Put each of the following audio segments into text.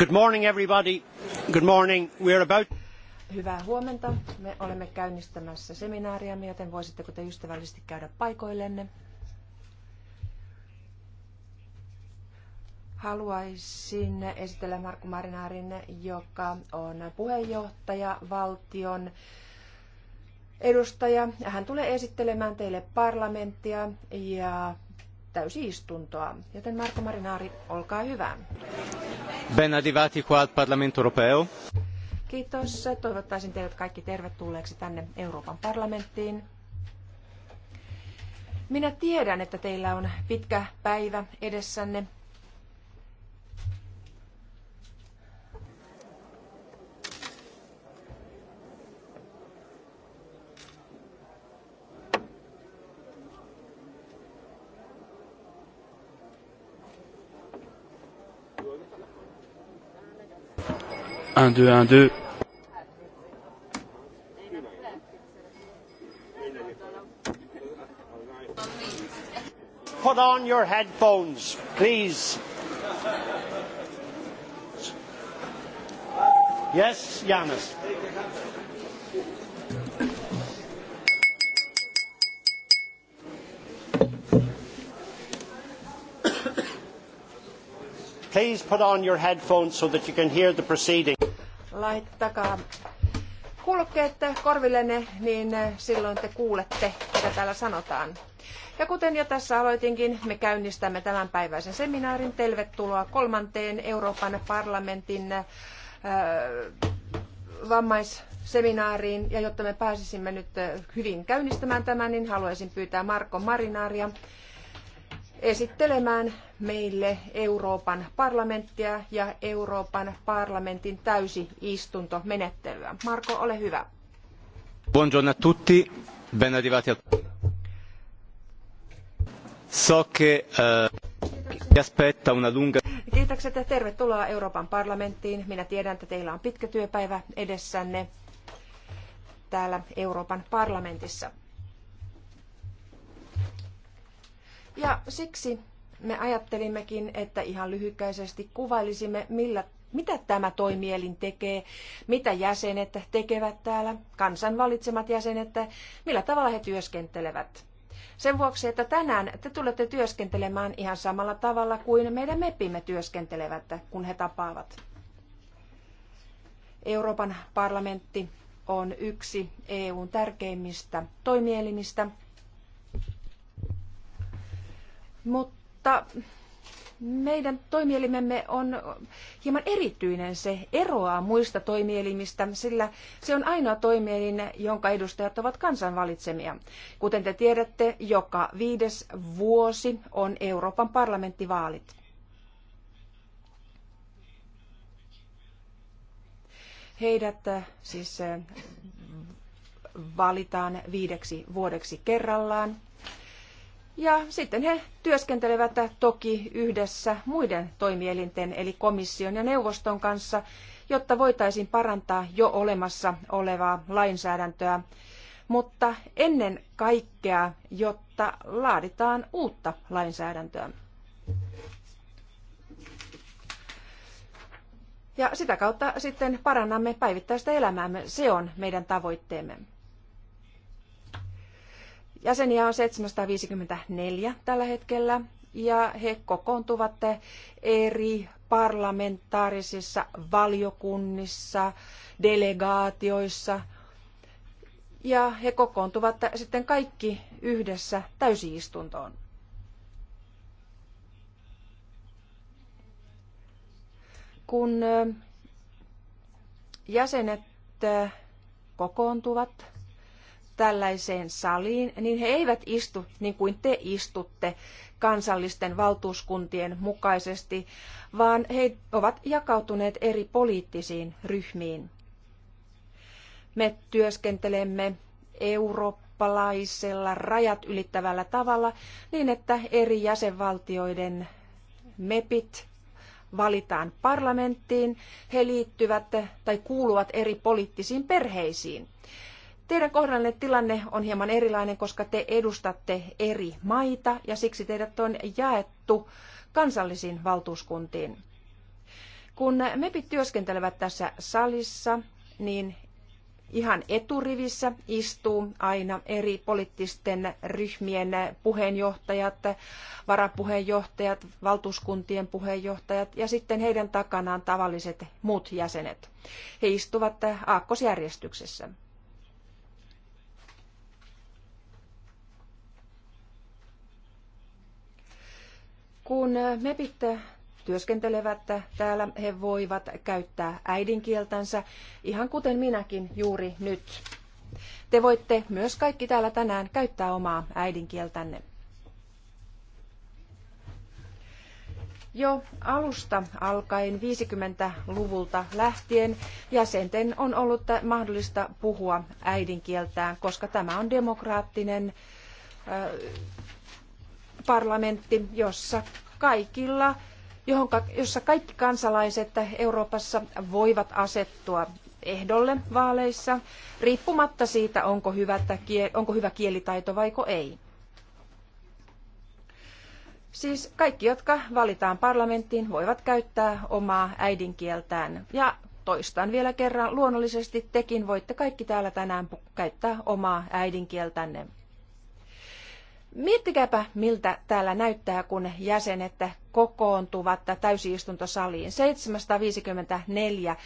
Good morning everybody. Good morning. about... Hyvää huomenta. Me olemme käynnistämässä seminaaria, joten voisitteko te ystävällisesti käydä paikoillenne? Haluaisin esitellä Markku Marinaarin, joka on puheenjohtaja valtion edustaja. Hän tulee esittelemään teille parlamenttia ja täysistuntoa. Joten Marko Marinaari, olkaa hyvä. Ben arrivati qua al Parlamento Europeo. Kiitos. Toivottaisin teidät kaikki tervetulleeksi tänne Euroopan parlamenttiin. Minä tiedän, että teillä on pitkä päivä edessänne 1, 2, 1, 2. Put on your headphones, please. Yes, Janis. Please put on your headphones so that you can hear the proceeding laittakaa kuulokkeet korvillenne, niin eh, silloin te kuulette, mitä täällä sanotaan. Ja kuten jo tässä aloitinkin, me käynnistämme päiväisen seminaarin. Tervetuloa kolmanteen Euroopan parlamentin äh, vammaisseminaariin. Ja jotta me pääsisimme nyt eh, hyvin käynnistämään tämän, niin haluaisin pyytää Marko Marinaria, esittelemään meille Euroopan parlamenttia ja Euroopan parlamentin täysistuntomenettelyä. Marko, ole hyvä. Buongiorno a tutti, ben arrivati al... So che uh, aspetta una lunga... Kiitokset ja tervetuloa Euroopan parlamenttiin. Minä tiedän, että teillä on pitkä työpäivä edessänne täällä Euroopan parlamentissa. Ja siksi me ajattelimmekin, että ihan lyhykäisesti kuvailisimme, millä, mitä tämä toimielin tekee, mitä jäsenet tekevät täällä, kansan valitsemat jäsenet, millä tavalla he työskentelevät. Sen vuoksi, että tänään te tulette työskentelemään ihan samalla tavalla kuin meidän mepimme työskentelevät, kun he tapaavat. Euroopan parlamentti on yksi EUn tärkeimmistä toimielimistä mutta meidän toimielimemme on hieman erityinen. Se eroaa muista toimielimistä, sillä se on ainoa toimielin, jonka edustajat ovat kansanvalitsemia. Kuten te tiedätte, joka viides vuosi on Euroopan parlamenttivaalit. Heidät äh, siis äh, valitaan viideksi vuodeksi kerrallaan ja sitten he työskentelevät toki yhdessä muiden toimielinten eli komission ja neuvoston kanssa, jotta voitaisiin parantaa jo olemassa olevaa lainsäädäntöä, mutta ennen kaikkea, jotta laaditaan uutta lainsäädäntöä. Ja sitä kautta sitten parannamme päivittäistä elämäämme. Se on meidän tavoitteemme. Jäseniä on 754 tällä hetkellä ja he kokoontuvat eri parlamentaarisissa valiokunnissa, delegaatioissa ja he kokoontuvat sitten kaikki yhdessä täysiistuntoon. Kun jäsenet kokoontuvat tällaiseen saliin, niin he eivät istu niin kuin te istutte kansallisten valtuuskuntien mukaisesti, vaan he ovat jakautuneet eri poliittisiin ryhmiin. Me työskentelemme eurooppalaisella rajat ylittävällä tavalla niin, että eri jäsenvaltioiden mepit valitaan parlamenttiin, he liittyvät tai kuuluvat eri poliittisiin perheisiin. Teidän kohdallanne tilanne on hieman erilainen, koska te edustatte eri maita ja siksi teidät on jaettu kansallisiin valtuuskuntiin. Kun MEPit työskentelevät tässä salissa, niin ihan eturivissä istuu aina eri poliittisten ryhmien puheenjohtajat, varapuheenjohtajat, valtuuskuntien puheenjohtajat ja sitten heidän takanaan tavalliset muut jäsenet. He istuvat aakkosjärjestyksessä. Kun MEPit työskentelevät täällä, he voivat käyttää äidinkieltänsä, ihan kuten minäkin juuri nyt. Te voitte myös kaikki täällä tänään käyttää omaa äidinkieltänne. Jo alusta alkaen 50-luvulta lähtien jäsenten on ollut mahdollista puhua äidinkieltään, koska tämä on demokraattinen parlamentti, jossa kaikilla johonka, jossa kaikki kansalaiset Euroopassa voivat asettua ehdolle vaaleissa, riippumatta siitä, onko hyvä, onko hyvä kielitaito vaiko ei. Siis kaikki, jotka valitaan parlamenttiin, voivat käyttää omaa äidinkieltään. Ja toistan vielä kerran, luonnollisesti tekin voitte kaikki täällä tänään käyttää omaa äidinkieltänne. Miettikääpä, miltä täällä näyttää, kun jäsenet kokoontuvat täysistuntosaliin. 754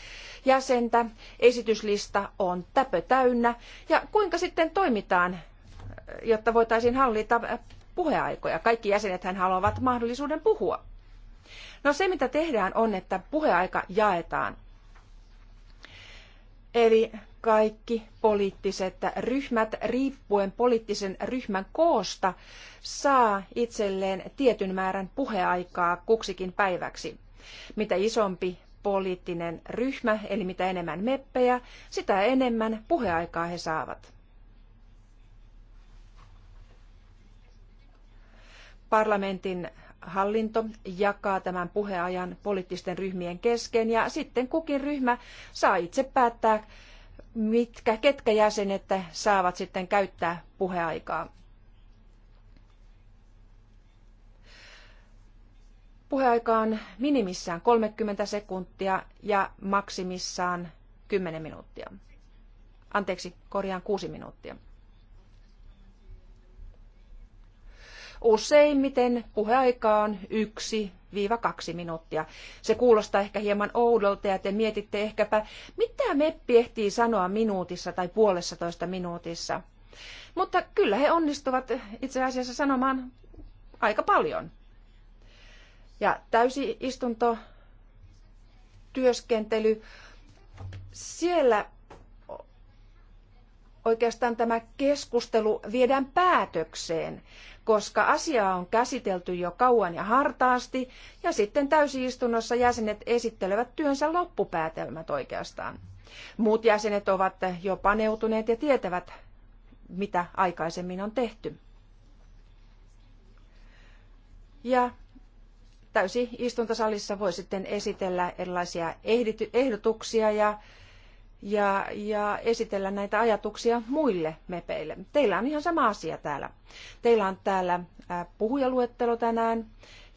jäsentä, esityslista on täpö täynnä. Ja kuinka sitten toimitaan, jotta voitaisiin hallita puheaikoja? Kaikki jäsenethän haluavat mahdollisuuden puhua. No se, mitä tehdään, on, että puheaika jaetaan. Eli kaikki poliittiset ryhmät riippuen poliittisen ryhmän koosta saa itselleen tietyn määrän puheaikaa kuksikin päiväksi. Mitä isompi poliittinen ryhmä, eli mitä enemmän meppejä, sitä enemmän puheaikaa he saavat. Parlamentin hallinto jakaa tämän puheajan poliittisten ryhmien kesken ja sitten kukin ryhmä saa itse päättää, mitkä, ketkä jäsenet saavat sitten käyttää puheaikaa. Puheaika on minimissään 30 sekuntia ja maksimissaan 10 minuuttia. Anteeksi, korjaan 6 minuuttia. Useimmiten puheaika on yksi viiva kaksi minuuttia. Se kuulostaa ehkä hieman oudolta ja te mietitte ehkäpä, mitä meppi ehtii sanoa minuutissa tai puolessa toista minuutissa. Mutta kyllä he onnistuvat itse asiassa sanomaan aika paljon. Ja täysi istunto työskentely, siellä oikeastaan tämä keskustelu viedään päätökseen koska asiaa on käsitelty jo kauan ja hartaasti, ja sitten täysistunnossa jäsenet esittelevät työnsä loppupäätelmät oikeastaan. Muut jäsenet ovat jo paneutuneet ja tietävät, mitä aikaisemmin on tehty. Ja täysi istuntosalissa voi sitten esitellä erilaisia ehdotuksia ja ja, ja esitellä näitä ajatuksia muille mepeille. Teillä on ihan sama asia täällä. Teillä on täällä puhujaluettelo tänään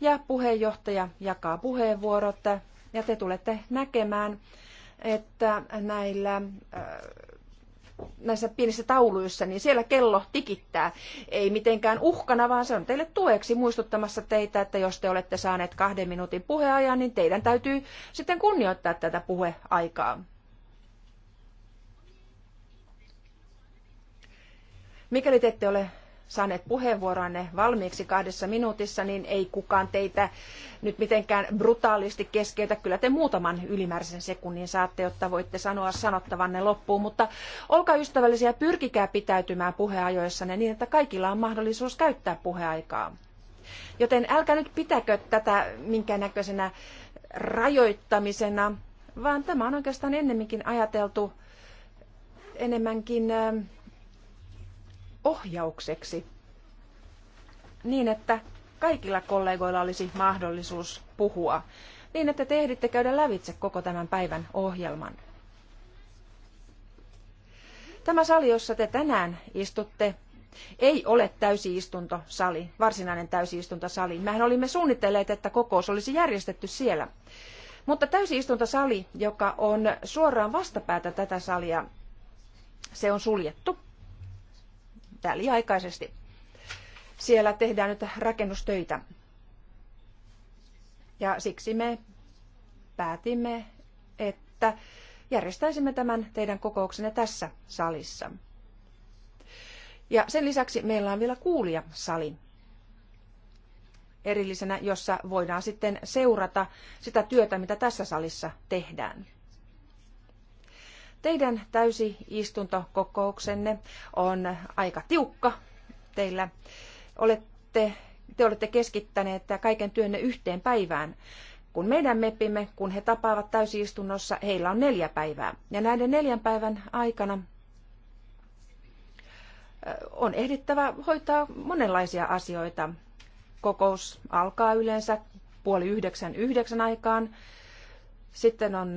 ja puheenjohtaja jakaa puheenvuorot ja te tulette näkemään, että näillä näissä pienissä tauluissa, niin siellä kello tikittää. Ei mitenkään uhkana, vaan se on teille tueksi muistuttamassa teitä, että jos te olette saaneet kahden minuutin puheajan, niin teidän täytyy sitten kunnioittaa tätä puheaikaa. Mikäli te ette ole saaneet puheenvuoranne valmiiksi kahdessa minuutissa, niin ei kukaan teitä nyt mitenkään brutaalisti keskeytä. Kyllä te muutaman ylimääräisen sekunnin saatte, jotta voitte sanoa sanottavanne loppuun, mutta olkaa ystävällisiä ja pyrkikää pitäytymään puheajoissanne niin, että kaikilla on mahdollisuus käyttää puheaikaa. Joten älkää nyt pitäkö tätä minkäännäköisenä rajoittamisena, vaan tämä on oikeastaan ennemminkin ajateltu enemmänkin ähm, ohjaukseksi niin, että kaikilla kollegoilla olisi mahdollisuus puhua, niin että te ehditte käydä lävitse koko tämän päivän ohjelman. Tämä sali, jossa te tänään istutte, ei ole täysiistuntosali, varsinainen täysiistuntosali. Mehän olimme suunnitelleet, että kokous olisi järjestetty siellä. Mutta täysiistuntosali, joka on suoraan vastapäätä tätä salia, se on suljettu väliaikaisesti. Siellä tehdään nyt rakennustöitä. Ja siksi me päätimme, että järjestäisimme tämän teidän kokouksenne tässä salissa. Ja sen lisäksi meillä on vielä kuulijasali erillisenä, jossa voidaan sitten seurata sitä työtä, mitä tässä salissa tehdään. Teidän täysiistuntokokouksenne on aika tiukka. Teillä olette, te olette keskittäneet kaiken työnne yhteen päivään. Kun meidän mepimme, kun he tapaavat täysistunnossa, heillä on neljä päivää. Ja näiden neljän päivän aikana on ehdittävä hoitaa monenlaisia asioita. Kokous alkaa yleensä puoli yhdeksän yhdeksän aikaan. Sitten on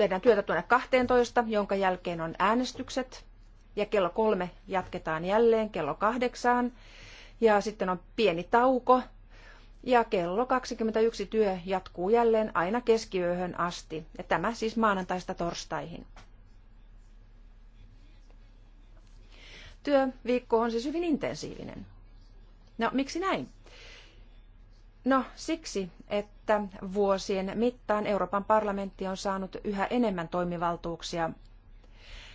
tehdään työtä tuonne 12, jonka jälkeen on äänestykset. Ja kello kolme jatketaan jälleen kello kahdeksaan. Ja sitten on pieni tauko. Ja kello 21 työ jatkuu jälleen aina keskiyöhön asti. Ja tämä siis maanantaista torstaihin. Työviikko on siis hyvin intensiivinen. No, miksi näin? No siksi, että vuosien mittaan Euroopan parlamentti on saanut yhä enemmän toimivaltuuksia.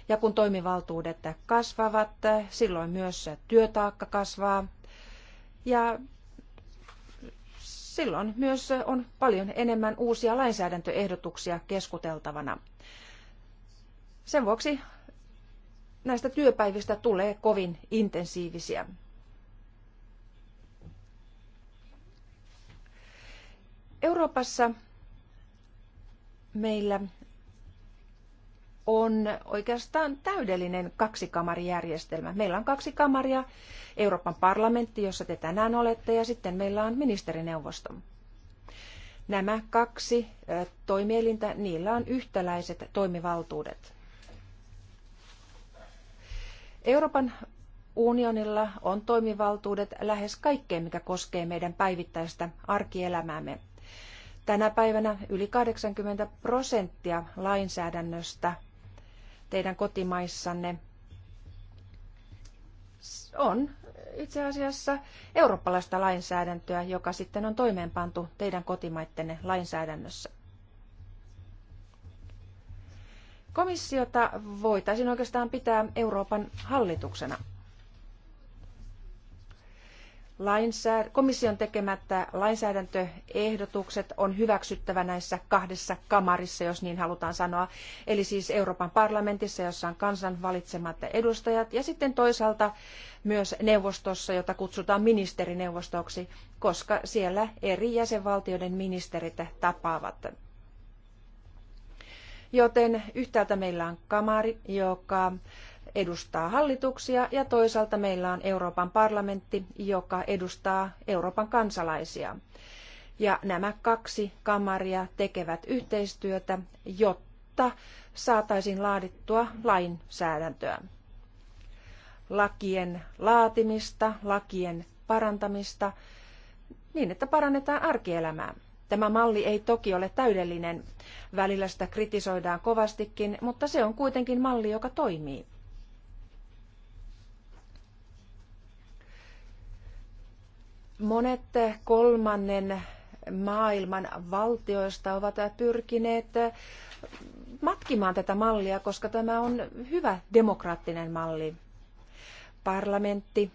Ja kun toimivaltuudet kasvavat, silloin myös työtaakka kasvaa. Ja silloin myös on paljon enemmän uusia lainsäädäntöehdotuksia keskuteltavana. Sen vuoksi näistä työpäivistä tulee kovin intensiivisiä. Euroopassa meillä on oikeastaan täydellinen kaksikamarijärjestelmä. Meillä on kaksi kamaria, Euroopan parlamentti, jossa te tänään olette, ja sitten meillä on ministerineuvosto. Nämä kaksi toimielintä, niillä on yhtäläiset toimivaltuudet. Euroopan unionilla on toimivaltuudet lähes kaikkeen, mikä koskee meidän päivittäistä arkielämäämme Tänä päivänä yli 80 prosenttia lainsäädännöstä teidän kotimaissanne on itse asiassa eurooppalaista lainsäädäntöä, joka sitten on toimeenpantu teidän kotimaittenne lainsäädännössä. Komissiota voitaisiin oikeastaan pitää Euroopan hallituksena lainsääd- komission tekemättä lainsäädäntöehdotukset on hyväksyttävä näissä kahdessa kamarissa, jos niin halutaan sanoa. Eli siis Euroopan parlamentissa, jossa on kansan valitsemat edustajat, ja sitten toisaalta myös neuvostossa, jota kutsutaan ministerineuvostoksi, koska siellä eri jäsenvaltioiden ministerit tapaavat. Joten yhtäältä meillä on kamari, joka edustaa hallituksia ja toisaalta meillä on Euroopan parlamentti, joka edustaa Euroopan kansalaisia. Ja nämä kaksi kamaria tekevät yhteistyötä, jotta saataisiin laadittua lainsäädäntöä. Lakien laatimista, lakien parantamista, niin että parannetaan arkielämää. Tämä malli ei toki ole täydellinen. Välillä sitä kritisoidaan kovastikin, mutta se on kuitenkin malli, joka toimii. Monet kolmannen maailman valtioista ovat pyrkineet matkimaan tätä mallia, koska tämä on hyvä demokraattinen malli. Parlamentti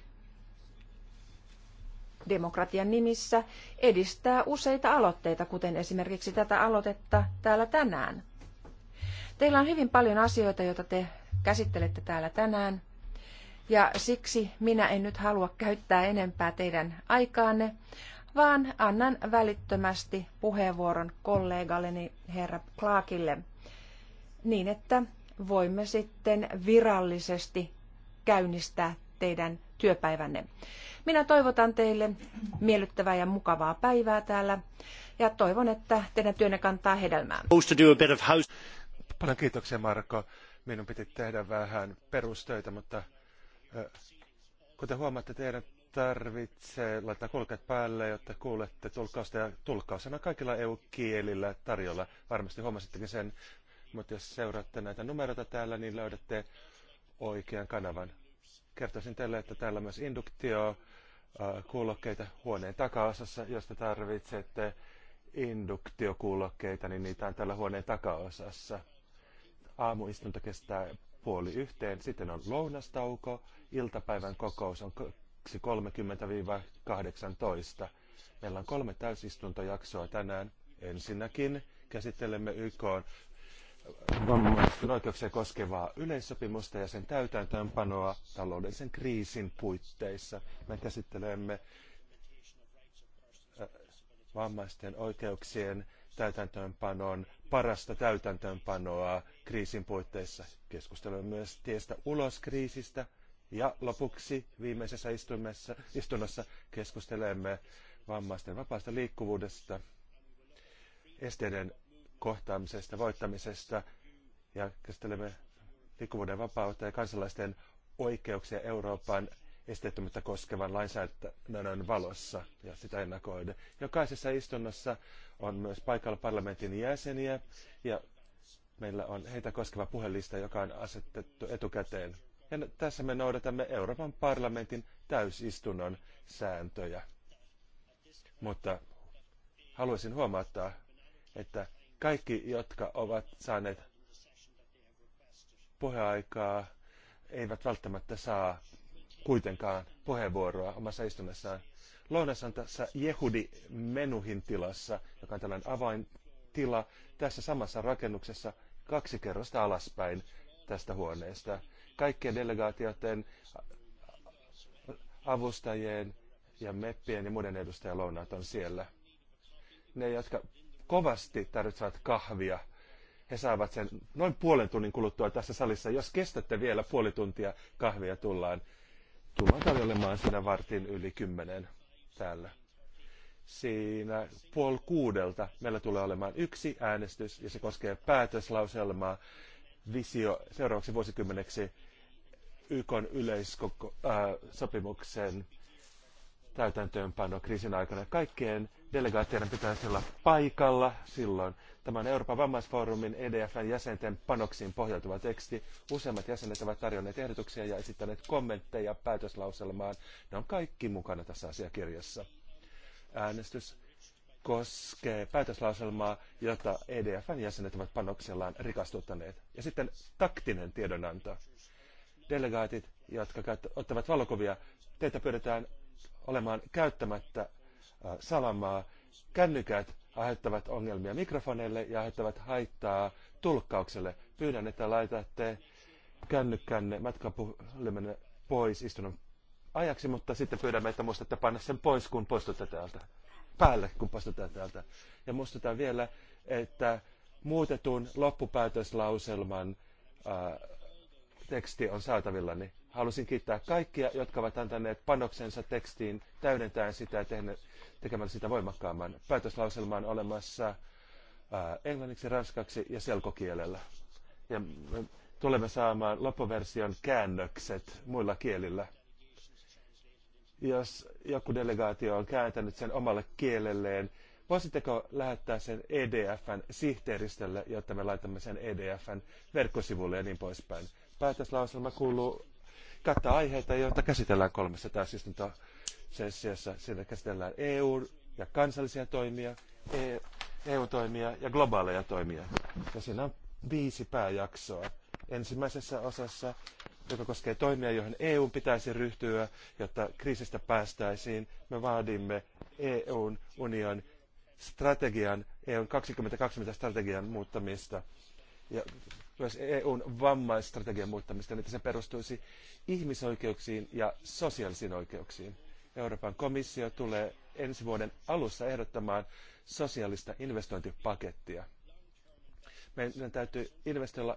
demokratian nimissä edistää useita aloitteita, kuten esimerkiksi tätä aloitetta täällä tänään. Teillä on hyvin paljon asioita, joita te käsittelette täällä tänään. Ja siksi minä en nyt halua käyttää enempää teidän aikaanne, vaan annan välittömästi puheenvuoron kollegalleni herra Clarkille, niin että voimme sitten virallisesti käynnistää teidän työpäivänne. Minä toivotan teille miellyttävää ja mukavaa päivää täällä ja toivon, että teidän työnne kantaa hedelmää. Paljon kiitoksia Marko. Minun piti tehdä vähän perustöitä, mutta Kuten huomaatte, teidän tarvitsee laittaa kulkeet päälle, jotta kuulette tulkausta. Ja tulkausena kaikilla EU-kielillä tarjolla. Varmasti huomasittekin sen. Mutta jos seuraatte näitä numeroita täällä, niin löydätte oikean kanavan. Kertoisin teille, että täällä on myös induktio kuulokkeita huoneen takaosassa. Jos te tarvitsette induktiokuulokkeita, niin niitä on täällä huoneen takaosassa. Aamuistunto kestää puoli yhteen, sitten on lounastauko, iltapäivän kokous on 2.30-18. Meillä on kolme täysistuntojaksoa tänään. Ensinnäkin käsittelemme YK vammaisten oikeuksia koskevaa yleissopimusta ja sen täytäntöönpanoa taloudellisen kriisin puitteissa. Me käsittelemme äh, vammaisten oikeuksien täytäntöönpanon parasta täytäntöönpanoa kriisin puitteissa. Keskustelemme myös tiestä ulos kriisistä ja lopuksi viimeisessä istunnossa keskustelemme vammaisten vapaasta liikkuvuudesta, esteiden kohtaamisesta, voittamisesta ja käsittelemme liikkuvuuden vapautta ja kansalaisten oikeuksia Euroopan esteettömyyttä koskevan lainsäädännön valossa ja sitä ennakoida. Jokaisessa istunnossa on myös paikalla parlamentin jäseniä ja meillä on heitä koskeva puhelista, joka on asetettu etukäteen. Ja tässä me noudatamme Euroopan parlamentin täysistunnon sääntöjä. Mutta haluaisin huomauttaa, että kaikki, jotka ovat saaneet puheaikaa, eivät välttämättä saa kuitenkaan puheenvuoroa omassa istumessaan. Lounas on tässä Jehudi Menuhin tilassa, joka on tällainen avaintila tässä samassa rakennuksessa kaksi kerrosta alaspäin tästä huoneesta. Kaikkien delegaatioiden, avustajien ja meppien ja muiden edustajien lounaat on siellä. Ne, jotka kovasti tarvitsevat kahvia, he saavat sen noin puolen tunnin kuluttua tässä salissa. Jos kestätte vielä puoli tuntia kahvia, tullaan tullaan tarjoilemaan siinä vartin yli kymmenen täällä. Siinä puol kuudelta meillä tulee olemaan yksi äänestys ja se koskee päätöslauselmaa visio seuraavaksi vuosikymmeneksi YK yleissopimuksen äh, täytäntöönpano kriisin aikana. Kaikkien delegaatioiden pitäisi siis olla paikalla silloin. Tämä on Euroopan vammaisfoorumin EDFn jäsenten panoksiin pohjautuva teksti. Useimmat jäsenet ovat tarjonneet ehdotuksia ja esittäneet kommentteja päätöslauselmaan. Ne on kaikki mukana tässä asiakirjassa. Äänestys koskee päätöslauselmaa, jota EDFn jäsenet ovat panoksellaan rikastuttaneet. Ja sitten taktinen tiedonanto. Delegaatit, jotka ottavat valokuvia, teitä pyydetään olemaan käyttämättä Äh, salamaa. Kännykät aiheuttavat ongelmia mikrofoneille ja aiheuttavat haittaa tulkkaukselle. Pyydän, että laitatte kännykkänne matkapuhelimenne pois istunnon ajaksi, mutta sitten pyydämme, että muistatte panna sen pois, kun poistutte täältä. Päälle, kun poistutte täältä. Ja muistutan vielä, että muutetun loppupäätöslauselman ää, äh, teksti on saatavillani. Halusin kiittää kaikkia, jotka ovat antaneet panoksensa tekstiin täydentäen sitä ja tekemällä sitä voimakkaamman. Päätöslauselma on olemassa äh, englanniksi, ranskaksi ja selkokielellä. Ja me tulemme saamaan loppuversion käännökset muilla kielillä. Jos joku delegaatio on kääntänyt sen omalle kielelleen, voisitteko lähettää sen EDFn sihteeristölle, jotta me laitamme sen EDFn verkkosivulle ja niin poispäin. Päätöslauselma kuuluu kattaa aiheita, joita käsitellään kolmessa täysistuntosessiossa. Siinä käsitellään EU- ja kansallisia toimia, EU-toimia e ja globaaleja toimia. Ja siinä on viisi pääjaksoa. Ensimmäisessä osassa, joka koskee toimia, joihin EU pitäisi ryhtyä, jotta kriisistä päästäisiin, me vaadimme EUn union strategian, EUn 2020 strategian muuttamista ja myös EUn vammaistrategian muuttamista, niin että se perustuisi ihmisoikeuksiin ja sosiaalisiin oikeuksiin. Euroopan komissio tulee ensi vuoden alussa ehdottamaan sosiaalista investointipakettia. Meidän täytyy investoida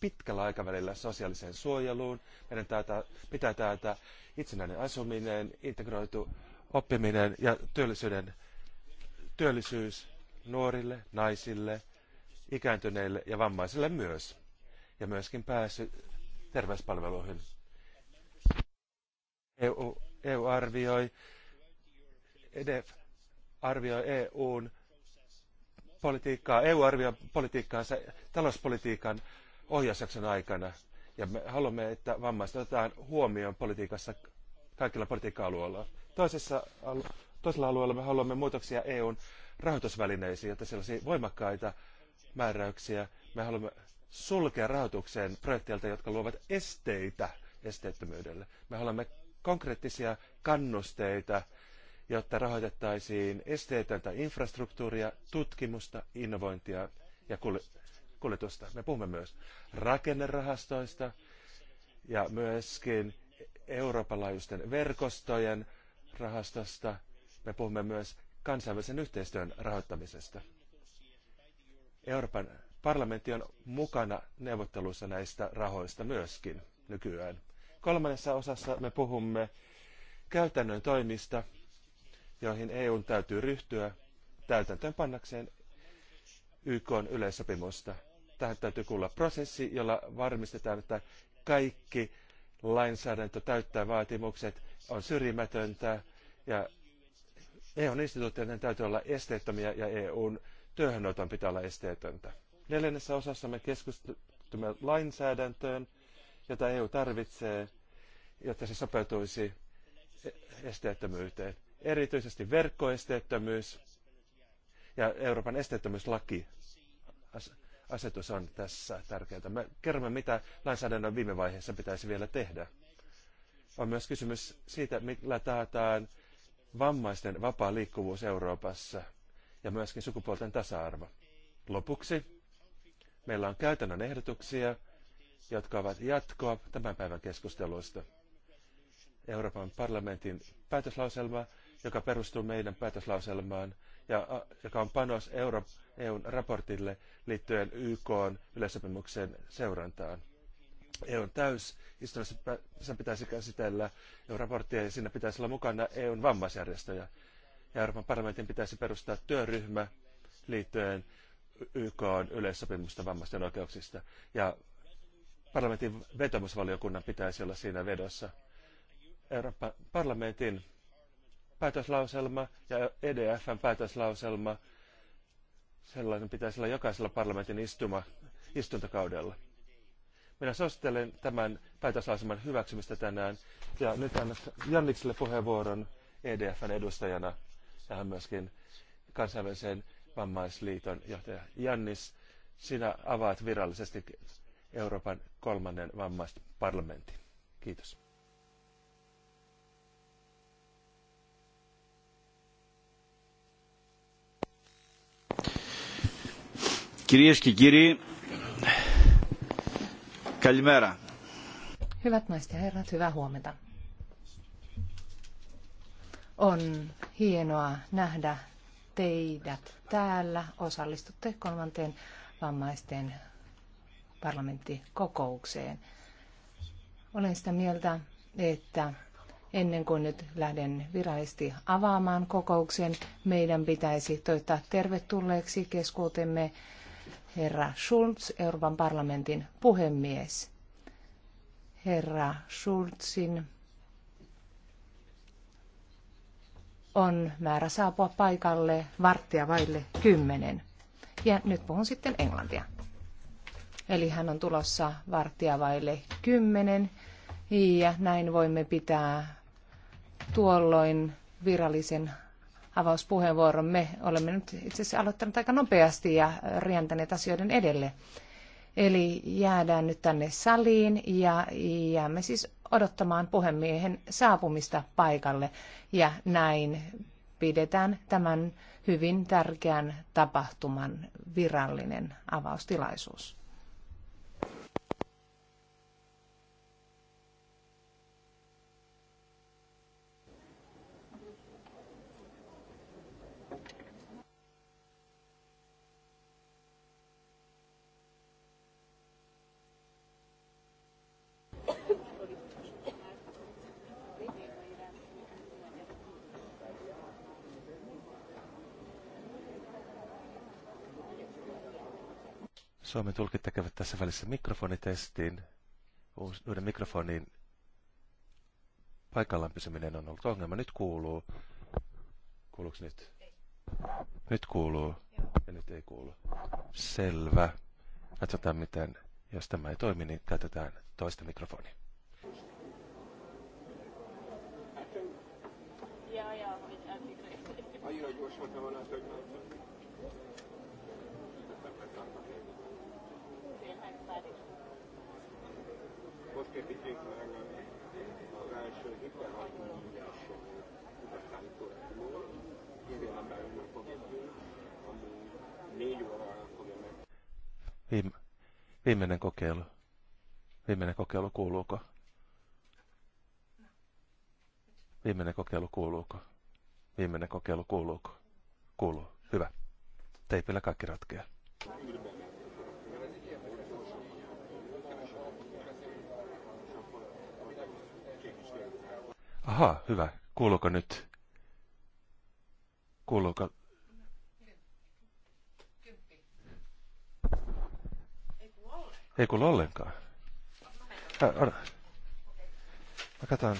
pitkällä aikavälillä sosiaaliseen suojeluun. Meidän täytä, pitää täältä itsenäinen asuminen, integroitu oppiminen ja työllisyyden, työllisyys nuorille, naisille, ikääntyneille ja vammaisille myös. Ja myöskin pääsy terveyspalveluihin. EU, EU arvioi, EDF arvioi EUn politiikkaa, EU arvioi politiikkaansa talouspolitiikan ohjausjakson aikana. Ja me haluamme, että vammaiset otetaan huomioon politiikassa kaikilla politiikka-alueilla. Toisessa, toisella alueella me haluamme muutoksia EUn rahoitusvälineisiin, jotta sellaisia voimakkaita määräyksiä. Me haluamme sulkea rahoitukseen projekteilta, jotka luovat esteitä esteettömyydelle. Me haluamme konkreettisia kannusteita, jotta rahoitettaisiin esteetöntä infrastruktuuria, tutkimusta, innovointia ja kuljetusta. Me puhumme myös rakennerahastoista ja myöskin eurooppalaisten verkostojen rahastosta. Me puhumme myös kansainvälisen yhteistyön rahoittamisesta. Euroopan parlamentti on mukana neuvotteluissa näistä rahoista myöskin nykyään. Kolmannessa osassa me puhumme käytännön toimista, joihin EUn täytyy ryhtyä täytäntöön pannakseen YK yleissopimusta. Tähän täytyy kuulla prosessi, jolla varmistetaan, että kaikki lainsäädäntö täyttää vaatimukset, on syrjimätöntä ja EUn instituutioiden täytyy olla esteettömiä ja EUn työhönoton pitää olla esteetöntä. Neljännessä osassa me keskitymme lainsäädäntöön, jota EU tarvitsee, jotta se sopeutuisi esteettömyyteen. Erityisesti verkkoesteettömyys ja Euroopan esteettömyyslaki asetus on tässä tärkeää. Me kerromme, mitä lainsäädännön viime vaiheessa pitäisi vielä tehdä. On myös kysymys siitä, millä taataan vammaisten vapaa liikkuvuus Euroopassa – ja myöskin sukupuolten tasa-arvo. Lopuksi meillä on käytännön ehdotuksia, jotka ovat jatkoa tämän päivän keskusteluista. Euroopan parlamentin päätöslauselma, joka perustuu meidän päätöslauselmaan ja joka on panos Euro, EUn raportille liittyen YK yleissopimuksen seurantaan. EUn täysistunnossa pitäisi käsitellä EUn raporttia ja siinä pitäisi olla mukana EUn vammaisjärjestöjä ja Euroopan parlamentin pitäisi perustaa työryhmä liittyen YK on yleissopimusta vammaisten oikeuksista. Ja parlamentin vetomusvaliokunnan pitäisi olla siinä vedossa. Euroopan parlamentin päätöslauselma ja EDFn päätöslauselma, sellainen pitäisi olla jokaisella parlamentin istuma, istuntokaudella. Minä suosittelen tämän päätöslauselman hyväksymistä tänään ja nyt annan Jannikselle puheenvuoron EDFn edustajana ja hän myöskin kansainvälisen vammaisliiton johtaja. Jannis, sinä avaat virallisesti Euroopan kolmannen vammaisparlamentin. Kiitos. Kirjeski Kiri, Kalimera. Hyvät naiset ja herrat, hyvää huomenta. On hienoa nähdä teidät täällä. Osallistutte kolmanteen vammaisten parlamenttikokoukseen. Olen sitä mieltä, että ennen kuin nyt lähden virallisesti avaamaan kokouksen, meidän pitäisi toivottaa tervetulleeksi keskuutemme herra Schulz, Euroopan parlamentin puhemies. Herra Schulzin on määrä saapua paikalle varttia vaille kymmenen. Ja nyt puhun sitten englantia. Eli hän on tulossa varttia vaille kymmenen. Ja näin voimme pitää tuolloin virallisen avauspuheenvuoron. Me olemme nyt itse asiassa aloittaneet aika nopeasti ja rientäneet asioiden edelle. Eli jäädään nyt tänne saliin ja jäämme siis odottamaan puhemiehen saapumista paikalle ja näin pidetään tämän hyvin tärkeän tapahtuman virallinen avaustilaisuus. Suomen tulkit tekevät tässä välissä mikrofonitestin. Uuden mikrofonin paikallaan pysyminen on ollut ongelma. Nyt kuuluu. Kuuluuko nyt? Ei. Nyt kuuluu. Joo. Ja nyt ei kuulu. Selvä. Katsotaan miten, jos tämä ei toimi, niin käytetään toista mikrofonia. Ja, ja, viimeinen kokeilu. Viimeinen kokeilu kuuluuko? Viimeinen kokeilu kuuluuko? Viimeinen kokeilu kuuluuko? Kuuluu. Hyvä. Teipillä kaikki ratkeaa. Aha, hyvä. Kuuluuko nyt? Kuuluuko? Ei kuulu ollenkaan. ollenkaan. Mä katson.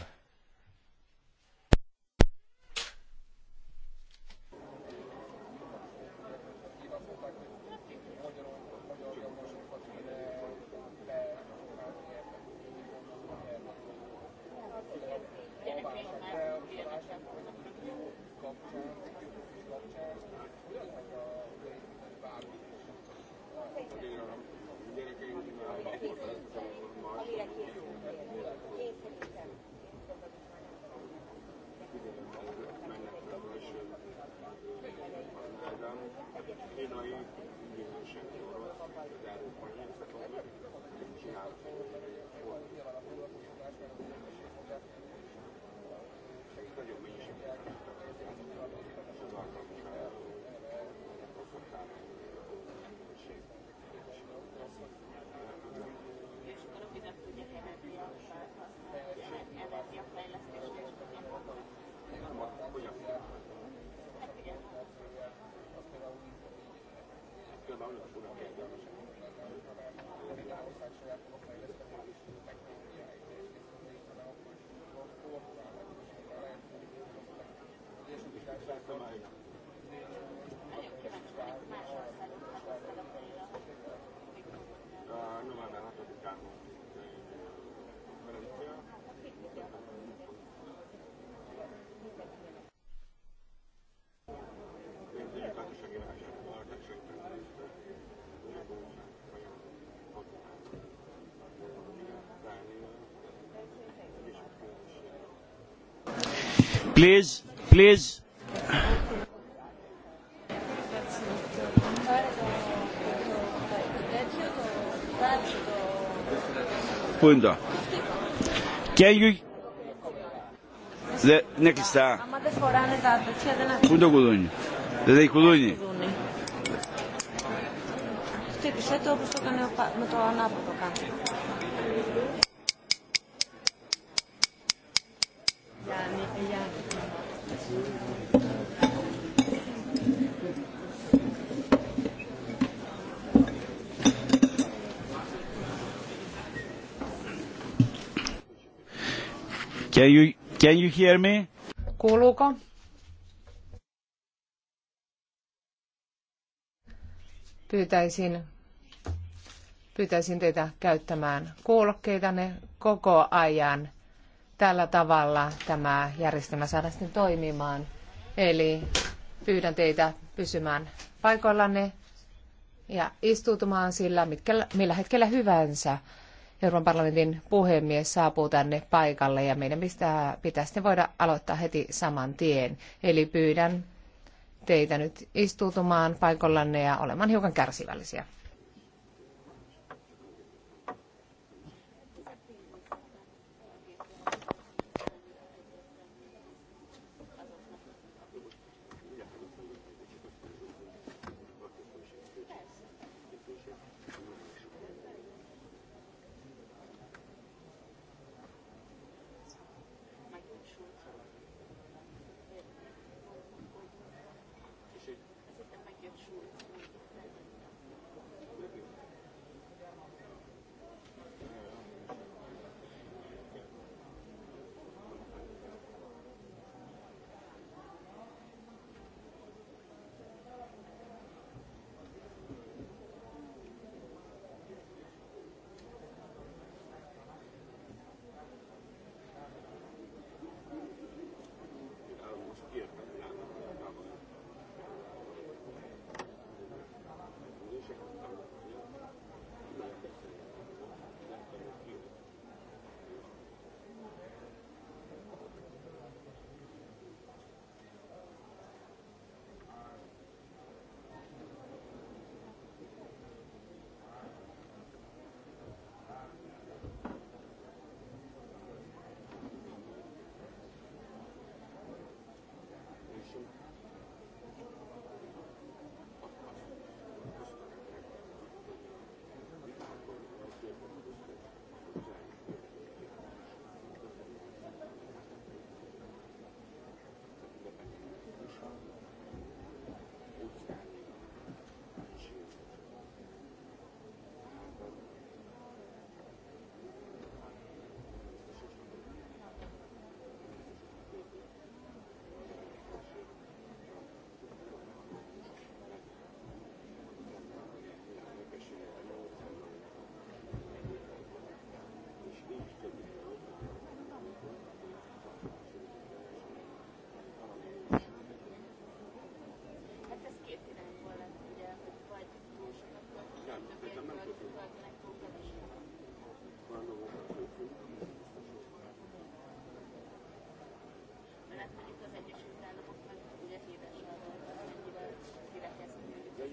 Please, please. Πού είναι το. Can you... Δε, είναι κλειστά. Άμα δεν φοράνε τα τέτοια δεν αφήνουν. Πού είναι το κουδούνι. Δεν έχει κουδούνι. Χτύπησε το όπως το έκανε με το ανάποδο κάτω. Can you, can you hear me? Kuuluuko? Pyytäisin, pyytäisin teitä käyttämään ne koko ajan. Tällä tavalla tämä järjestelmä saadaan sitten toimimaan. Eli pyydän teitä pysymään paikoillanne ja istuutumaan sillä, mitkä, millä hetkellä hyvänsä. Euroopan parlamentin puhemies saapuu tänne paikalle ja meidän pitää, pitäisi voida aloittaa heti saman tien. Eli pyydän teitä nyt istuutumaan paikallanne ja olemaan hiukan kärsivällisiä.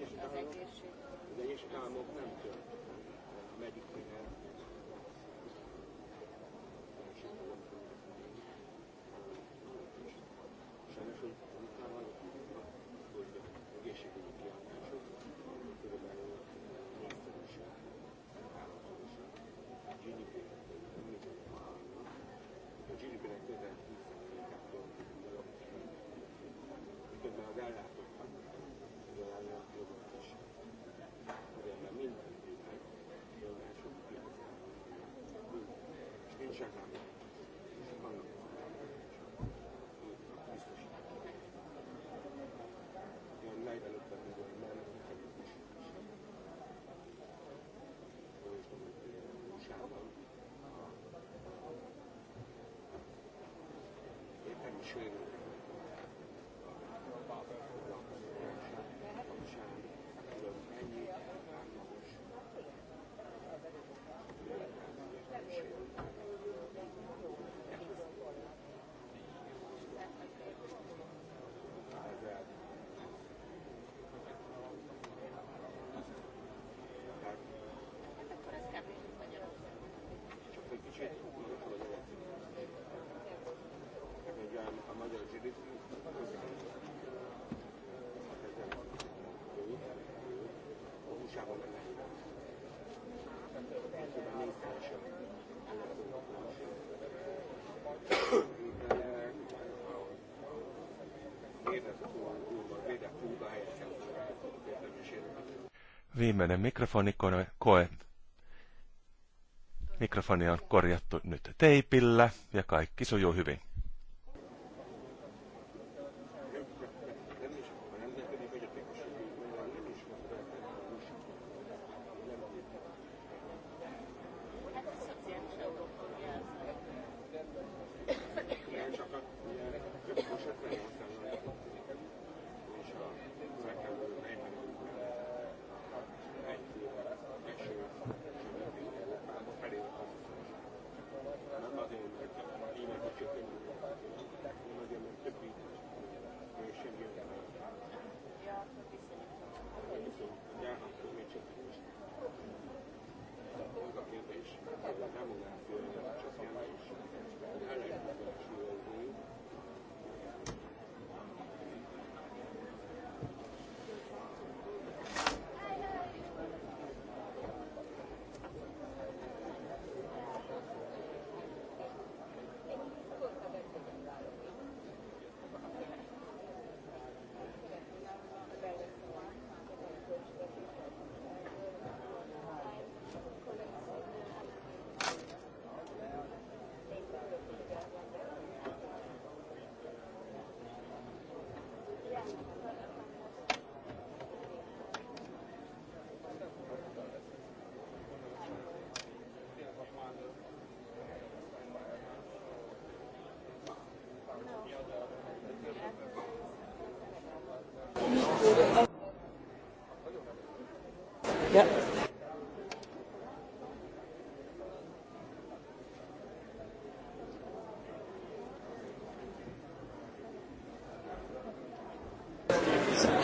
egyes államok, az egyes államok nem töltik, ameddig meg el. Sajnos, hogy utána egészségügyi kiállás. Schwede. Viimeinen mikrofonikoe. Mikrofoni on korjattu nyt teipillä ja kaikki sujuu hyvin.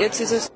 Jetzt ist es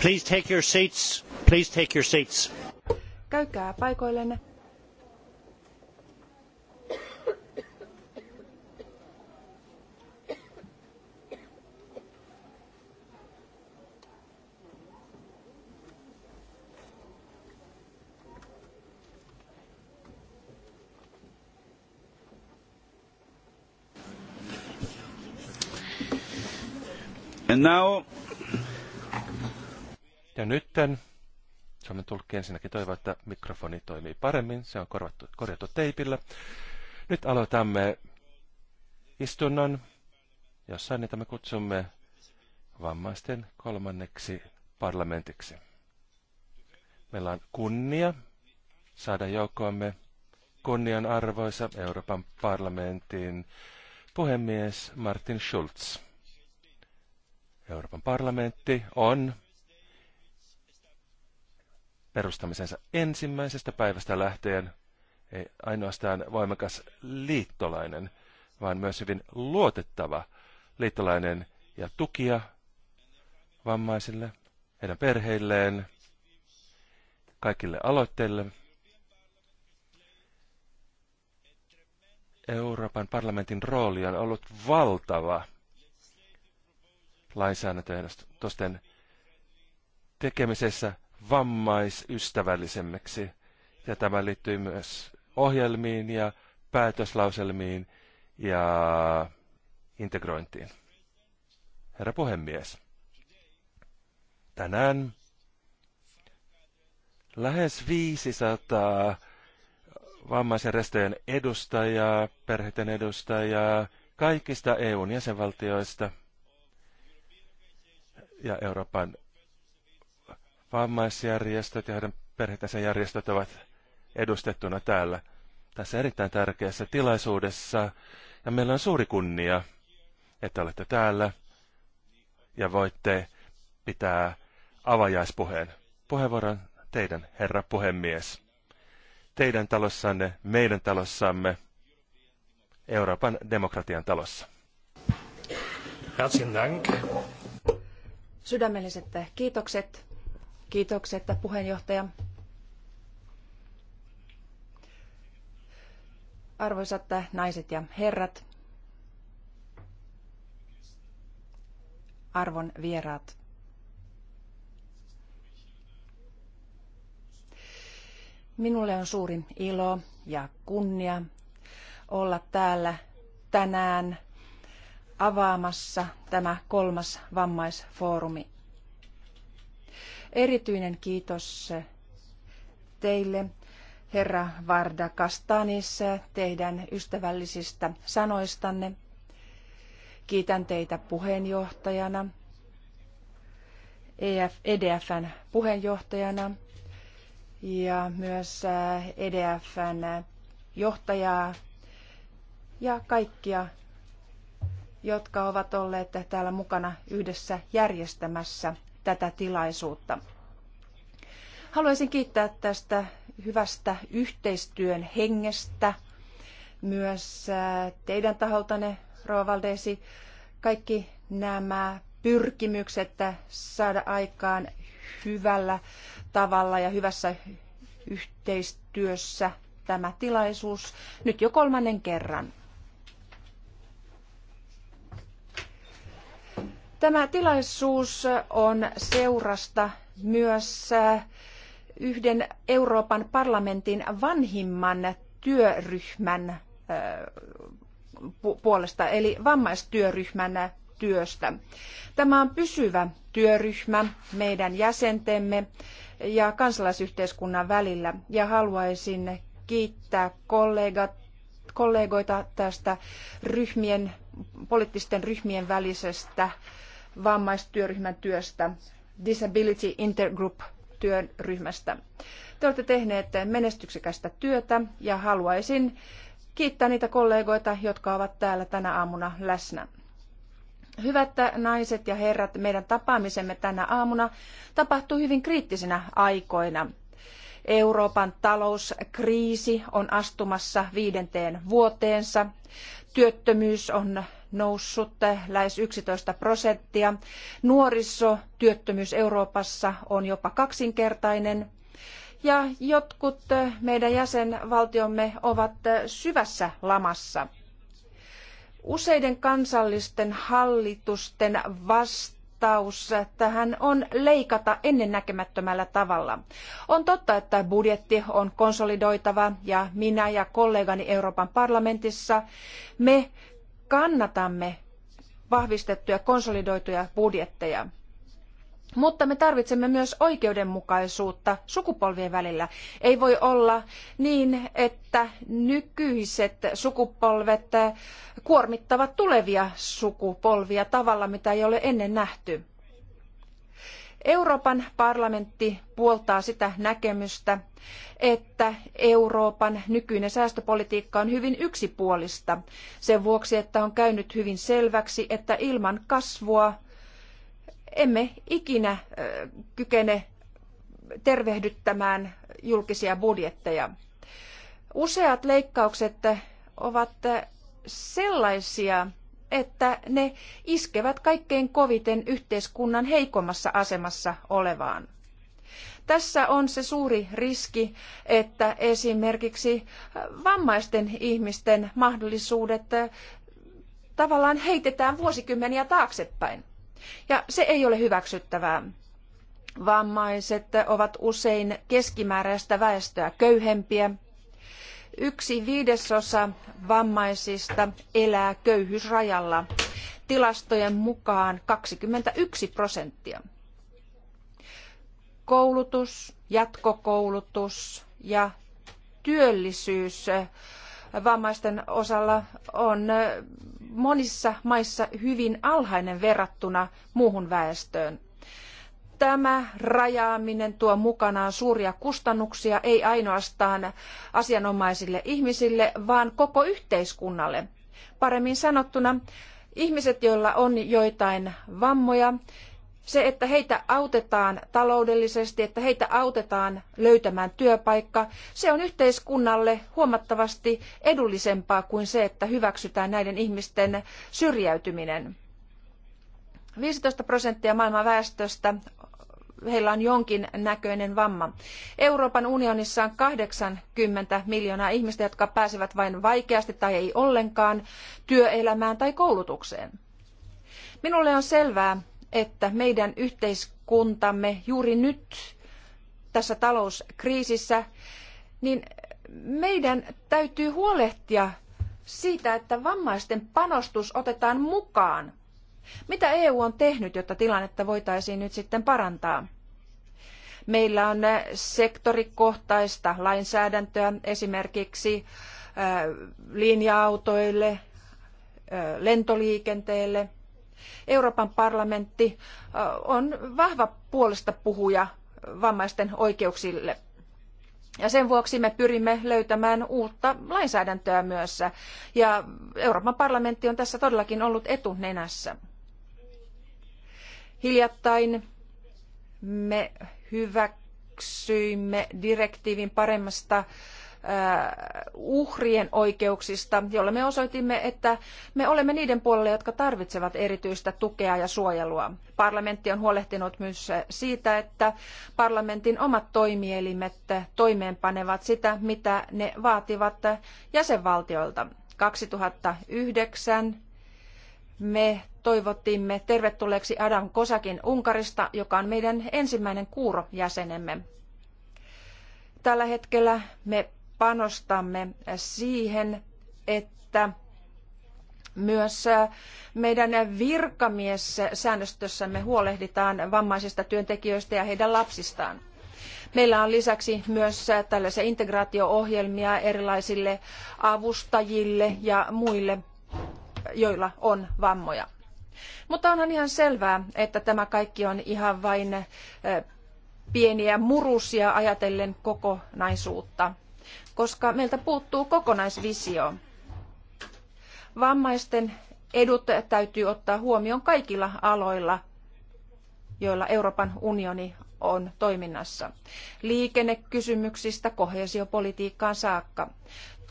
Please take your seats. Please take your seats. Käykää paikoillenne. And now ja nytten Suomen tulkki ensinnäkin toivoo, että mikrofoni toimii paremmin. Se on korvattu, korjattu teipillä. Nyt aloitamme istunnon, jossa niitä me kutsumme vammaisten kolmanneksi parlamentiksi. Meillä on kunnia saada joukkoamme kunnianarvoisa Euroopan parlamentin puhemies Martin Schulz. Euroopan parlamentti on perustamisensa ensimmäisestä päivästä lähtien ei ainoastaan voimakas liittolainen, vaan myös hyvin luotettava liittolainen ja tukija vammaisille, heidän perheilleen, kaikille aloitteille. Euroopan parlamentin rooli on ollut valtava lainsäädäntöehdotusten tekemisessä vammaisystävällisemmäksi. Ja tämä liittyy myös ohjelmiin ja päätöslauselmiin ja integrointiin. Herra puhemies, tänään lähes 500 vammaisjärjestöjen edustajaa, perheiden edustajaa, kaikista EUn jäsenvaltioista ja Euroopan vammaisjärjestöt ja heidän perheensä järjestöt ovat edustettuna täällä tässä erittäin tärkeässä tilaisuudessa. Ja meillä on suuri kunnia, että olette täällä ja voitte pitää avajaispuheen. Puheenvuoron teidän, herra puhemies. Teidän talossanne, meidän talossamme, Euroopan demokratian talossa. Herzlichen Dank. Sydämelliset kiitokset Kiitokset, puheenjohtaja. Arvoisat naiset ja herrat, arvon vieraat. Minulle on suuri ilo ja kunnia olla täällä tänään avaamassa tämä kolmas vammaisfoorumi Erityinen kiitos teille, herra Varda Kastanis, teidän ystävällisistä sanoistanne. Kiitän teitä puheenjohtajana, EDFn e puheenjohtajana ja myös äh, EDFn johtajaa ja kaikkia, jotka ovat olleet täällä mukana yhdessä järjestämässä tätä tilaisuutta. Haluaisin kiittää tästä hyvästä yhteistyön hengestä myös äh, teidän taholtanne, Rova Valdesi. Kaikki nämä pyrkimykset saada aikaan hyvällä tavalla ja hyvässä yhteistyössä tämä tilaisuus nyt jo kolmannen kerran. Tämä tilaisuus on seurasta myös äh, yhden Euroopan parlamentin vanhimman työryhmän äh, puolesta, eli vammaistyöryhmän työstä. Tämä on pysyvä työryhmä meidän jäsentemme ja kansalaisyhteiskunnan välillä ja haluaisin kiittää kollegat, kollegoita tästä ryhmien, poliittisten ryhmien välisestä vammaistyöryhmän työstä, Disability Intergroup työryhmästä. Te olette tehneet menestyksekästä työtä ja haluaisin kiittää niitä kollegoita, jotka ovat täällä tänä aamuna läsnä. Hyvät naiset ja herrat, meidän tapaamisemme tänä aamuna tapahtuu hyvin kriittisinä aikoina. Euroopan talouskriisi on astumassa viidenteen vuoteensa. Työttömyys on noussut lähes 11 prosenttia. Nuorisotyöttömyys Euroopassa on jopa kaksinkertainen. Ja jotkut meidän jäsenvaltiomme ovat syvässä lamassa. Useiden kansallisten hallitusten vastuu vastaus tähän on leikata ennennäkemättömällä tavalla. On totta, että budjetti on konsolidoitava ja minä ja kollegani Euroopan parlamentissa me kannatamme vahvistettuja konsolidoituja budjetteja. Mutta me tarvitsemme myös oikeudenmukaisuutta sukupolvien välillä. Ei voi olla niin, että nykyiset sukupolvet kuormittavat tulevia sukupolvia tavalla, mitä ei ole ennen nähty. Euroopan parlamentti puoltaa sitä näkemystä, että Euroopan nykyinen säästöpolitiikka on hyvin yksipuolista sen vuoksi, että on käynyt hyvin selväksi, että ilman kasvua emme ikinä kykene tervehdyttämään julkisia budjetteja. Useat leikkaukset ovat sellaisia, että ne iskevät kaikkein koviten yhteiskunnan heikommassa asemassa olevaan. Tässä on se suuri riski, että esimerkiksi vammaisten ihmisten mahdollisuudet äh, tavallaan heitetään vuosikymmeniä taaksepäin. Ja se ei ole hyväksyttävää. Vammaiset ovat usein keskimääräistä väestöä köyhempiä Yksi viidesosa vammaisista elää köyhyysrajalla, tilastojen mukaan 21 prosenttia. Koulutus, jatkokoulutus ja työllisyys vammaisten osalla on monissa maissa hyvin alhainen verrattuna muuhun väestöön tämä rajaaminen tuo mukanaan suuria kustannuksia ei ainoastaan asianomaisille ihmisille, vaan koko yhteiskunnalle. Paremmin sanottuna, ihmiset, joilla on joitain vammoja, se, että heitä autetaan taloudellisesti, että heitä autetaan löytämään työpaikka, se on yhteiskunnalle huomattavasti edullisempaa kuin se, että hyväksytään näiden ihmisten syrjäytyminen. 15 prosenttia maailman väestöstä heillä on jonkin näköinen vamma. Euroopan unionissa on 80 miljoonaa ihmistä, jotka pääsevät vain vaikeasti tai ei ollenkaan työelämään tai koulutukseen. Minulle on selvää, että meidän yhteiskuntamme juuri nyt tässä talouskriisissä, niin meidän täytyy huolehtia siitä, että vammaisten panostus otetaan mukaan mitä EU on tehnyt, jotta tilannetta voitaisiin nyt sitten parantaa? Meillä on äh, sektorikohtaista lainsäädäntöä esimerkiksi äh, linja-autoille, äh, lentoliikenteelle. Euroopan parlamentti on vahva puolesta puhuja vammaisten oikeuksille. Ja sen vuoksi me pyrimme löytämään uutta lainsäädäntöä myös. Ja Euroopan parlamentti on tässä todellakin ollut etunenässä. Hiljattain me hyväksyimme direktiivin paremmasta äh, uhrien oikeuksista, jolla me osoitimme, että me olemme niiden puolella, jotka tarvitsevat erityistä tukea ja suojelua. Parlamentti on huolehtinut myös siitä, että parlamentin omat toimielimet toimeenpanevat sitä, mitä ne vaativat jäsenvaltioilta. 2009 me toivottimme tervetulleeksi Adam Kosakin Unkarista, joka on meidän ensimmäinen kuurojäsenemme. Tällä hetkellä me panostamme siihen, että myös meidän virkamiessäännöstössämme huolehditaan vammaisista työntekijöistä ja heidän lapsistaan. Meillä on lisäksi myös tällaisia integraatio-ohjelmia erilaisille avustajille ja muille joilla on vammoja. Mutta onhan ihan selvää, että tämä kaikki on ihan vain eh, pieniä murusia ajatellen kokonaisuutta, koska meiltä puuttuu kokonaisvisio. Vammaisten edut täytyy ottaa huomioon kaikilla aloilla, joilla Euroopan unioni on toiminnassa. Liikennekysymyksistä koheesiopolitiikkaan saakka,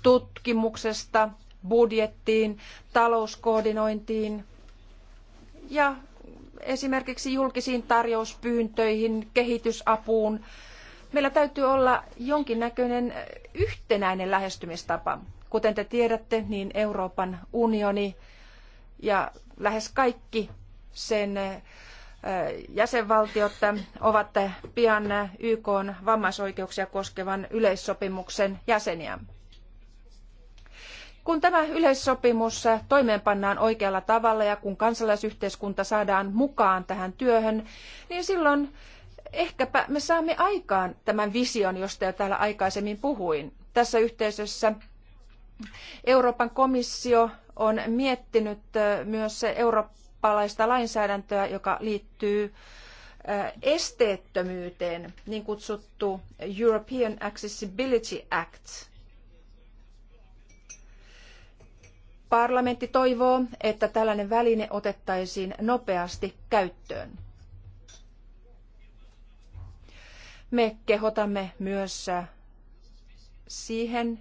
tutkimuksesta, budjettiin, talouskoordinointiin ja esimerkiksi julkisiin tarjouspyyntöihin, kehitysapuun. Meillä täytyy olla jonkinnäköinen yhtenäinen lähestymistapa. Kuten te tiedätte, niin Euroopan unioni ja lähes kaikki sen eh, jäsenvaltiot ovat pian eh, YK :n vammaisoikeuksia koskevan yleissopimuksen jäseniä. Kun tämä yleissopimus toimeenpannaan oikealla tavalla ja kun kansalaisyhteiskunta saadaan mukaan tähän työhön, niin silloin ehkäpä me saamme aikaan tämän vision, josta jo täällä aikaisemmin puhuin. Tässä yhteisössä Euroopan komissio on miettinyt myös eurooppalaista lainsäädäntöä, joka liittyy esteettömyyteen, niin kutsuttu European Accessibility Act. Parlamentti toivoo, että tällainen väline otettaisiin nopeasti käyttöön. Me kehotamme myös siihen,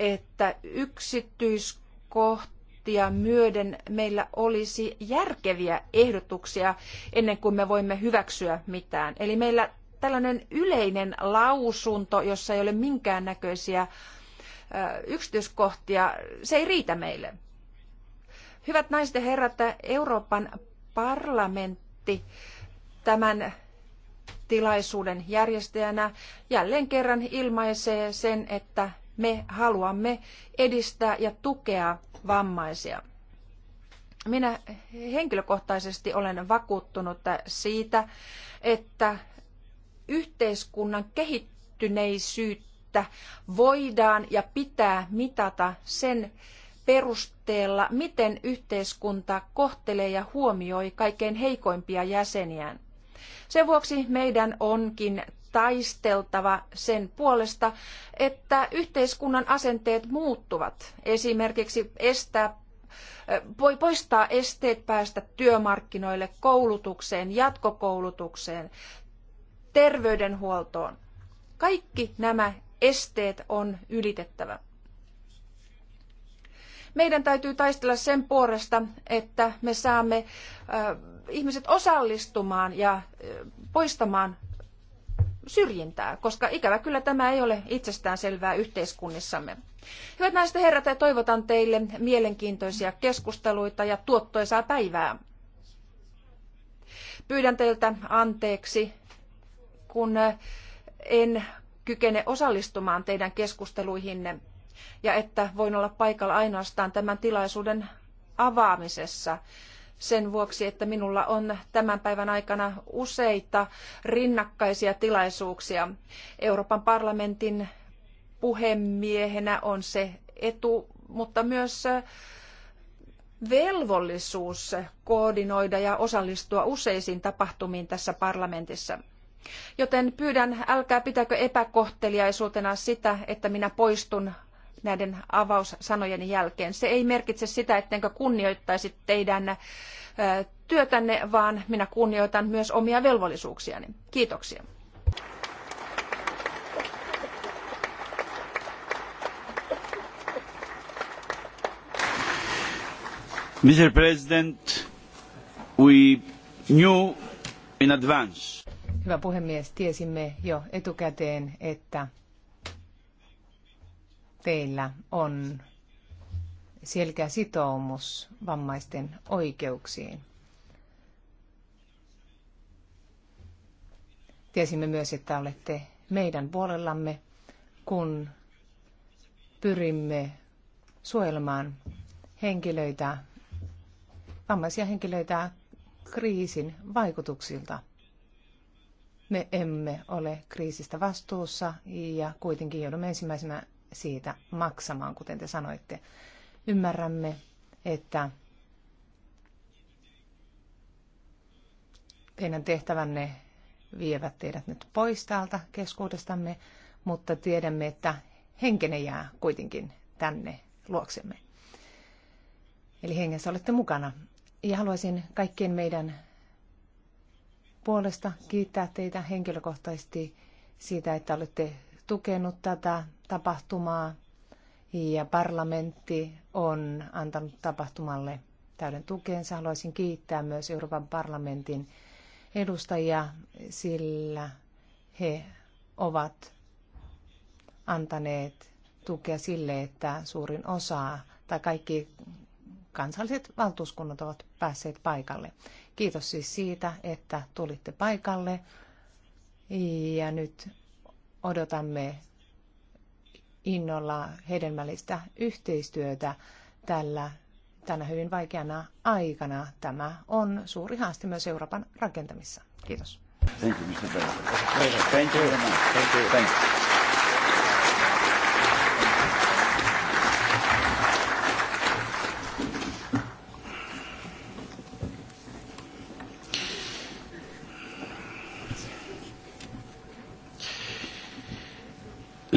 että yksityiskohtia myöden meillä olisi järkeviä ehdotuksia ennen kuin me voimme hyväksyä mitään. Eli meillä tällainen yleinen lausunto, jossa ei ole minkäännäköisiä näköisiä yksityiskohtia, se ei riitä meille. Hyvät naiset ja herrat, Euroopan parlamentti tämän tilaisuuden järjestäjänä jälleen kerran ilmaisee sen, että me haluamme edistää ja tukea vammaisia. Minä henkilökohtaisesti olen vakuuttunut siitä, että yhteiskunnan kehittyneisyyttä että voidaan ja pitää mitata sen perusteella, miten yhteiskunta kohtelee ja huomioi kaikkein heikoimpia jäseniään. Sen vuoksi meidän onkin taisteltava sen puolesta, että yhteiskunnan asenteet muuttuvat. Esimerkiksi estää voi poistaa esteet päästä työmarkkinoille, koulutukseen, jatkokoulutukseen, terveydenhuoltoon. Kaikki nämä esteet on ylitettävä. Meidän täytyy taistella sen puolesta, että me saamme ihmiset osallistumaan ja poistamaan syrjintää, koska ikävä kyllä tämä ei ole itsestään selvää yhteiskunnissamme. Hyvät naiset ja herrat, toivotan teille mielenkiintoisia keskusteluita ja tuottoisaa päivää. Pyydän teiltä anteeksi, kun en kykene osallistumaan teidän keskusteluihinne ja että voin olla paikalla ainoastaan tämän tilaisuuden avaamisessa sen vuoksi, että minulla on tämän päivän aikana useita rinnakkaisia tilaisuuksia. Euroopan parlamentin puhemiehenä on se etu, mutta myös velvollisuus koordinoida ja osallistua useisiin tapahtumiin tässä parlamentissa. Joten pyydän, älkää pitäkö epäkohteliaisuutena sitä, että minä poistun näiden avaussanojeni jälkeen. Se ei merkitse sitä, ettenkö kunnioittaisi teidän työtänne, vaan minä kunnioitan myös omia velvollisuuksiani. Kiitoksia. Mr. President, we knew in advance. Hyvä puhemies, tiesimme jo etukäteen, että teillä on selkeä sitoumus vammaisten oikeuksiin. Tiesimme myös, että olette meidän puolellamme, kun pyrimme suojelemaan henkilöitä, vammaisia henkilöitä kriisin vaikutuksilta. Me emme ole kriisistä vastuussa ja kuitenkin joudumme ensimmäisenä siitä maksamaan, kuten te sanoitte. Ymmärrämme, että teidän tehtävänne vievät teidät nyt pois täältä keskuudestamme, mutta tiedämme, että henkene jää kuitenkin tänne luoksemme. Eli hengessä olette mukana. Ja haluaisin kaikkien meidän puolesta kiittää teitä henkilökohtaisesti siitä, että olette tukenut tätä tapahtumaa ja parlamentti on antanut tapahtumalle täyden tukensa. Haluaisin kiittää myös Euroopan parlamentin edustajia, sillä he ovat antaneet tukea sille, että suurin osa tai kaikki kansalliset valtuuskunnat ovat päässeet paikalle. Kiitos siis siitä, että tulitte paikalle. Ja nyt odotamme innolla hedelmällistä yhteistyötä tällä tänä hyvin vaikeana aikana. Tämä on suuri haaste myös Euroopan rakentamissa. Kiitos. Thank you, Mr. President. Thank you Thank you. Thank you.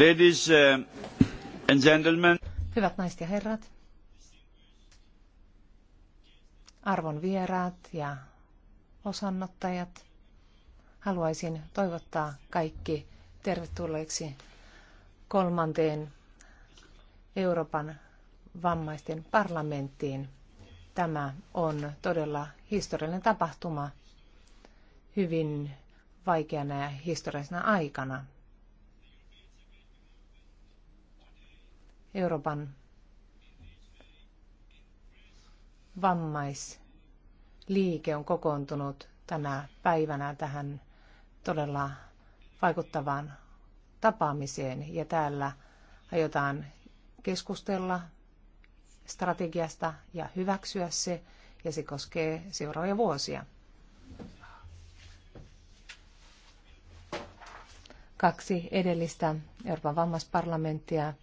Ladies uh, and gentlemen. Hyvät naiset ja herrat. Arvon vieraat ja osanottajat. Haluaisin toivottaa kaikki tervetulleeksi kolmanteen Euroopan vammaisten parlamenttiin. Tämä on todella historiallinen tapahtuma hyvin vaikeana ja historiallisena aikana. Euroopan vammaisliike on kokoontunut tänä päivänä tähän todella vaikuttavaan tapaamiseen ja täällä aiotaan keskustella strategiasta ja hyväksyä se ja se koskee seuraavia vuosia. Kaksi edellistä Euroopan vammaisparlamenttia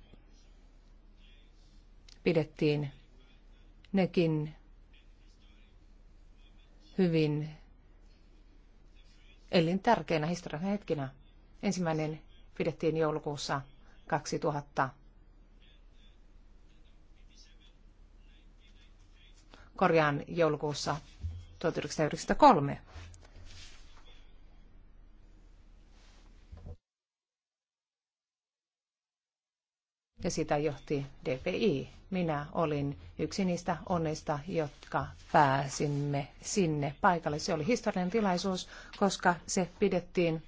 pidettiin nekin hyvin elintärkeinä historian hetkinä. Ensimmäinen pidettiin joulukuussa 2000. Korjaan joulukuussa 1993. ja sitä johti DPI. Minä olin yksi niistä onnista, jotka pääsimme sinne paikalle. Se oli historiallinen tilaisuus, koska se pidettiin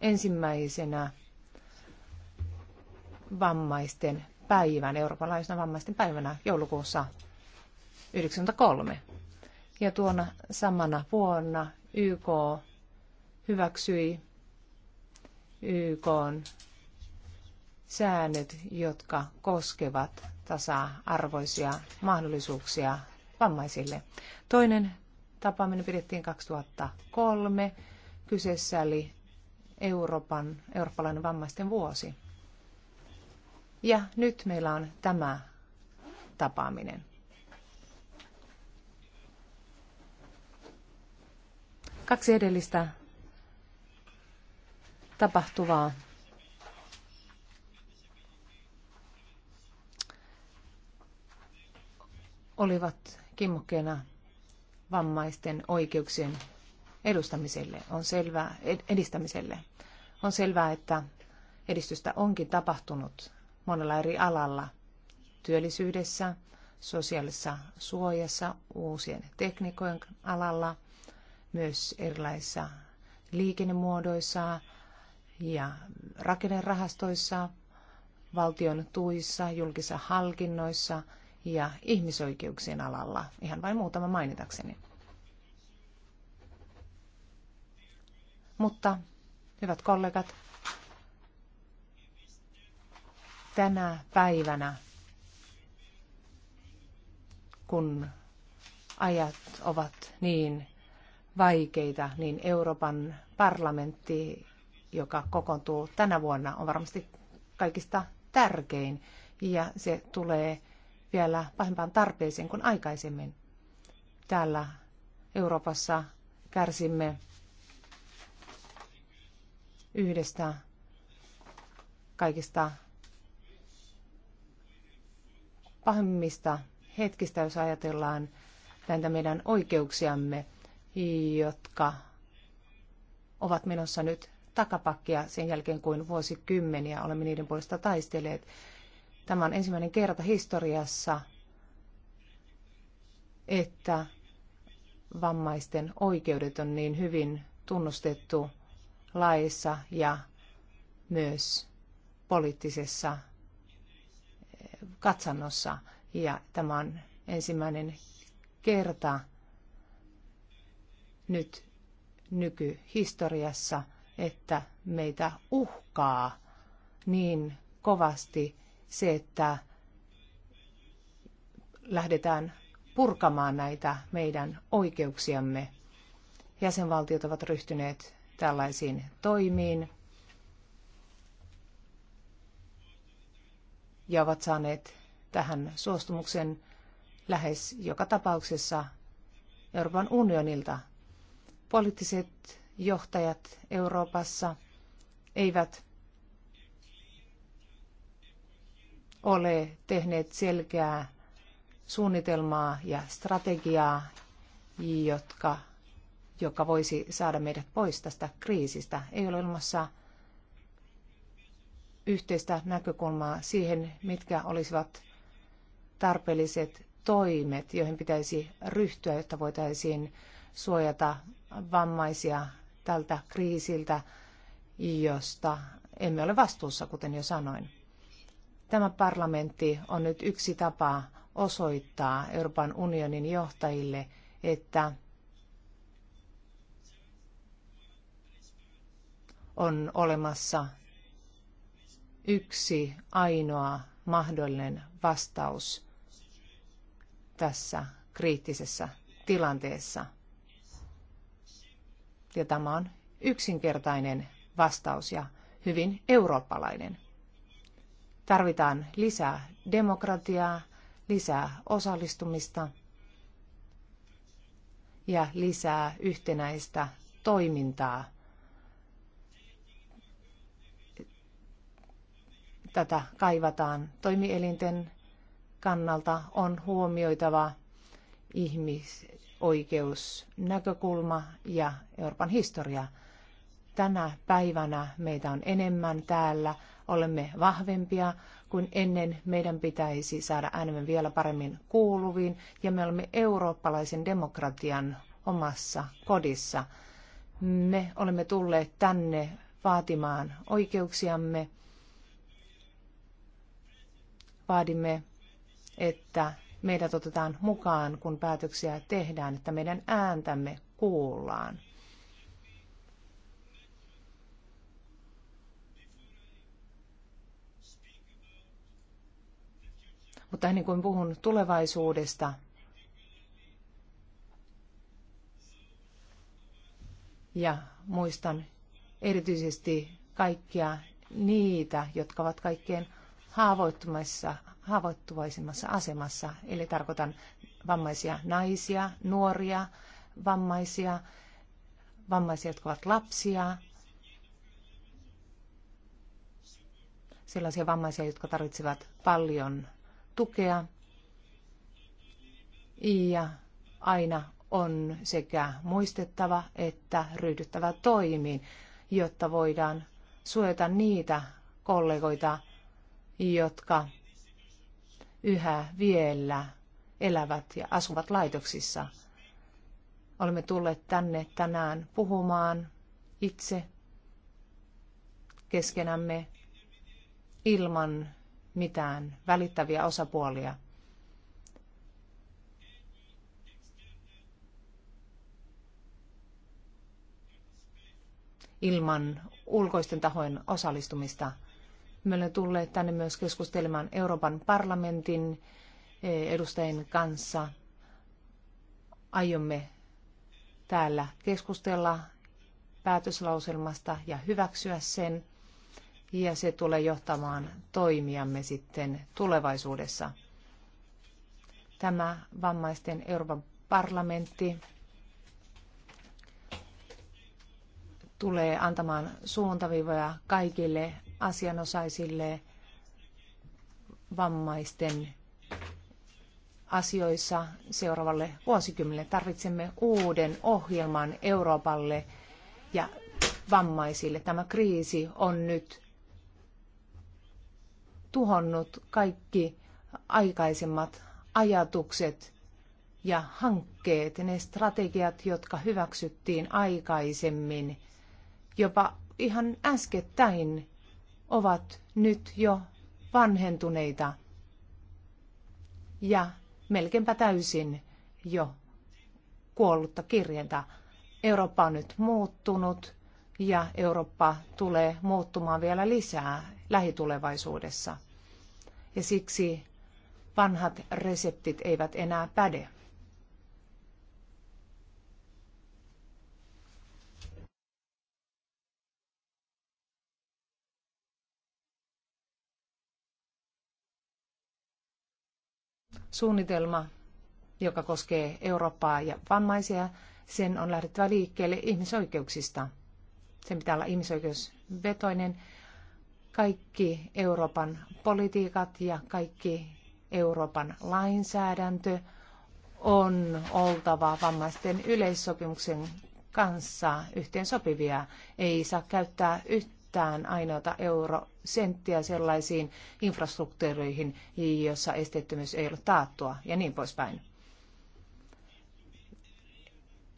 ensimmäisenä vammaisten päivän, eurooppalaisena vammaisten päivänä joulukuussa 1993. Ja tuona samana vuonna YK hyväksyi YK säännöt, jotka koskevat tasa-arvoisia mahdollisuuksia vammaisille. Toinen tapaaminen pidettiin 2003. Kyseessä oli Euroopan, eurooppalainen vammaisten vuosi. Ja nyt meillä on tämä tapaaminen. Kaksi edellistä tapahtuvaa olivat kimmokkeena vammaisten oikeuksien edustamiselle, on selvää, edistämiselle. On selvää, että edistystä onkin tapahtunut monella eri alalla, työllisyydessä, sosiaalisessa suojassa, uusien tekniikojen alalla, myös erilaisissa liikennemuodoissa ja rakennerahastoissa, valtion tuissa, julkisissa halkinnoissa ja ihmisoikeuksien alalla, ihan vain muutama mainitakseni. Mutta, hyvät kollegat, tänä päivänä, kun ajat ovat niin vaikeita, niin Euroopan parlamentti, joka kokoontuu tänä vuonna, on varmasti kaikista tärkein. Ja se tulee vielä pahempaan tarpeeseen kuin aikaisemmin. Täällä Euroopassa kärsimme yhdestä kaikista pahimmista hetkistä, jos ajatellaan näitä meidän oikeuksiamme, jotka ovat menossa nyt takapakkia sen jälkeen, kuin vuosikymmeniä olemme niiden puolesta taistelleet. Tämä on ensimmäinen kerta historiassa, että vammaisten oikeudet on niin hyvin tunnustettu laissa ja myös poliittisessa eh, katsannossa. Ja tämä on ensimmäinen kerta nyt nykyhistoriassa, että meitä uhkaa niin kovasti se, että lähdetään purkamaan näitä meidän oikeuksiamme. Jäsenvaltiot ovat ryhtyneet tällaisiin toimiin ja ovat saaneet tähän suostumuksen lähes joka tapauksessa Euroopan unionilta. Poliittiset johtajat Euroopassa eivät ole tehneet selkeää suunnitelmaa ja strategiaa, jotka, joka voisi saada meidät pois tästä kriisistä. Ei ole olemassa yhteistä näkökulmaa siihen, mitkä olisivat tarpeelliset toimet, joihin pitäisi ryhtyä, jotta voitaisiin suojata vammaisia tältä kriisiltä, josta emme ole vastuussa, kuten jo sanoin. Tämä parlamentti on nyt yksi tapa osoittaa Euroopan unionin johtajille, että on olemassa yksi ainoa mahdollinen vastaus tässä kriittisessä tilanteessa. Ja tämä on yksinkertainen vastaus ja hyvin eurooppalainen. Tarvitaan lisää demokratiaa, lisää osallistumista ja lisää yhtenäistä toimintaa. Tätä kaivataan toimielinten kannalta on huomioitava ihmisoikeusnäkökulma ja Euroopan historia. Tänä päivänä meitä on enemmän täällä, olemme vahvempia kuin ennen. Meidän pitäisi saada äänemme vielä paremmin kuuluviin ja me olemme eurooppalaisen demokratian omassa kodissa. Me olemme tulleet tänne vaatimaan oikeuksiamme. Vaadimme, että meidät otetaan mukaan, kun päätöksiä tehdään, että meidän ääntämme kuullaan. Mutta ennen niin kuin puhun tulevaisuudesta, ja muistan erityisesti kaikkia niitä, jotka ovat kaikkein haavoittuvaisimmassa asemassa. Eli tarkoitan vammaisia naisia, nuoria, vammaisia, vammaisia, jotka ovat lapsia, sellaisia vammaisia, jotka tarvitsevat paljon tukea. Ja aina on sekä muistettava että ryhdyttävä toimiin, jotta voidaan suojata niitä kollegoita, jotka yhä vielä elävät ja asuvat laitoksissa. Olemme tulleet tänne tänään puhumaan itse keskenämme ilman mitään välittäviä osapuolia. Ilman ulkoisten tahojen osallistumista. Me olemme tulleet tänne myös keskustelemaan Euroopan parlamentin eh, edustajien kanssa. Aiomme täällä keskustella päätöslauselmasta ja hyväksyä sen – ja se tulee johtamaan toimiamme sitten tulevaisuudessa. Tämä vammaisten Euroopan parlamentti tulee antamaan suuntaviivoja kaikille asianosaisille vammaisten asioissa seuraavalle vuosikymmenelle. Tarvitsemme uuden ohjelman Euroopalle ja vammaisille. Tämä kriisi on nyt tuhonnut kaikki aikaisemmat ajatukset ja hankkeet, ne strategiat, jotka hyväksyttiin aikaisemmin, jopa ihan äskettäin, ovat nyt jo vanhentuneita ja melkeinpä täysin jo kuollutta kirjentä. Eurooppa on nyt muuttunut ja Eurooppa tulee muuttumaan vielä lisää lähitulevaisuudessa. Ja siksi vanhat reseptit eivät enää päde. Suunnitelma, joka koskee Eurooppaa ja vammaisia, sen on lähdettävä liikkeelle ihmisoikeuksista – sen pitää olla ihmisoikeusvetoinen. Kaikki Euroopan politiikat ja kaikki Euroopan lainsäädäntö on oltava vammaisten yleissopimuksen kanssa sopivia. Ei saa käyttää yhtään ainoata eurosenttiä sellaisiin infrastruktuureihin, jossa esteettömyys ei ole taattua ja niin poispäin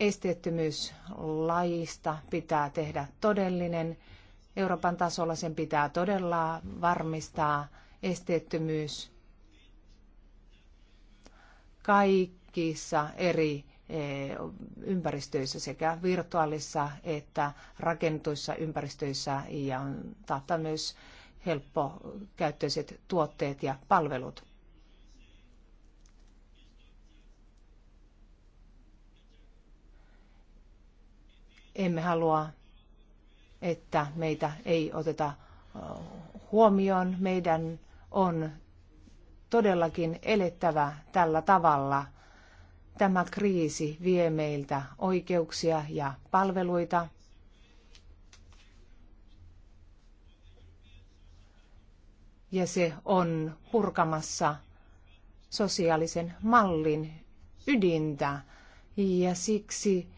esteettömyyslajista pitää tehdä todellinen. Euroopan tasolla sen pitää todella varmistaa esteettömyys kaikissa eri e, ympäristöissä sekä virtuaalissa että rakennetuissa ympäristöissä ja on taattaa myös helppokäyttöiset tuotteet ja palvelut. Emme halua, että meitä ei oteta huomioon. Meidän on todellakin elettävä tällä tavalla. Tämä kriisi vie meiltä oikeuksia ja palveluita. Ja se on purkamassa sosiaalisen mallin ydintä. Ja siksi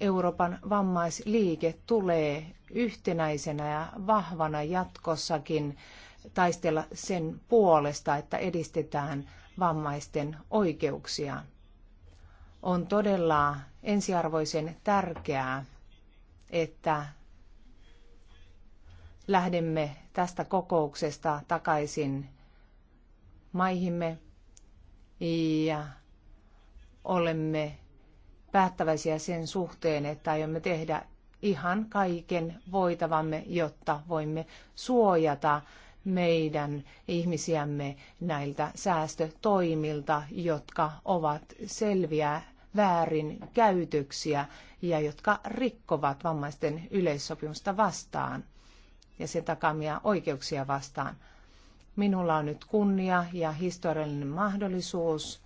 Euroopan vammaisliike tulee yhtenäisenä ja vahvana jatkossakin taistella sen puolesta, että edistetään vammaisten oikeuksia. On todella ensiarvoisen tärkeää, että lähdemme tästä kokouksesta takaisin maihimme ja olemme päättäväisiä sen suhteen, että aiomme tehdä ihan kaiken voitavamme, jotta voimme suojata meidän ihmisiämme näiltä säästötoimilta, jotka ovat selviä väärinkäytöksiä ja jotka rikkovat vammaisten yleissopimusta vastaan ja sen takamia oikeuksia vastaan. Minulla on nyt kunnia ja historiallinen mahdollisuus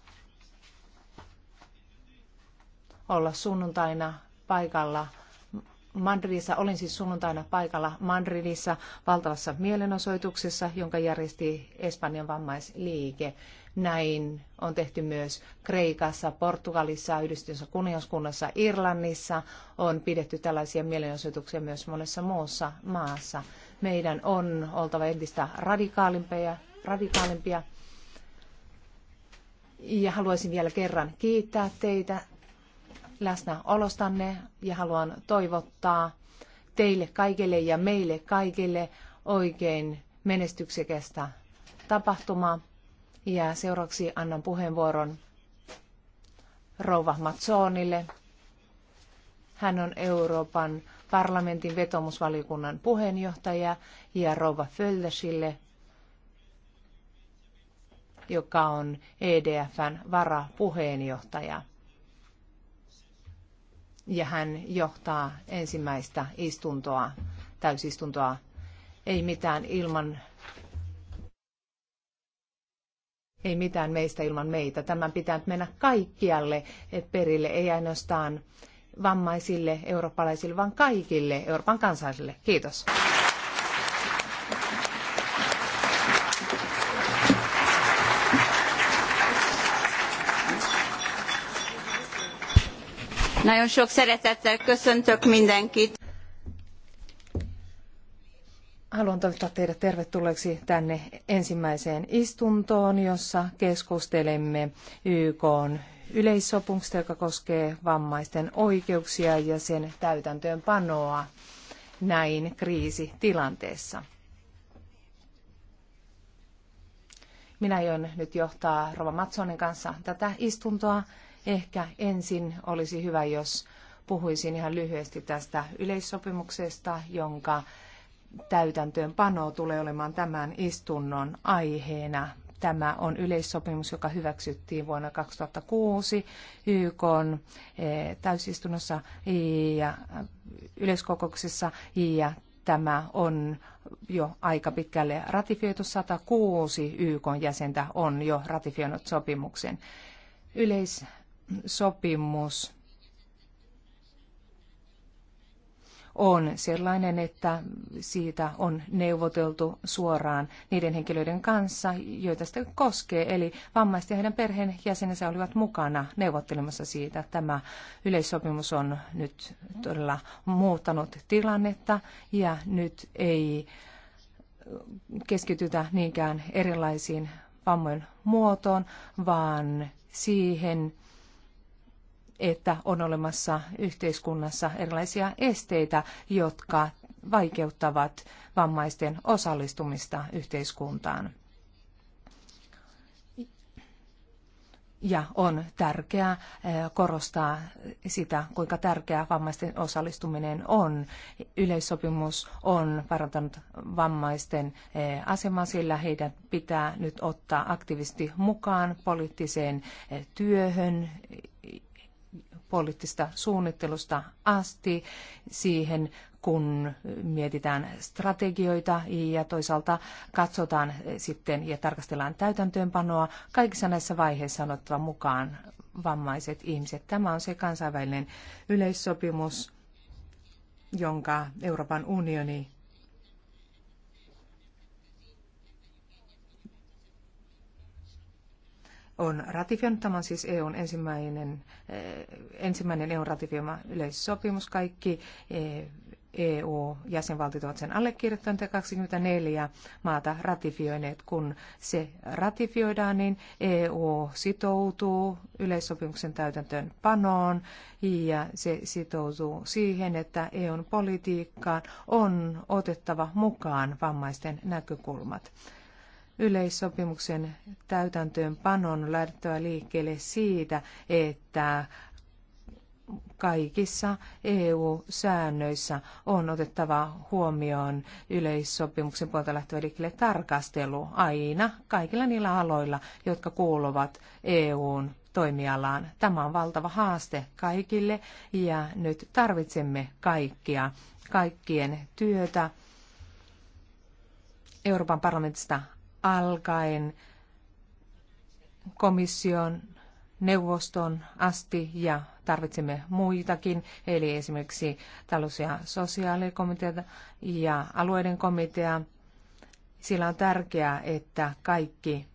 olla sunnuntaina paikalla Madridissa. Olin siis sunnuntaina paikalla Madridissa valtavassa mielenosoituksessa, jonka järjesti Espanjan vammaisliike. Näin on tehty myös Kreikassa, Portugalissa, Yhdistyneessä kuningaskunnassa, Irlannissa. On pidetty tällaisia mielenosoituksia myös monessa muussa maassa. Meidän on oltava entistä radikaalimpia, radikaalimpia ja haluaisin vielä kerran kiittää teitä läsnäolostanne ja haluan toivottaa teille kaikille ja meille kaikille oikein menestyksekästä tapahtumaa. Ja seuraavaksi annan puheenvuoron rouva Mazzonille. Hän on Euroopan parlamentin vetomusvaliokunnan puheenjohtaja ja rouva Földersille, joka on EDFn varapuheenjohtaja ja hän johtaa ensimmäistä istuntoa, täysistuntoa. Ei mitään ilman ei mitään meistä ilman meitä. Tämän pitää nyt mennä kaikkialle perille, ei ainoastaan vammaisille, eurooppalaisille, vaan kaikille Euroopan kansalaisille. Kiitos. Nagyon sok szeretettel köszöntök mindenkit. Haluan toivottaa teidät tervetulleeksi tänne ensimmäiseen istuntoon, jossa keskustelemme YK yleissopimuksesta, joka koskee vammaisten oikeuksia ja sen täytäntöönpanoa näin kriisitilanteessa. Minä aion nyt johtaa Rova Matsonin kanssa tätä istuntoa Ehkä ensin olisi hyvä, jos puhuisin ihan lyhyesti tästä yleissopimuksesta, jonka täytäntöönpano tulee olemaan tämän istunnon aiheena. Tämä on yleissopimus, joka hyväksyttiin vuonna 2006 YK eh, täysistunnossa ja yleiskokouksessa ja tämä on jo aika pitkälle ratifioitu. 106 YK jäsentä on jo ratifioinut sopimuksen. Yleis sopimus on sellainen, että siitä on neuvoteltu suoraan niiden henkilöiden kanssa, joita sitä koskee. Eli vammaiset ja heidän perheenjäsenensä olivat mukana neuvottelemassa siitä. Tämä yleissopimus on nyt todella muuttanut tilannetta ja nyt ei keskitytä niinkään erilaisiin vammojen muotoon, vaan siihen, että on olemassa yhteiskunnassa erilaisia esteitä, jotka vaikeuttavat vammaisten osallistumista yhteiskuntaan. Ja on tärkeää eh, korostaa sitä, kuinka tärkeää vammaisten osallistuminen on. Yleissopimus on parantanut vammaisten eh, asemaa, sillä heidän pitää nyt ottaa aktiivisesti mukaan poliittiseen eh, työhön poliittista suunnittelusta asti siihen, kun mietitään strategioita ja toisaalta katsotaan sitten ja tarkastellaan täytäntöönpanoa. Kaikissa näissä vaiheissa on ottava mukaan vammaiset ihmiset. Tämä on se kansainvälinen yleissopimus, jonka Euroopan unioni on ratifioinut. Tämä on siis EUn ensimmäinen, eh, ensimmäinen EUn ratifioima yleissopimus. Kaikki EU-jäsenvaltiot eh, e ovat sen allekirjoittaneet ja 24 maata ratifioineet. Kun se ratifioidaan, niin EU sitoutuu yleissopimuksen täytäntöön panoon ja se sitoutuu siihen, että EUn politiikkaan on otettava mukaan vammaisten näkökulmat yleissopimuksen täytäntöönpanon on lähdettävä liikkeelle siitä, että kaikissa EU-säännöissä on otettava huomioon yleissopimuksen puolta lähtevä liikkeelle tarkastelu aina kaikilla niillä aloilla, jotka kuuluvat EUn toimialaan. Tämä on valtava haaste kaikille ja nyt tarvitsemme kaikkia, kaikkien työtä. Euroopan parlamentista alkaen komission neuvoston asti ja tarvitsemme muitakin, eli esimerkiksi talous- ja sosiaalikomiteata ja alueiden komitea. Sillä on tärkeää, että kaikki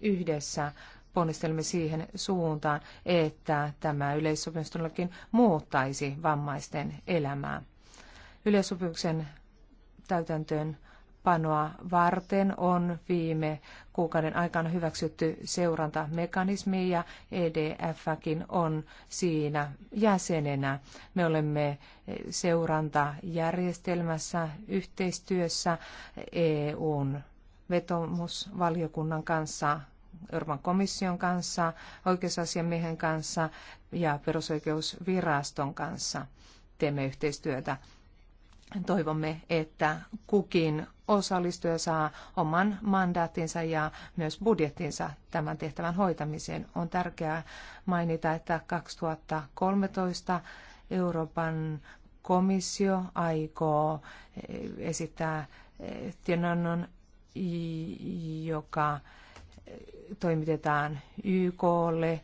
yhdessä ponnistelemme siihen suuntaan, että tämä yleissopimus todellakin muuttaisi vammaisten elämää. Yleissopimuksen täytäntöön panoa varten on viime kuukauden aikana hyväksytty seurantamekanismi ja EDFkin on siinä jäsenenä. Me olemme seurantajärjestelmässä yhteistyössä EUn vetomusvaliokunnan kanssa Euroopan komission kanssa, oikeusasiamiehen kanssa ja perusoikeusviraston kanssa teemme yhteistyötä toivomme, että kukin osallistuja saa oman mandaattinsa ja myös budjettinsa tämän tehtävän hoitamiseen. On tärkeää mainita, että 2013 Euroopan komissio aikoo eh, esittää eh, tiedonannon, joka eh, toimitetaan YKlle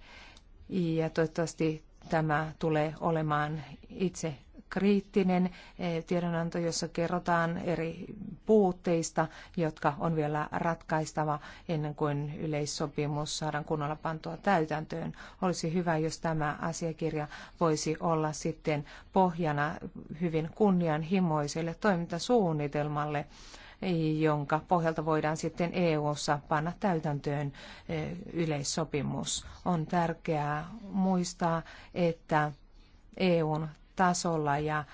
ja toivottavasti tämä tulee olemaan itse kriittinen eh, tiedonanto, jossa kerrotaan eri puutteista, jotka on vielä ratkaistava ennen kuin yleissopimus saadaan kunnolla pantua täytäntöön. Olisi hyvä, jos tämä asiakirja voisi olla sitten pohjana hyvin kunnianhimoiselle toimintasuunnitelmalle jonka pohjalta voidaan sitten EU-ssa panna täytäntöön eh, yleissopimus. On tärkeää muistaa, että EUn tasolla ja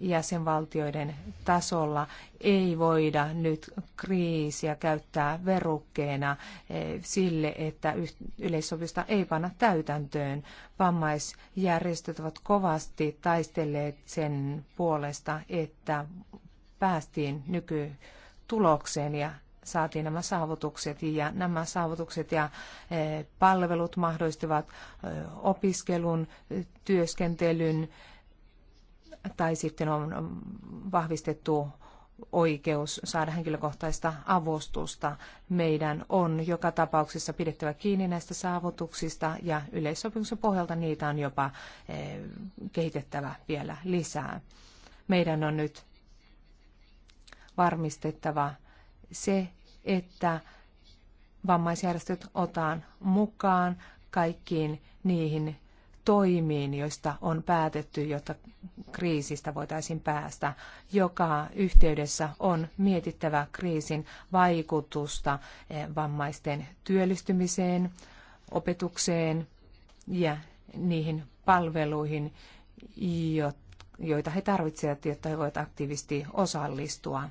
jäsenvaltioiden tasolla ei voida nyt kriisiä käyttää verukkeena eh, sille, että yleissopista ei panna täytäntöön. Vammaisjärjestöt ovat kovasti taistelleet sen puolesta, että päästiin nykytulokseen ja saatiin nämä saavutukset ja nämä saavutukset ja eh, palvelut mahdollistivat eh, opiskelun, työskentelyn, tai sitten on vahvistettu oikeus saada henkilökohtaista avustusta. Meidän on joka tapauksessa pidettävä kiinni näistä saavutuksista ja yleissopimuksen pohjalta niitä on jopa eh, kehitettävä vielä lisää. Meidän on nyt varmistettava se, että vammaisjärjestöt otetaan mukaan kaikkiin niihin toimiin, joista on päätetty, jotta kriisistä voitaisiin päästä. Joka yhteydessä on mietittävä kriisin vaikutusta eh, vammaisten työllistymiseen, opetukseen ja niihin palveluihin, joita he tarvitsevat, jotta he voivat aktiivisesti osallistua.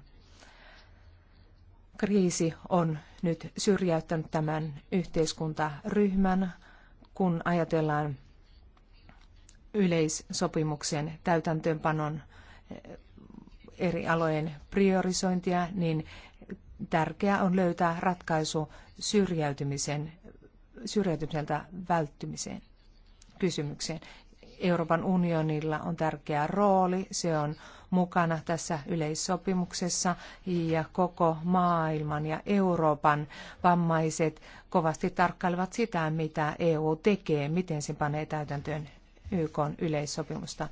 Kriisi on nyt syrjäyttänyt tämän yhteiskuntaryhmän, kun ajatellaan yleissopimuksen täytäntöönpanon eh, eri alojen priorisointia, niin tärkeää on löytää ratkaisu syrjäytymisen, syrjäytymiseltä välttymiseen kysymykseen. Euroopan unionilla on tärkeä rooli, se on mukana tässä yleissopimuksessa ja koko maailman ja Euroopan vammaiset kovasti tarkkailevat sitä, mitä EU tekee, miten se panee täytäntöön YK yleissopimusta.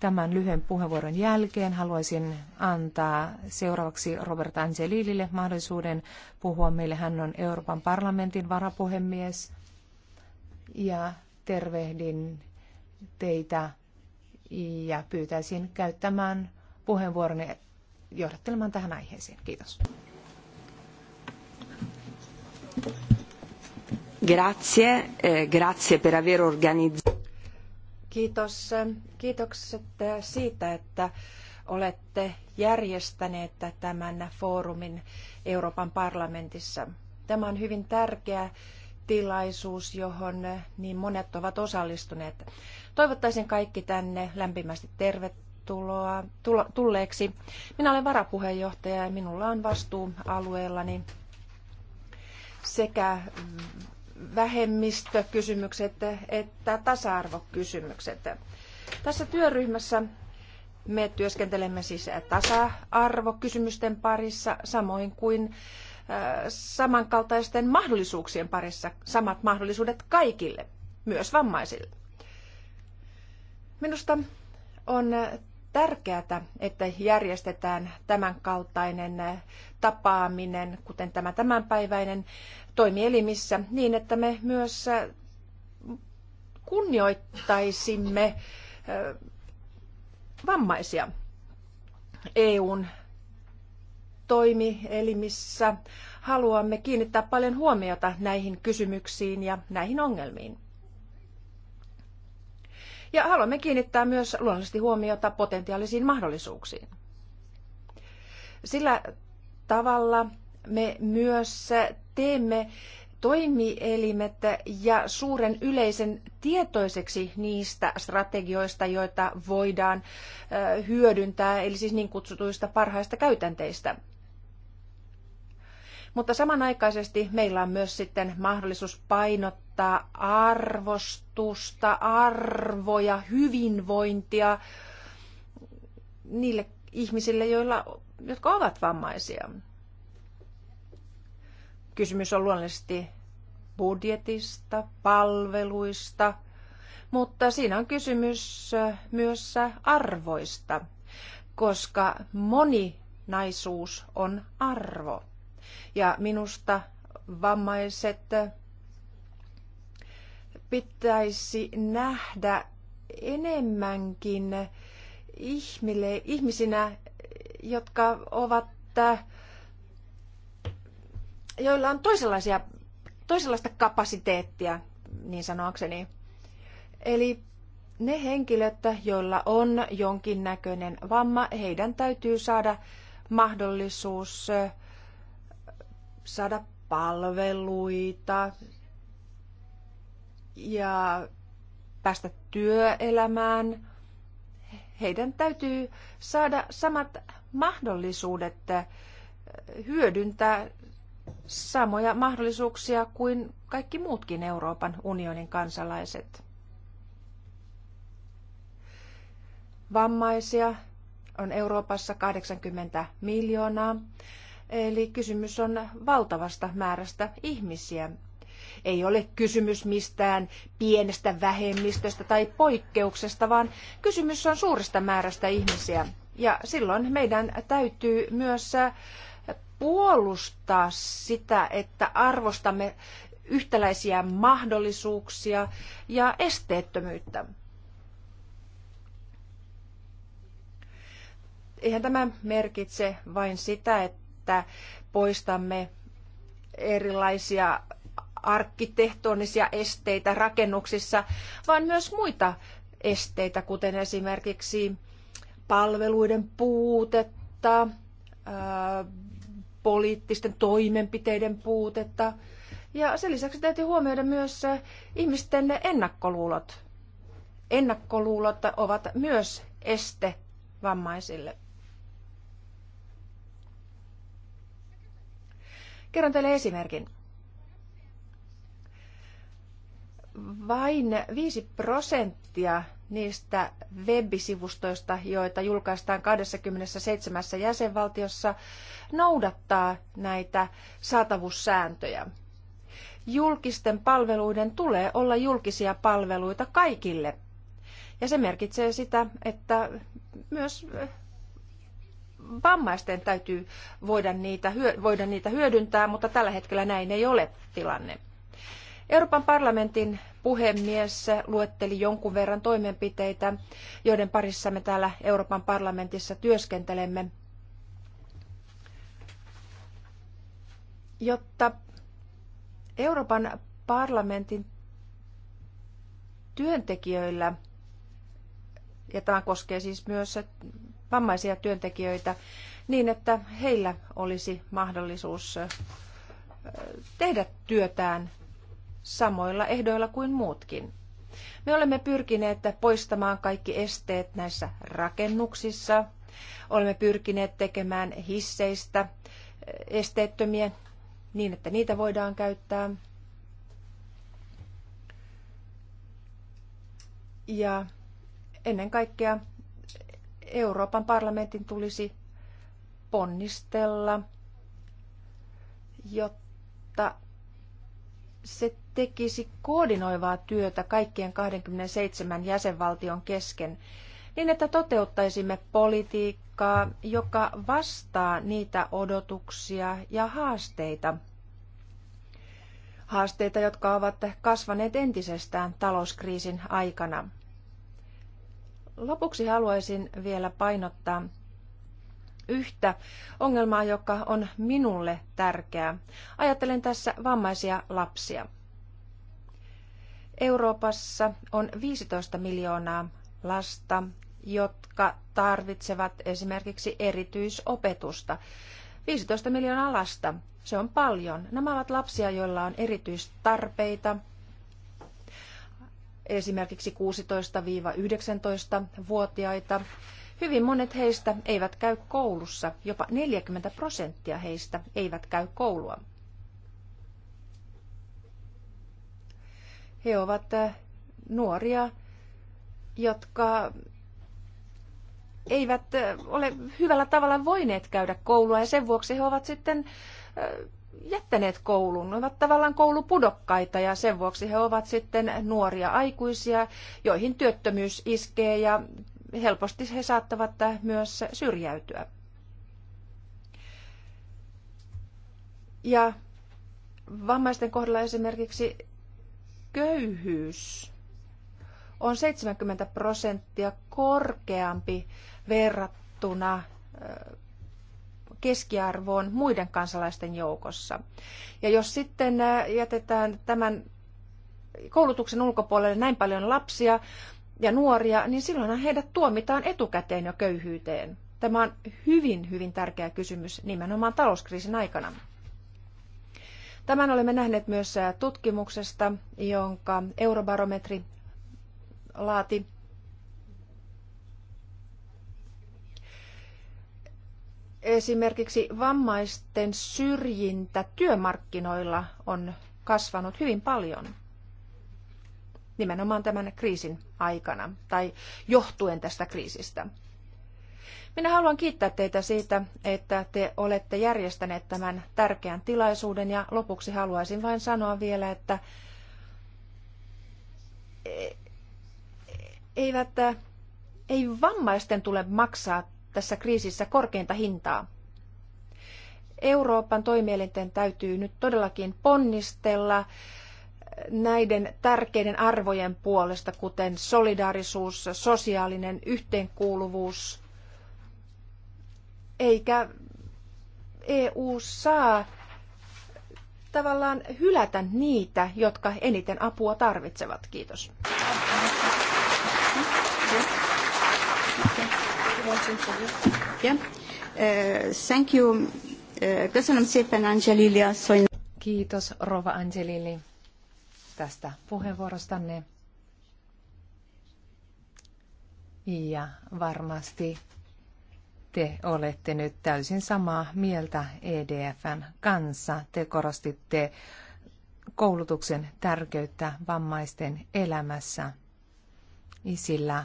Tämän lyhyen puheenvuoron jälkeen haluaisin antaa seuraavaksi Robert Angelilille mahdollisuuden puhua meille. Hän on Euroopan parlamentin varapuhemies ja tervehdin teitä ja pyytäisin käyttämään puheenvuoron johdattelemaan tähän aiheeseen. Kiitos. Grazie, eh, grazie per aver organizzato. Kiitos. Kiitokset eh, siitä, että olette järjestäneet tämän foorumin Euroopan parlamentissa. Tämä on hyvin tärkeä tilaisuus, johon eh, niin monet ovat osallistuneet. Toivottaisin kaikki tänne lämpimästi tervetuloa tulleeksi. Minä olen varapuheenjohtaja ja minulla on vastuu alueellani sekä vähemmistökysymykset että tasa-arvokysymykset. Tässä työryhmässä me työskentelemme siis tasa-arvokysymysten parissa, samoin kuin samankaltaisten mahdollisuuksien parissa, samat mahdollisuudet kaikille, myös vammaisille. Minusta on tärkeää, että järjestetään tämän kaltainen tapaaminen, kuten tämä tämänpäiväinen, toimielimissä niin, että me myös äh, kunnioittaisimme äh, vammaisia EUn toimielimissä. Haluamme kiinnittää paljon huomiota näihin kysymyksiin ja näihin ongelmiin. Ja haluamme kiinnittää myös luonnollisesti huomiota potentiaalisiin mahdollisuuksiin. Sillä tavalla me myös teemme toimielimet ja suuren yleisen tietoiseksi niistä strategioista, joita voidaan hyödyntää, eli siis niin kutsutuista parhaista käytänteistä. Mutta samanaikaisesti meillä on myös sitten mahdollisuus painottaa arvostusta, arvoja, hyvinvointia niille ihmisille, joilla, jotka ovat vammaisia. Kysymys on luonnollisesti budjetista, palveluista, mutta siinä on kysymys myös arvoista, koska moninaisuus on arvo. Ja minusta vammaiset pitäisi nähdä enemmänkin ihmille, ihmisinä, jotka ovat joilla on toisenlaisia, toisenlaista kapasiteettia, niin sanoakseni. Eli ne henkilöt, joilla on jonkinnäköinen vamma, heidän täytyy saada mahdollisuus saada palveluita ja päästä työelämään. Heidän täytyy saada samat mahdollisuudet hyödyntää samoja mahdollisuuksia kuin kaikki muutkin Euroopan unionin kansalaiset. Vammaisia on Euroopassa 80 miljoonaa, eli kysymys on valtavasta määrästä ihmisiä. Ei ole kysymys mistään pienestä vähemmistöstä tai poikkeuksesta, vaan kysymys on suuresta määrästä ihmisiä. Ja silloin meidän täytyy myös puolustaa sitä, että arvostamme yhtäläisiä mahdollisuuksia ja esteettömyyttä. Eihän tämä merkitse vain sitä, että poistamme erilaisia arkkitehtonisia esteitä rakennuksissa, vaan myös muita esteitä, kuten esimerkiksi palveluiden puutetta, poliittisten toimenpiteiden puutetta. Ja sen lisäksi täytyy huomioida myös äh, ihmisten ennakkoluulot. Ennakkoluulot ovat myös este vammaisille. Kerron teille esimerkin. Vain 5 prosenttia niistä webisivustoista, joita julkaistaan 27 jäsenvaltiossa, noudattaa näitä saatavuussääntöjä. Julkisten palveluiden tulee olla julkisia palveluita kaikille. Ja se merkitsee sitä, että myös eh, vammaisten täytyy voida niitä, voida niitä hyödyntää, mutta tällä hetkellä näin ei ole tilanne. Euroopan parlamentin puhemies luetteli jonkun verran toimenpiteitä, joiden parissa me täällä Euroopan parlamentissa työskentelemme jotta Euroopan parlamentin työntekijöillä, ja tämä koskee siis myös vammaisia työntekijöitä, niin että heillä olisi mahdollisuus tehdä työtään samoilla ehdoilla kuin muutkin. Me olemme pyrkineet poistamaan kaikki esteet näissä rakennuksissa. Olemme pyrkineet tekemään hisseistä esteettömiä niin, että niitä voidaan käyttää. Ja ennen kaikkea Euroopan parlamentin tulisi ponnistella, jotta se tekisi koordinoivaa työtä kaikkien 27 jäsenvaltion kesken niin että toteuttaisimme politiikkaa, joka vastaa niitä odotuksia ja haasteita, haasteita, jotka ovat kasvaneet entisestään talouskriisin aikana. Lopuksi haluaisin vielä painottaa yhtä ongelmaa, joka on minulle tärkeää. Ajattelen tässä vammaisia lapsia. Euroopassa on 15 miljoonaa lasta, jotka tarvitsevat esimerkiksi erityisopetusta. 15 miljoonaa lasta, se on paljon. Nämä ovat lapsia, joilla on erityistarpeita, esimerkiksi 16-19-vuotiaita. Hyvin monet heistä eivät käy koulussa, jopa 40 prosenttia heistä eivät käy koulua. He ovat eh, nuoria jotka eivät ole hyvällä tavalla voineet käydä koulua ja sen vuoksi he ovat sitten jättäneet koulun. Ne ovat tavallaan koulupudokkaita ja sen vuoksi he ovat sitten nuoria aikuisia, joihin työttömyys iskee ja helposti he saattavat myös syrjäytyä. Ja vammaisten kohdalla esimerkiksi köyhyys on 70 prosenttia korkeampi verrattuna keskiarvoon muiden kansalaisten joukossa. Ja jos sitten jätetään tämän koulutuksen ulkopuolelle näin paljon lapsia ja nuoria, niin silloin heidät tuomitaan etukäteen jo köyhyyteen. Tämä on hyvin, hyvin tärkeä kysymys nimenomaan talouskriisin aikana. Tämän olemme nähneet myös tutkimuksesta, jonka Eurobarometri laati. Esimerkiksi vammaisten syrjintä työmarkkinoilla on kasvanut hyvin paljon nimenomaan tämän kriisin aikana tai johtuen tästä kriisistä. Minä haluan kiittää teitä siitä, että te olette järjestäneet tämän tärkeän tilaisuuden ja lopuksi haluaisin vain sanoa vielä, että eivät, äh, ei vammaisten tule maksaa tässä kriisissä korkeinta hintaa. Euroopan toimielinten täytyy nyt todellakin ponnistella äh, näiden tärkeiden arvojen puolesta, kuten solidaarisuus, sosiaalinen yhteenkuuluvuus, eikä EU saa tavallaan hylätä niitä, jotka eniten apua tarvitsevat. Kiitos. Uh, uh, Kiitos Rova Angelili tästä puheenvuorostanne. Ja varmasti te olette nyt täysin samaa mieltä EDFn kanssa. Te korostitte koulutuksen tärkeyttä vammaisten elämässä sillä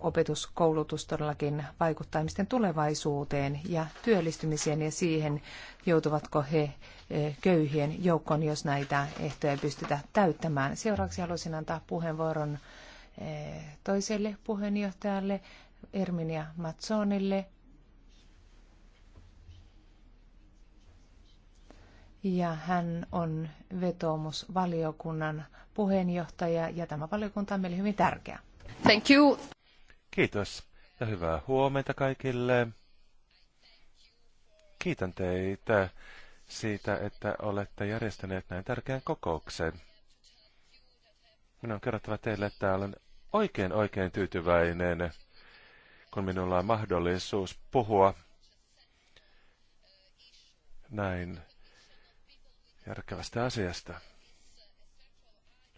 opetuskoulutus todellakin vaikuttaa ihmisten tulevaisuuteen ja työllistymiseen ja siihen, joutuvatko he e, köyhien joukkoon, jos näitä ehtoja ei pystytä täyttämään. Seuraavaksi haluaisin antaa puheenvuoron e, toiselle puheenjohtajalle, Erminia Matsonille. Ja hän on vetoomusvaliokunnan puheenjohtaja ja tämä valiokunta on meille hyvin tärkeä. Thank you. Kiitos ja hyvää huomenta kaikille. Kiitän teitä siitä, että olette järjestäneet näin tärkeän kokouksen. Minun on kerrottava teille, että olen oikein oikein tyytyväinen, kun minulla on mahdollisuus puhua näin järkevästä asiasta.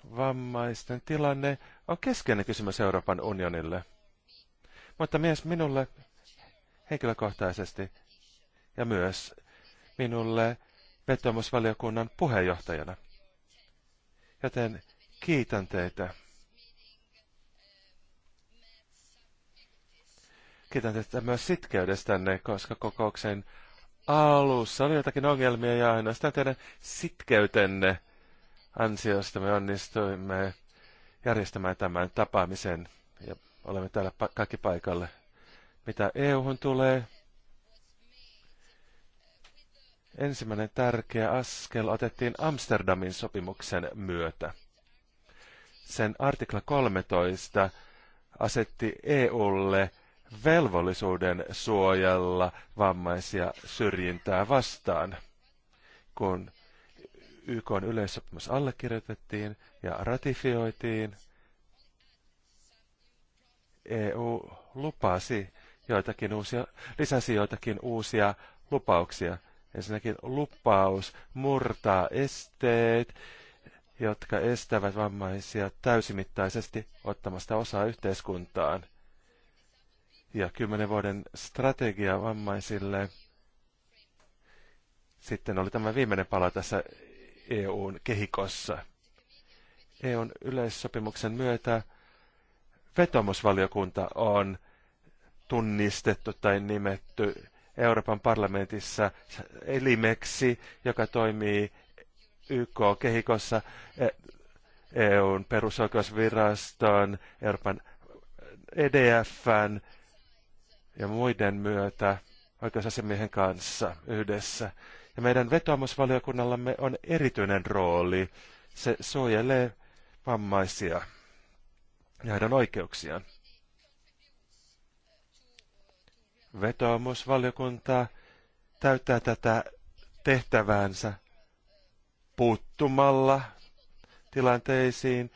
Vammaisten tilanne on keskeinen kysymys Euroopan unionille, mutta myös minulle henkilökohtaisesti ja myös minulle vetomusvaliokunnan puheenjohtajana. Joten kiitän teitä. Kiitän teitä myös sitkeydestänne, koska kokouksen alussa oli jotakin ongelmia ja ainoastaan teidän sitkeytenne ansiosta me onnistuimme järjestämään tämän tapaamisen ja olemme täällä pa- kaikki paikalle. Mitä EU-hun tulee, ensimmäinen tärkeä askel otettiin Amsterdamin sopimuksen myötä. Sen artikla 13 asetti EUlle velvollisuuden suojella vammaisia syrjintää vastaan, kun YK yleissopimus allekirjoitettiin ja ratifioitiin. EU lupasi joitakin uusia, lisäsi joitakin uusia lupauksia. Ensinnäkin lupaus murtaa esteet, jotka estävät vammaisia täysimittaisesti ottamasta osaa yhteiskuntaan. Ja kymmenen vuoden strategia vammaisille. Sitten oli tämä viimeinen pala tässä EUn kehikossa. EUn yleissopimuksen myötä vetomusvaliokunta on tunnistettu tai nimetty Euroopan parlamentissa elimeksi, joka toimii YK-kehikossa e- EUn perusoikeusviraston, Euroopan EDFn ja muiden myötä oikeusasiamiehen kanssa yhdessä. Ja meidän vetoomusvaliokunnallamme on erityinen rooli. Se suojelee vammaisia ja heidän oikeuksiaan. Vetoomusvaliokunta täyttää tätä tehtäväänsä puuttumalla tilanteisiin,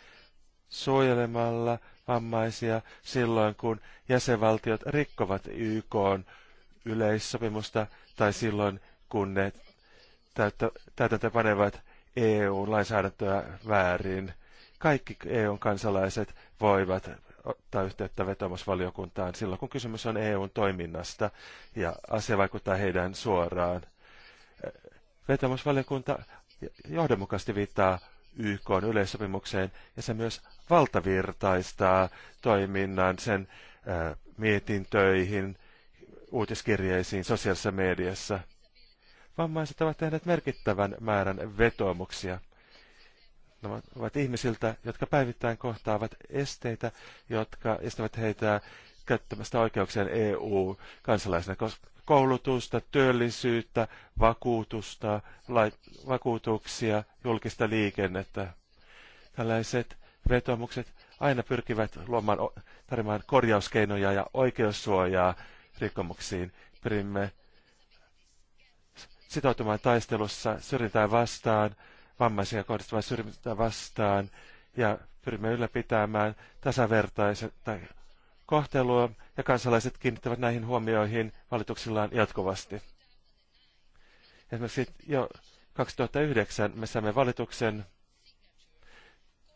suojelemalla vammaisia silloin, kun jäsenvaltiot rikkovat YK yleissopimusta tai silloin, kun ne täytäntö panevat EU-lainsäädäntöä väärin. Kaikki EU-kansalaiset voivat ottaa yhteyttä vetomusvaliokuntaan silloin, kun kysymys on EUn toiminnasta ja asia vaikuttaa heidän suoraan. Vetomusvaliokunta johdonmukaisesti viittaa YK yleissopimukseen ja se myös valtavirtaistaa toiminnan sen ää, mietintöihin, uutiskirjeisiin, sosiaalisessa mediassa – Vammaiset ovat tehneet merkittävän määrän vetoomuksia. Nämä ovat ihmisiltä, jotka päivittäin kohtaavat esteitä, jotka estävät heitä käyttämästä oikeuksien EU-kansalaisena, koulutusta, työllisyyttä, vakuutusta, lait- vakuutuksia, julkista liikennettä. Tällaiset vetomukset aina pyrkivät luomaan, tarjoamaan korjauskeinoja ja oikeussuojaa rikkomuksiin. Pyrimme sitoutumaan taistelussa syrjintää vastaan, vammaisia kohdistuvaa syrjintää vastaan ja pyrimme ylläpitämään tasavertaista kohtelua ja kansalaiset kiinnittävät näihin huomioihin valituksillaan jatkuvasti. Esimerkiksi jo 2009 me saimme valituksen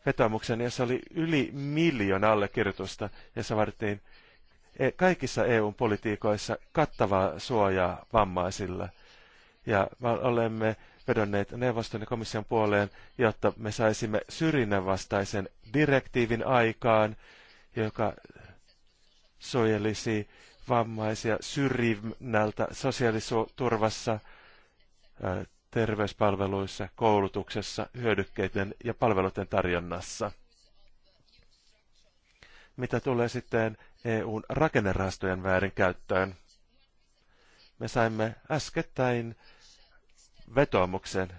vetomuksen, jossa oli yli miljoona allekirjoitusta, jossa vaadittiin e- kaikissa EUn politiikoissa kattavaa suojaa vammaisille – ja olemme vedonneet neuvoston ja komission puoleen, jotta me saisimme syrjinnän vastaisen direktiivin aikaan, joka suojelisi vammaisia syrjinnältä sosiaaliturvassa, terveyspalveluissa, koulutuksessa, hyödykkeiden ja palveluiden tarjonnassa. Mitä tulee sitten EUn rakennerahastojen väärinkäyttöön? me saimme äskettäin vetoomuksen,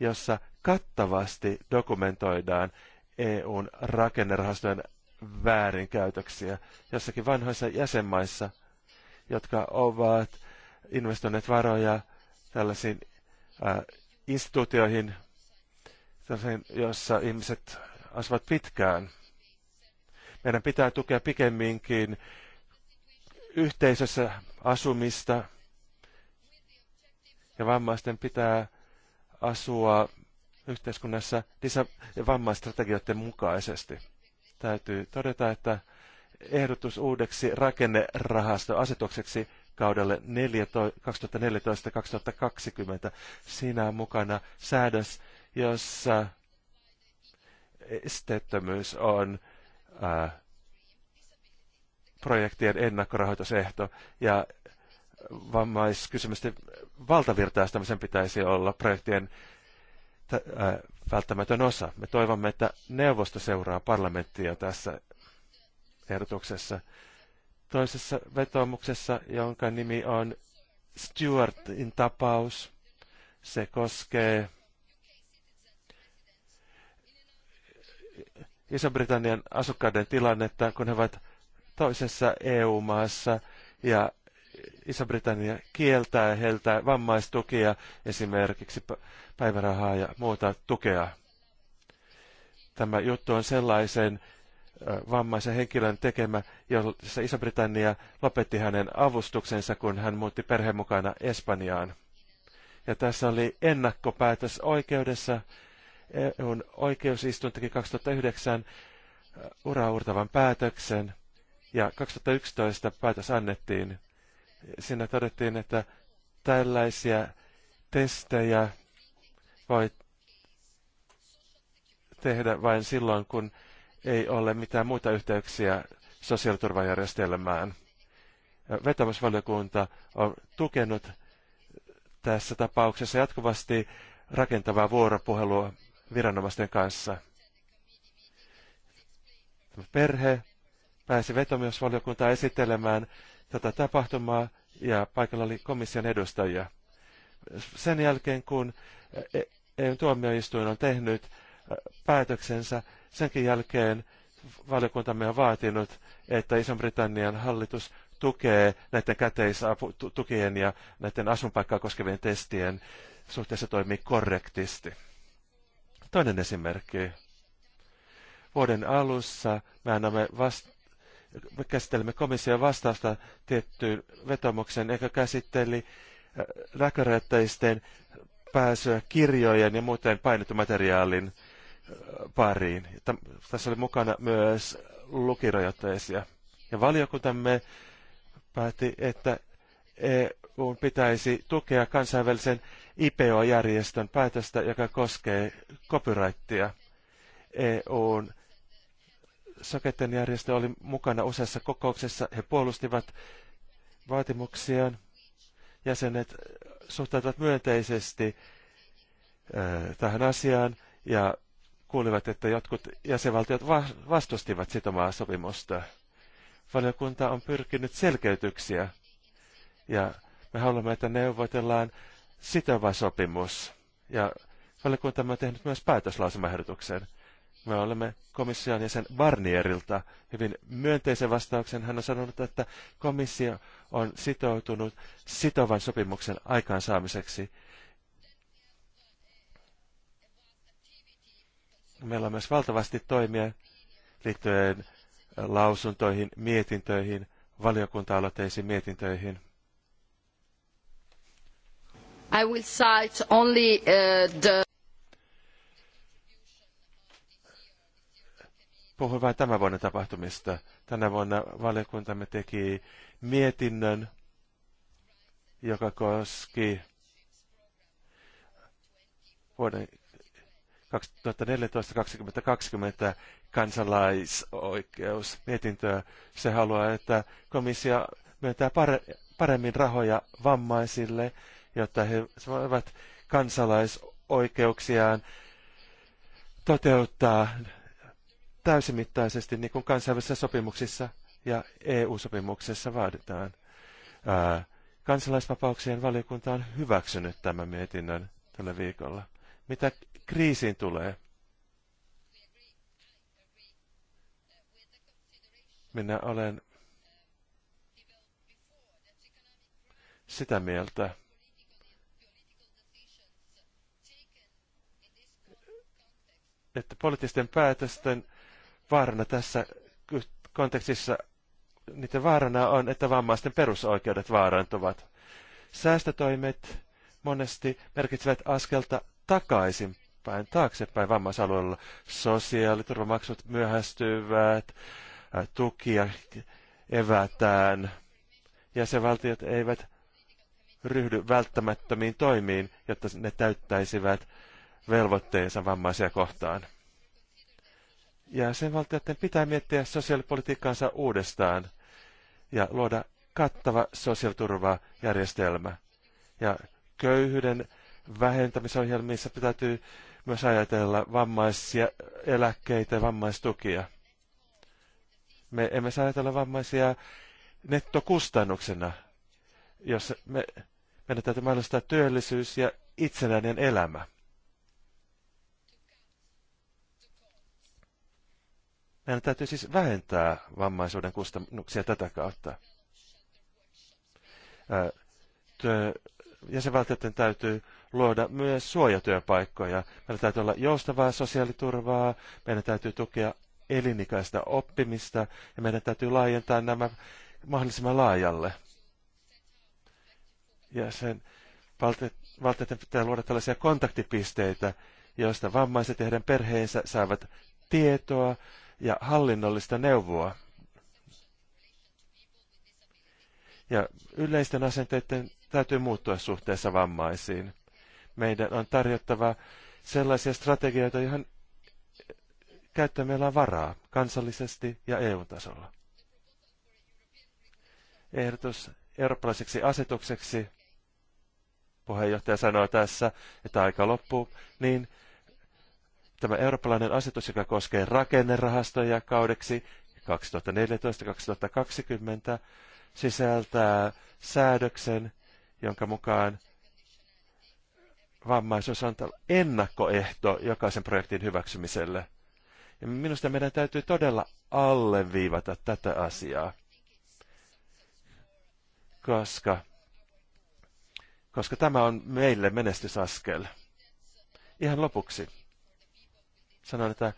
jossa kattavasti dokumentoidaan EUn rakennerahastojen väärinkäytöksiä jossakin vanhoissa jäsenmaissa, jotka ovat investoineet varoja tällaisiin äh, instituutioihin, jossa ihmiset asuvat pitkään. Meidän pitää tukea pikemminkin yhteisössä asumista, ja vammaisten pitää asua yhteiskunnassa ja vammaistrategioiden mukaisesti. Täytyy todeta, että ehdotus uudeksi rakennerahastoasetukseksi kaudelle 2014-2020. Siinä on mukana säädös, jossa esteettömyys on ää, projektien ennakkorahoitusehto ja vammaiskysymysten valtavirtaistamisen pitäisi olla projektien välttämätön osa. Me toivomme, että neuvosto seuraa parlamenttia tässä ehdotuksessa. Toisessa vetoomuksessa, jonka nimi on Stuartin tapaus, se koskee Iso-Britannian asukkaiden tilannetta, kun he ovat toisessa EU-maassa ja Iso-Britannia kieltää heiltä vammaistukia, esimerkiksi päivärahaa ja muuta tukea. Tämä juttu on sellaisen vammaisen henkilön tekemä, jossa Iso-Britannia lopetti hänen avustuksensa, kun hän muutti perheen mukana Espanjaan. Ja tässä oli ennakkopäätös oikeudessa. EUn oikeusistuin teki 2009 uraurtavan päätöksen ja 2011 päätös annettiin. Siinä todettiin, että tällaisia testejä voi tehdä vain silloin, kun ei ole mitään muita yhteyksiä sosiaaliturvajärjestelmään. Vetämysvaliokunta on tukenut tässä tapauksessa jatkuvasti rakentavaa vuoropuhelua viranomaisten kanssa. Perhe pääsi vetomusvaliokuntaa esittelemään tätä tapahtumaa ja paikalla oli komission edustajia. Sen jälkeen, kun EU-tuomioistuin e- e- on tehnyt päätöksensä, senkin jälkeen valiokuntamme on vaatinut, että Iso-Britannian hallitus tukee näiden käteistukien ja näiden asunpaikkaa koskevien testien suhteessa toimii korrektisti. Toinen esimerkki. Vuoden alussa me annamme vast- Käsittelemme komission vastausta tiettyyn vetomukseen, joka käsitteli näkörajoitteisten äh, pääsyä kirjojen ja muuten painettumateriaalin äh, pariin. Tässä oli mukana myös lukirajoitteisia. Ja valiokuntamme päätti, että EU pitäisi tukea kansainvälisen IPO-järjestön päätöstä, joka koskee copyrightia. EUn Soketten järjestö oli mukana useassa kokouksessa. He puolustivat vaatimuksiaan. Jäsenet suhtautuvat myönteisesti tähän asiaan ja kuulivat, että jotkut jäsenvaltiot vastustivat sitomaa sopimusta. Valiokunta on pyrkinyt selkeytyksiä ja me haluamme, että neuvotellaan sitova sopimus. Ja Valiokunta on tehnyt myös päätöslausumaehdotuksen. Me olemme komission jäsen Barnierilta hyvin myönteisen vastauksen. Hän on sanonut, että komissio on sitoutunut sitovan sopimuksen aikaansaamiseksi. Meillä on myös valtavasti toimia liittyen lausuntoihin, mietintöihin, valiokunta-aloitteisiin mietintöihin. I will cite only, uh, the... puhun vain tämän vuoden tapahtumista. Tänä vuonna valiokuntamme teki mietinnön, joka koski vuoden 2014-2020 kansalaisoikeusmietintöä. Se haluaa, että komissio myöntää paremmin rahoja vammaisille, jotta he voivat kansalaisoikeuksiaan toteuttaa täysimittaisesti, niin kuin kansainvälisissä sopimuksissa ja EU-sopimuksessa vaaditaan. Ää, kansalaisvapauksien valiokunta on hyväksynyt tämän mietinnön tällä viikolla. Mitä kriisiin tulee? Minä olen sitä mieltä, että poliittisten päätösten vaarana tässä kontekstissa, niiden vaarana on, että vammaisten perusoikeudet vaarantuvat. Säästötoimet monesti merkitsevät askelta takaisin päin taaksepäin vammaisalueella. Sosiaaliturvamaksut myöhästyvät, tukia evätään, jäsenvaltiot eivät ryhdy välttämättömiin toimiin, jotta ne täyttäisivät velvoitteensa vammaisia kohtaan jäsenvaltioiden pitää miettiä sosiaalipolitiikkaansa uudestaan ja luoda kattava sosiaaliturvajärjestelmä. Ja köyhyyden vähentämisohjelmissa pitää myös ajatella vammaisia eläkkeitä ja vammaistukia. Me emme saa ajatella vammaisia nettokustannuksena, jos me, meidän täytyy mahdollistaa työllisyys ja itsenäinen elämä. Meidän täytyy siis vähentää vammaisuuden kustannuksia tätä kautta. jäsenvaltioiden täytyy luoda myös suojatyöpaikkoja. Meillä täytyy olla joustavaa sosiaaliturvaa, meidän täytyy tukea elinikäistä oppimista ja meidän täytyy laajentaa nämä mahdollisimman laajalle. Ja sen valtioiden pitää luoda tällaisia kontaktipisteitä, joista vammaiset ja heidän perheensä saavat tietoa ja hallinnollista neuvoa. Ja yleisten asenteiden täytyy muuttua suhteessa vammaisiin. Meidän on tarjottava sellaisia strategioita, joihin käyttämällä varaa kansallisesti ja EU-tasolla. Ehdotus eurooppalaiseksi asetukseksi, puheenjohtaja sanoo tässä, että aika loppuu, niin tämä eurooppalainen asetus, joka koskee rakennerahastoja kaudeksi 2014-2020, sisältää säädöksen, jonka mukaan vammaisuus on ennakkoehto jokaisen projektin hyväksymiselle. Ja minusta meidän täytyy todella alleviivata tätä asiaa, koska, koska tämä on meille menestysaskel. Ihan lopuksi sanoin, että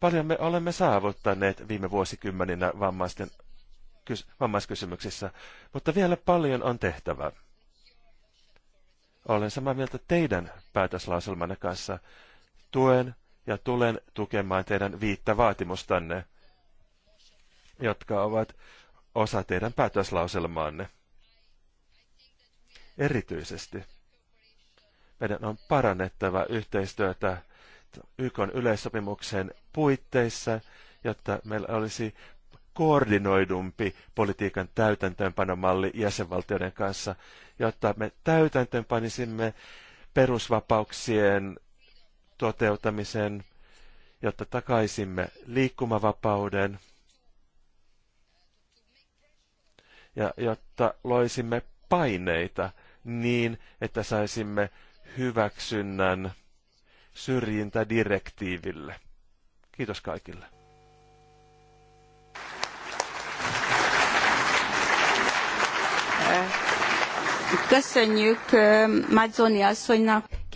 paljon me olemme saavuttaneet viime vuosikymmeninä vammaisten, kys, vammaiskysymyksissä, mutta vielä paljon on tehtävää. Olen samaa mieltä teidän päätöslauselmanne kanssa. Tuen ja tulen tukemaan teidän viittä vaatimustanne, jotka ovat osa teidän päätöslauselmaanne. Erityisesti meidän on parannettava yhteistyötä YK yleissopimuksen puitteissa, jotta meillä olisi koordinoidumpi politiikan täytäntöönpanomalli jäsenvaltioiden kanssa, jotta me täytäntöönpanisimme perusvapauksien toteutamisen, jotta takaisimme liikkumavapauden ja jotta loisimme paineita niin, että saisimme hyväksynnän syrjintädirektiiville. Kiitos kaikille.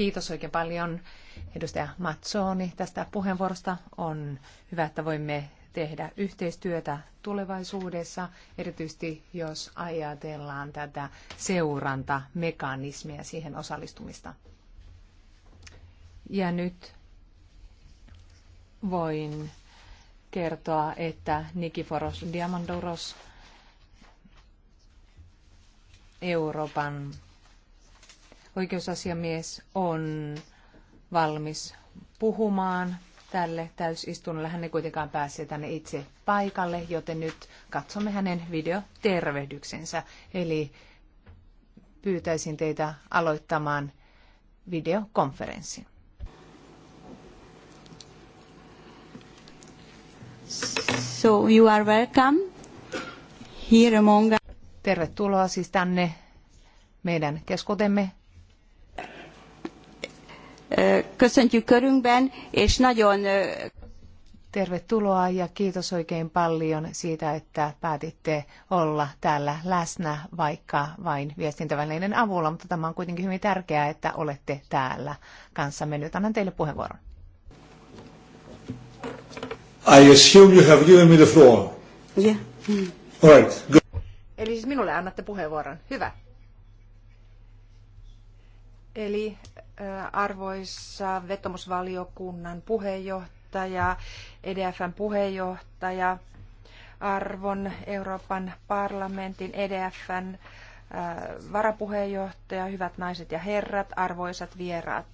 Kiitos oikein paljon edustaja Mazzoni tästä puheenvuorosta. On hyvä, että voimme tehdä yhteistyötä tulevaisuudessa, erityisesti jos ajatellaan tätä seurantamekanismia siihen osallistumista. Ja nyt voin kertoa, että Nikiforos Diamandouros Euroopan oikeusasiamies on valmis puhumaan tälle täysistunnolle. Hän ei kuitenkaan pääse tänne itse paikalle, joten nyt katsomme hänen videotervehdyksensä. Eli pyytäisin teitä aloittamaan videokonferenssin. So you are welcome here among us. Tervetuloa siis tänne meidän keskotemme. Eh, köszöntjük körünkben, és nagyon... Eh, Tervetuloa ja kiitos oikein paljon siitä, että päätitte olla täällä läsnä, vaikka vain viestintävälineiden avulla, mutta tämä on kuitenkin hyvin tärkeää, että olette täällä kanssamme. Nyt annan teille puheenvuoron. I assume you have given me the floor. Yeah. Mm. All right. Good. Eli siis minulle annatte puheenvuoron. Hyvä. Eli äh, arvoissa vetomusvaliokunnan puheenjohtaja, EDFn puheenjohtaja, arvon Euroopan parlamentin EDFn äh, Äh, varapuheenjohtaja, hyvät naiset ja herrat, arvoisat vieraat.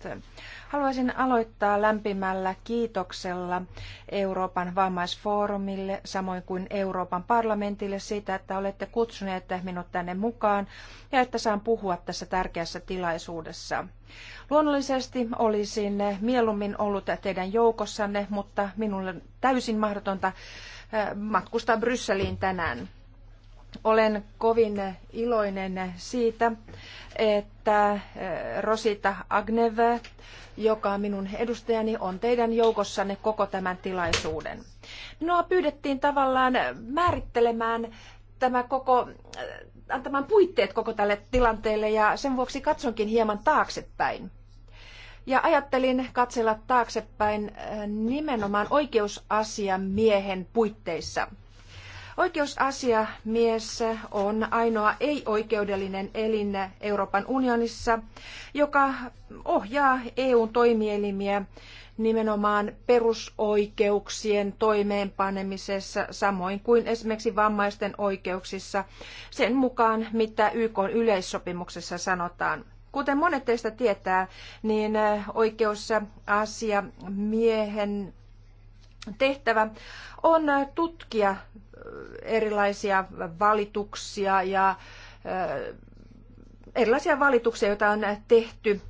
Haluaisin aloittaa lämpimällä kiitoksella Euroopan vammaisfoorumille, samoin kuin Euroopan parlamentille siitä, että olette kutsuneet minut tänne mukaan ja että saan puhua tässä tärkeässä tilaisuudessa. Luonnollisesti olisin mieluummin ollut teidän joukossanne, mutta minulle täysin mahdotonta äh, matkustaa Brysseliin tänään. Olen kovin iloinen siitä, että eh, Rosita Agnev, joka on minun edustajani, on teidän joukossanne koko tämän tilaisuuden. Minua pyydettiin tavallaan määrittelemään tämä koko, eh, antamaan puitteet koko tälle tilanteelle ja sen vuoksi katsonkin hieman taaksepäin. Ja ajattelin katsella taaksepäin eh, nimenomaan oikeusasiamiehen puitteissa – Oikeusasiamies on ainoa ei-oikeudellinen elin Euroopan unionissa, joka ohjaa EUn toimielimiä nimenomaan perusoikeuksien toimeenpanemisessa, samoin kuin esimerkiksi vammaisten oikeuksissa, sen mukaan mitä YK yleissopimuksessa sanotaan. Kuten monet teistä tietää, niin äh, oikeusasiamiehen tehtävä on äh, tutkia erilaisia valituksia ja erilaisia valituksia, joita on tehty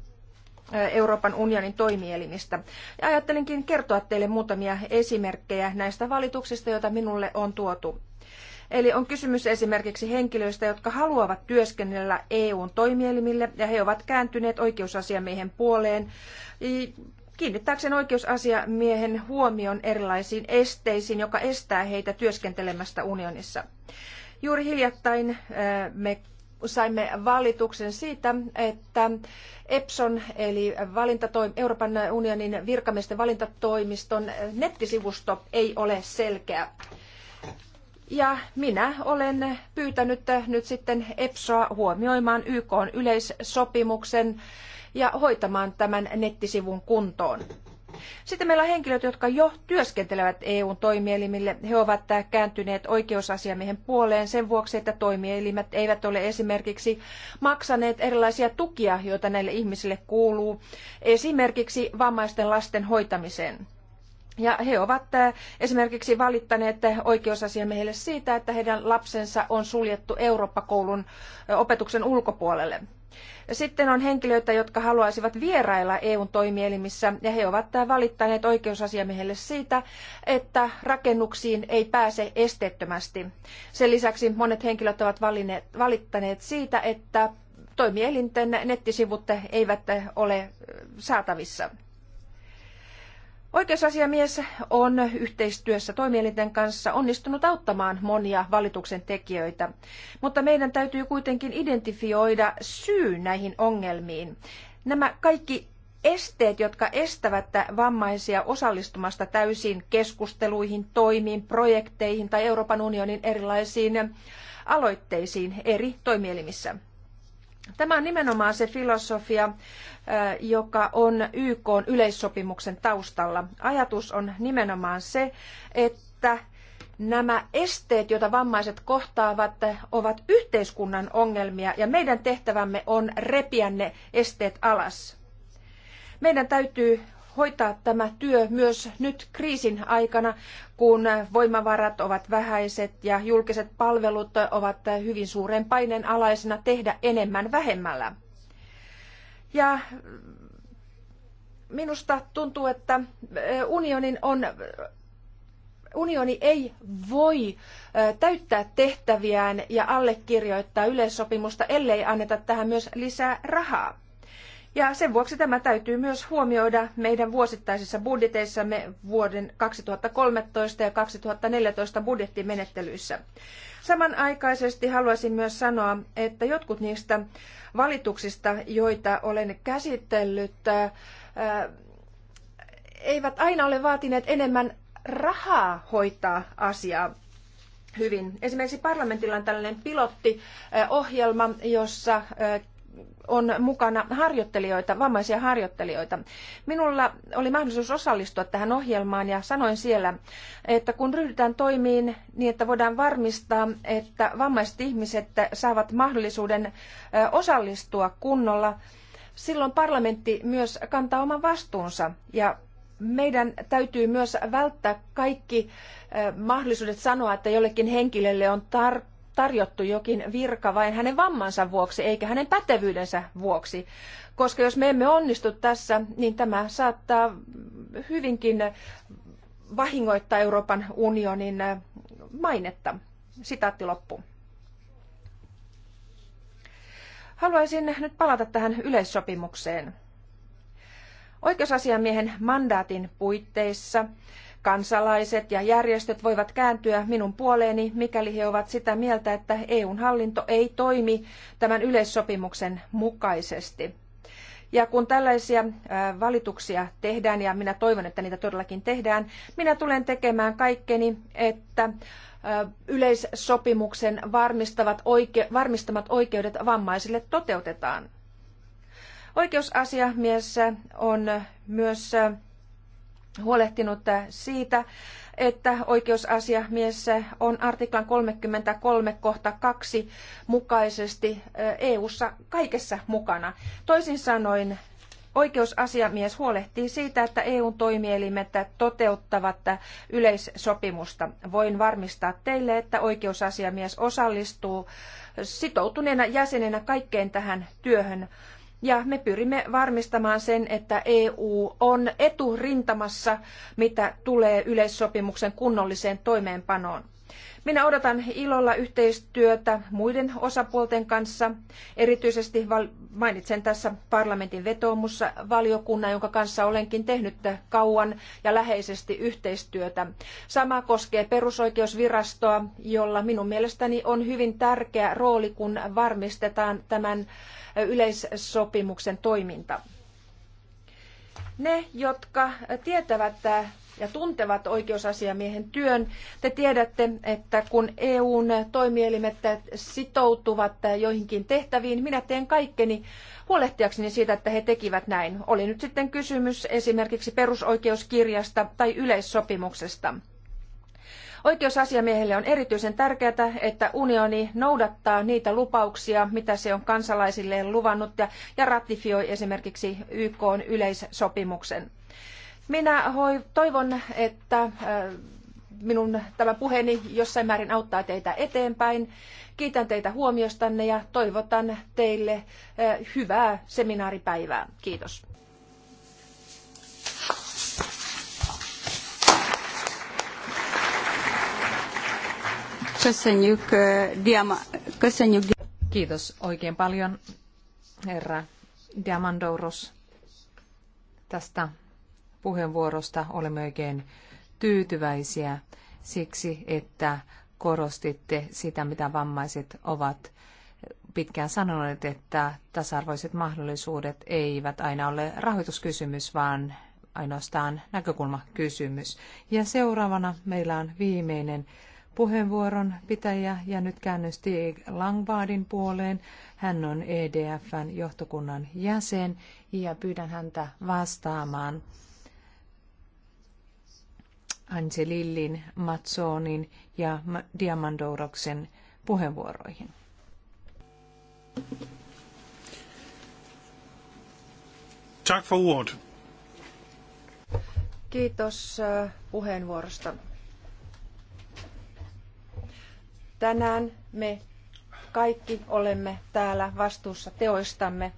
Euroopan unionin toimielimistä. Ja ajattelinkin kertoa teille muutamia esimerkkejä näistä valituksista, joita minulle on tuotu. Eli on kysymys esimerkiksi henkilöistä, jotka haluavat työskennellä EUn toimielimille ja he ovat kääntyneet oikeusasiamiehen puoleen kiinnittääkseen oikeusasiamiehen huomion erilaisiin esteisiin, joka estää heitä työskentelemästä unionissa. Juuri hiljattain äh, me saimme valituksen siitä, että EPSON eli valintatoim- Euroopan unionin virkamiesten valintatoimiston nettisivusto ei ole selkeä. Ja minä olen pyytänyt nyt sitten EPSOa huomioimaan YK yleissopimuksen ja hoitamaan tämän nettisivun kuntoon. Sitten meillä on henkilöt, jotka jo työskentelevät EUn toimielimille. He ovat kääntyneet oikeusasiamiehen puoleen sen vuoksi, että toimielimet eivät ole esimerkiksi maksaneet erilaisia tukia, joita näille ihmisille kuuluu, esimerkiksi vammaisten lasten hoitamiseen. Ja he ovat esimerkiksi valittaneet oikeusasiamiehelle siitä, että heidän lapsensa on suljettu Eurooppa-koulun opetuksen ulkopuolelle. Sitten on henkilöitä, jotka haluaisivat vierailla EUn toimielimissä ja he ovat valittaneet oikeusasiamiehelle siitä, että rakennuksiin ei pääse esteettömästi. Sen lisäksi monet henkilöt ovat valittaneet siitä, että toimielinten nettisivut eivät ole saatavissa. Oikeusasiamies on yhteistyössä toimielinten kanssa onnistunut auttamaan monia valituksen tekijöitä, mutta meidän täytyy kuitenkin identifioida syy näihin ongelmiin. Nämä kaikki esteet, jotka estävät vammaisia osallistumasta täysin keskusteluihin, toimiin, projekteihin tai Euroopan unionin erilaisiin aloitteisiin eri toimielimissä. Tämä on nimenomaan se filosofia, joka on YK yleissopimuksen taustalla. Ajatus on nimenomaan se, että nämä esteet, joita vammaiset kohtaavat, ovat yhteiskunnan ongelmia ja meidän tehtävämme on repiä ne esteet alas. Meidän täytyy hoitaa tämä työ myös nyt kriisin aikana, kun voimavarat ovat vähäiset ja julkiset palvelut ovat hyvin suuren paineen alaisena tehdä enemmän vähemmällä. Ja minusta tuntuu, että unionin on unioni ei voi täyttää tehtäviään ja allekirjoittaa yleissopimusta, ellei anneta tähän myös lisää rahaa. Ja sen vuoksi tämä täytyy myös huomioida meidän vuosittaisissa budjeteissamme vuoden 2013 ja 2014 budjettimenettelyissä. Samanaikaisesti haluaisin myös sanoa, että jotkut niistä valituksista, joita olen käsitellyt, äh, eivät aina ole vaatineet enemmän rahaa hoitaa asiaa hyvin. Esimerkiksi parlamentilla on tällainen pilottiohjelma, jossa äh, on mukana harjoittelijoita, vammaisia harjoittelijoita. Minulla oli mahdollisuus osallistua tähän ohjelmaan ja sanoin siellä, että kun ryhdytään toimiin niin, että voidaan varmistaa, että vammaiset ihmiset saavat mahdollisuuden osallistua kunnolla, silloin parlamentti myös kantaa oman vastuunsa ja meidän täytyy myös välttää kaikki mahdollisuudet sanoa, että jollekin henkilölle on tar- tarjottu jokin virka vain hänen vammansa vuoksi eikä hänen pätevyydensä vuoksi. Koska jos me emme onnistu tässä, niin tämä saattaa hyvinkin vahingoittaa Euroopan unionin äh, mainetta. Sitaatti loppu. Haluaisin nyt palata tähän yleissopimukseen. Oikeusasiamiehen mandaatin puitteissa kansalaiset ja järjestöt voivat kääntyä minun puoleeni, mikäli he ovat sitä mieltä, että EUn hallinto ei toimi tämän yleissopimuksen mukaisesti. Ja kun tällaisia valituksia tehdään, ja minä toivon, että niitä todellakin tehdään, minä tulen tekemään kaikkeni, että yleissopimuksen varmistavat oike- varmistamat oikeudet vammaisille toteutetaan. Oikeusasiamies on myös huolehtinut siitä, että oikeusasiamies on artiklan 33 kohta 2 mukaisesti EU:ssa eh, e kaikessa mukana. Toisin sanoen oikeusasiamies huolehtii siitä, että EUn toimielimet toteuttavat yleissopimusta. Voin varmistaa teille, että oikeusasiamies osallistuu sitoutuneena jäsenenä kaikkeen tähän työhön ja me pyrimme varmistamaan sen, että EU on eturintamassa, mitä tulee yleissopimuksen kunnolliseen toimeenpanoon. Minä odotan ilolla yhteistyötä muiden osapuolten kanssa. Erityisesti mainitsen tässä parlamentin vetoomussa valiokunnan, jonka kanssa olenkin tehnyt kauan ja läheisesti yhteistyötä. Sama koskee perusoikeusvirastoa, jolla minun mielestäni on hyvin tärkeä rooli, kun varmistetaan tämän yleissopimuksen toiminta. Ne, jotka tietävät ja tuntevat oikeusasiamiehen työn, te tiedätte, että kun EUn toimielimet sitoutuvat joihinkin tehtäviin, minä teen kaikkeni huolehtiakseni siitä, että he tekivät näin. Oli nyt sitten kysymys esimerkiksi perusoikeuskirjasta tai yleissopimuksesta. Oikeusasiamiehelle on erityisen tärkeää, että unioni noudattaa niitä lupauksia, mitä se on kansalaisilleen luvannut ja, ja ratifioi esimerkiksi YK :n yleissopimuksen. Minä toivon, että äh, minun tämä puheeni jossain määrin auttaa teitä eteenpäin. Kiitän teitä huomiostanne ja toivotan teille äh, hyvää seminaaripäivää. Kiitos. Köszönjük, Diama, köszönjük. Kiitos oikein paljon, herra Diamandouros, tästä puheenvuorosta. Olemme oikein tyytyväisiä siksi, että korostitte sitä, mitä vammaiset ovat pitkään sanoneet, että tasa-arvoiset mahdollisuudet eivät aina ole rahoituskysymys, vaan ainoastaan näkökulmakysymys. Ja seuraavana meillä on viimeinen puheenvuoron pitäjä ja nyt käännyn Stig Langbaadin puoleen. Hän on EDFn johtokunnan jäsen ja pyydän häntä vastaamaan Angelillin, Matsonin ja Diamandouroksen puheenvuoroihin. Tack för ord. Kiitos äh, puheenvuorosta. Tänään me kaikki olemme täällä vastuussa teoistamme.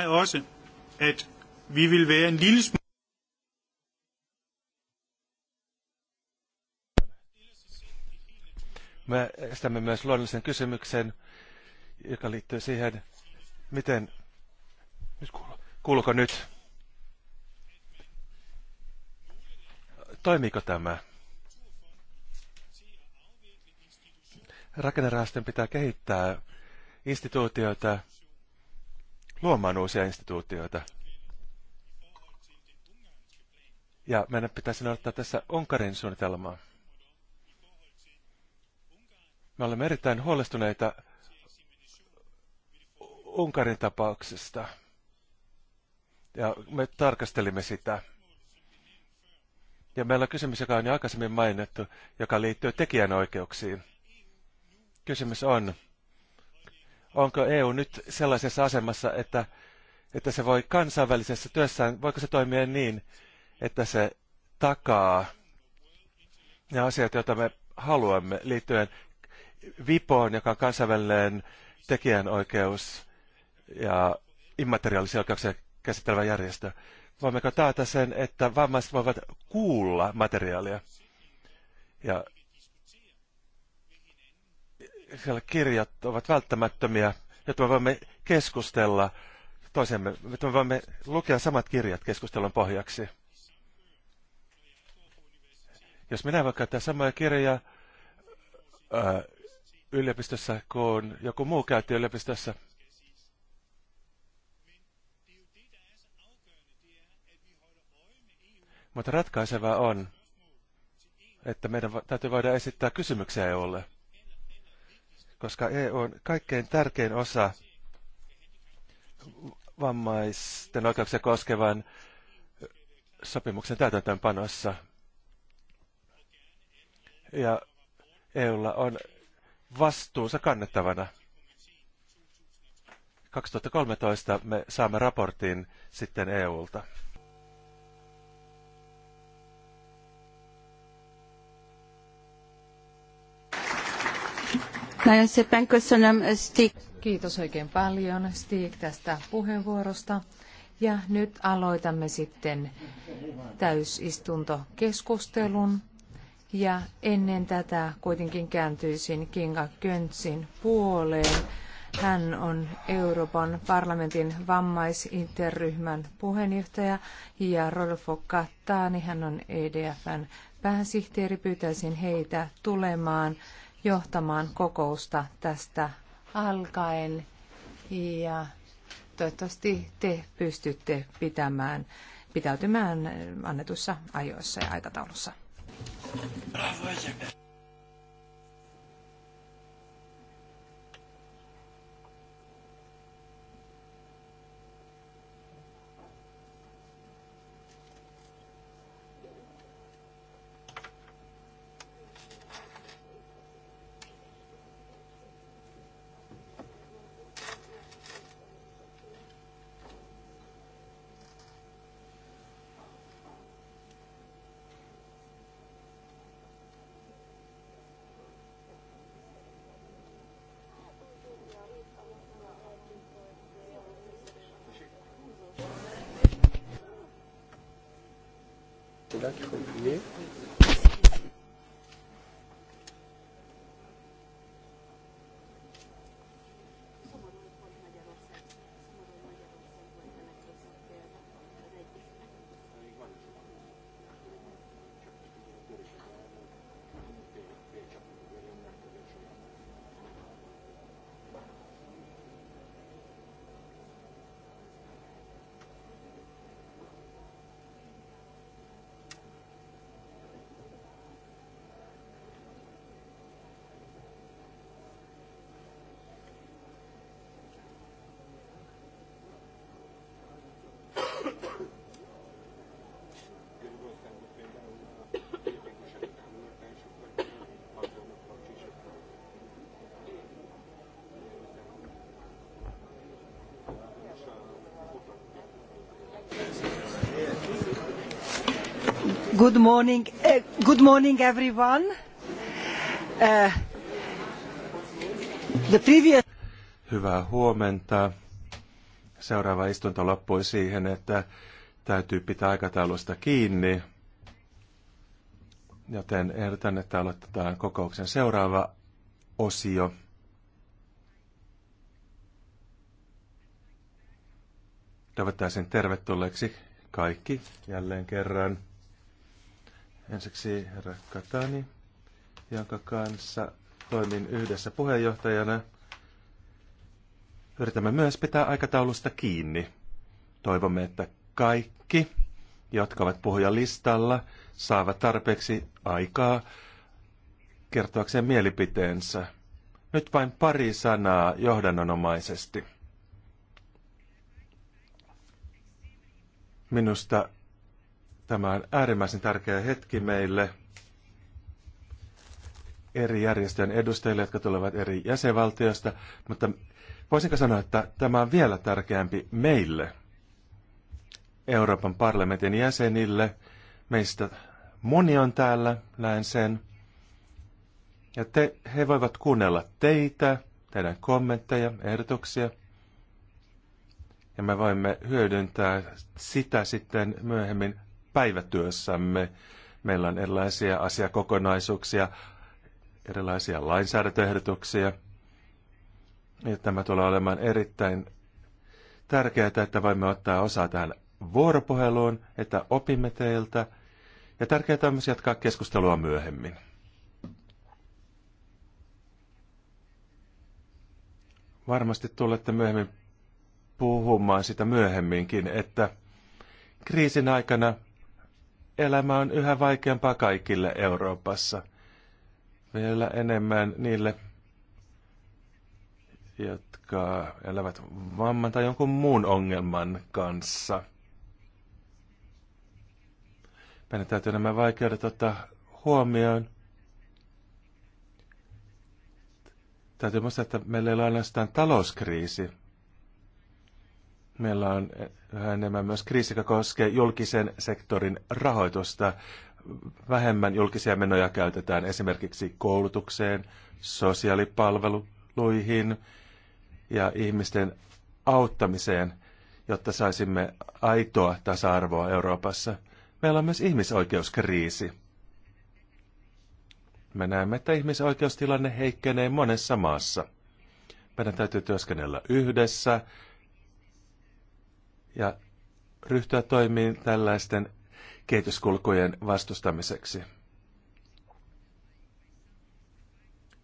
jeg er også, at vi vil være en lille smule Me estämme myös luonnollisen kysymyksen, joka liittyy siihen, miten... Nyt kuulu, kuuluuko nyt? Toimiiko tämä? Rakennerahaston pitää kehittää instituutioita, luomaan uusia instituutioita. Ja meidän pitäisi noudattaa tässä Onkarin suunnitelmaa. Me olemme erittäin huolestuneita Unkarin tapauksesta. Ja me tarkastelimme sitä. Ja meillä on kysymys, joka on jo aikaisemmin mainittu, joka liittyy tekijänoikeuksiin. Kysymys on, onko EU nyt sellaisessa asemassa, että, että se voi kansainvälisessä työssään, voiko se toimia niin, että se takaa ne asiat, joita me haluamme liittyen VIPOon, joka on kansainvälinen tekijänoikeus ja immateriaalisia oikeuksia käsittelevä järjestö. Voimmeko taata sen, että vammaiset voivat kuulla materiaalia? Ja siellä kirjat ovat välttämättömiä, jotta me voimme keskustella toisemme, että me voimme lukea samat kirjat keskustelun pohjaksi. Jos minä voin käyttää samoja kirjaa yliopistossa kuin joku muu käytti yliopistossa, Mutta ratkaisevaa on, että meidän täytyy voida esittää kysymyksiä EUlle koska EU on kaikkein tärkein osa vammaisten oikeuksia koskevan sopimuksen täytäntöönpanossa. Ja EUlla on vastuunsa kannettavana. 2013 me saamme raportin sitten EUlta. köszönöm, Stig. Kiitos oikein paljon, Stig, tästä puheenvuorosta. Ja nyt aloitamme sitten täysistuntokeskustelun. Ja ennen tätä kuitenkin kääntyisin Kinga Köntsin puoleen. Hän on Euroopan parlamentin vammaisinterryhmän puheenjohtaja ja Rodolfo Kattaani, hän on EDFn pääsihteeri. Pyytäisin heitä tulemaan johtamaan kokousta tästä alkaen ja toivottavasti te pystytte pitämään, pitäytymään annetuissa ajoissa ja aikataulussa. Bravo, c'est là qu'il faut Good morning, eh, good morning everyone. Eh, the previous... Hyvää huomenta. Seuraava istunto loppui siihen, että täytyy pitää aikataulusta kiinni. Joten ehdotan, että aloitetaan kokouksen seuraava osio. Toivottaisin tervetulleeksi kaikki jälleen kerran. Ensiksi herra Katani, jonka kanssa toimin yhdessä puheenjohtajana. Yritämme myös pitää aikataulusta kiinni. Toivomme, että kaikki, jotka ovat puhujalistalla, saavat tarpeeksi aikaa kertoakseen mielipiteensä. Nyt vain pari sanaa johdannonomaisesti. Minusta Tämä on äärimmäisen tärkeä hetki meille eri järjestöjen edustajille, jotka tulevat eri jäsenvaltioista, mutta voisinko sanoa, että tämä on vielä tärkeämpi meille, Euroopan parlamentin jäsenille. Meistä moni on täällä länsen Ja te, he voivat kuunnella teitä, teidän kommentteja, ehdotuksia. Ja me voimme hyödyntää sitä sitten myöhemmin päivätyössämme. Meillä on erilaisia asiakokonaisuuksia, erilaisia lainsäädäntöehdotuksia. Ja tämä tulee olemaan erittäin tärkeää, että voimme ottaa osaa tähän vuoropuheluun, että opimme teiltä. Ja tärkeää on myös jatkaa keskustelua myöhemmin. Varmasti tulette myöhemmin puhumaan sitä myöhemminkin, että kriisin aikana – elämä on yhä vaikeampaa kaikille Euroopassa. Vielä enemmän niille, jotka elävät vamman tai jonkun muun ongelman kanssa. Meidän täytyy nämä vaikeudet ottaa huomioon. Täytyy muistaa, että meillä ei ole ainoastaan talouskriisi. Meillä on yhä enemmän myös kriisi, joka koskee julkisen sektorin rahoitusta. Vähemmän julkisia menoja käytetään esimerkiksi koulutukseen, sosiaalipalveluihin ja ihmisten auttamiseen, jotta saisimme aitoa tasa-arvoa Euroopassa. Meillä on myös ihmisoikeuskriisi. Me näemme, että ihmisoikeustilanne heikkenee monessa maassa. Meidän täytyy työskennellä yhdessä ja ryhtyä toimiin tällaisten kehityskulkujen vastustamiseksi.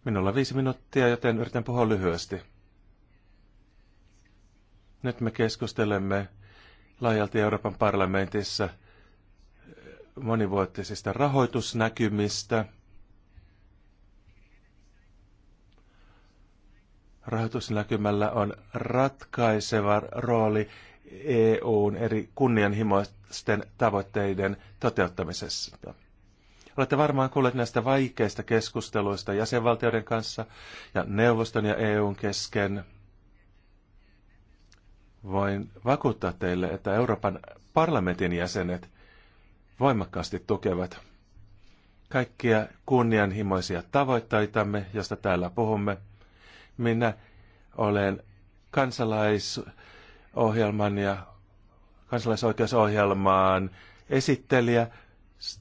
Minulla on viisi minuuttia, joten yritän puhua lyhyesti. Nyt me keskustelemme laajalti Euroopan parlamentissa monivuotisista rahoitusnäkymistä. Rahoitusnäkymällä on ratkaiseva rooli EUn eri kunnianhimoisten tavoitteiden toteuttamisessa. Olette varmaan kuulleet näistä vaikeista keskusteluista jäsenvaltioiden kanssa ja neuvoston ja EUn kesken. Voin vakuuttaa teille, että Euroopan parlamentin jäsenet voimakkaasti tukevat kaikkia kunnianhimoisia tavoitteitamme, josta täällä puhumme. Minä olen kansalais- ohjelman ja kansalaisoikeusohjelmaan esittelijä.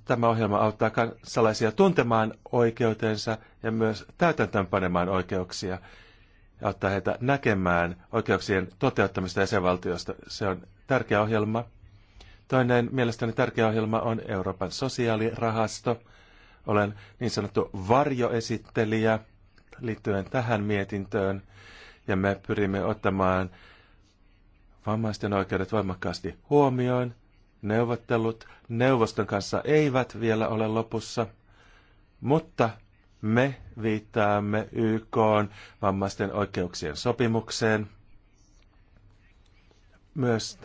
Tämä ohjelma auttaa kansalaisia tuntemaan oikeutensa ja myös täytäntöönpanemaan oikeuksia ja auttaa heitä näkemään oikeuksien toteuttamista jäsenvaltiosta. Se on tärkeä ohjelma. Toinen mielestäni tärkeä ohjelma on Euroopan sosiaalirahasto. Olen niin sanottu varjoesittelijä liittyen tähän mietintöön ja me pyrimme ottamaan Vammaisten oikeudet voimakkaasti huomioon. Neuvottelut neuvoston kanssa eivät vielä ole lopussa, mutta me viittaamme YK vammaisten oikeuksien sopimukseen. Myös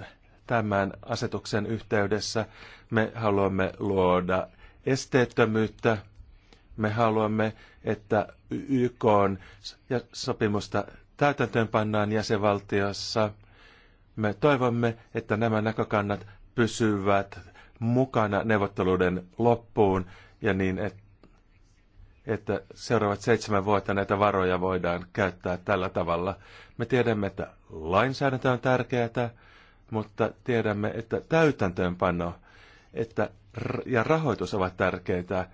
tämän asetuksen yhteydessä me haluamme luoda esteettömyyttä. Me haluamme, että YK sopimusta täytäntöönpannaan jäsenvaltiossa – me toivomme, että nämä näkökannat pysyvät mukana neuvotteluiden loppuun ja niin, että että seuraavat seitsemän vuotta näitä varoja voidaan käyttää tällä tavalla. Me tiedämme, että lainsäädäntö on tärkeää, mutta tiedämme, että täytäntöönpano että, ja rahoitus ovat tärkeitä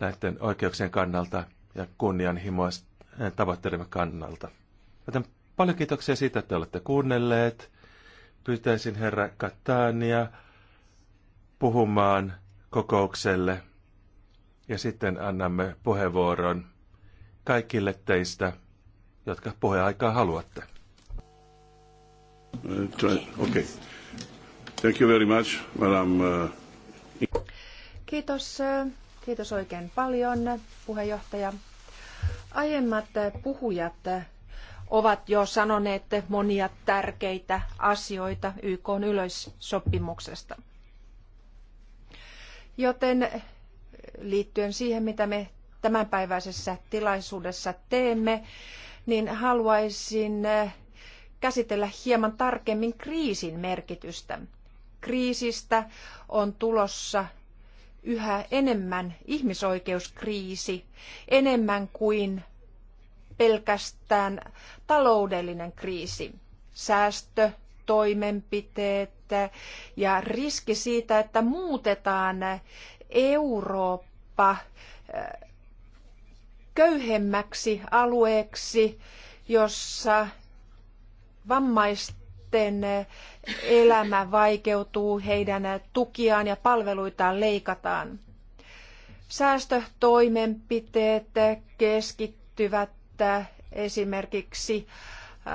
näiden oikeuksien kannalta ja kunnianhimoisten tavoitteiden kannalta. Joten Paljon kiitoksia siitä, että olette kuunnelleet. Pyytäisin herra Katania puhumaan kokoukselle ja sitten annamme puheenvuoron kaikille teistä, jotka puheaikaa haluatte. Uh, okay. Thank you very much, madam. Uh, kiitos. Uh, kiitos oikein paljon, puheenjohtaja. Aiemmat puhujat ovat jo sanoneet monia tärkeitä asioita YK yleissopimuksesta. Joten liittyen siihen, mitä me tämänpäiväisessä tilaisuudessa teemme, niin haluaisin eh, käsitellä hieman tarkemmin kriisin merkitystä. Kriisistä on tulossa yhä enemmän ihmisoikeuskriisi, enemmän kuin pelkästään taloudellinen kriisi. Säästö, toimenpiteet ja riski siitä, että muutetaan Eurooppa eh, köyhemmäksi alueeksi, jossa vammaisten eh, elämä vaikeutuu, heidän eh, tukiaan ja palveluitaan leikataan. Säästötoimenpiteet keskittyvät esimerkiksi äh,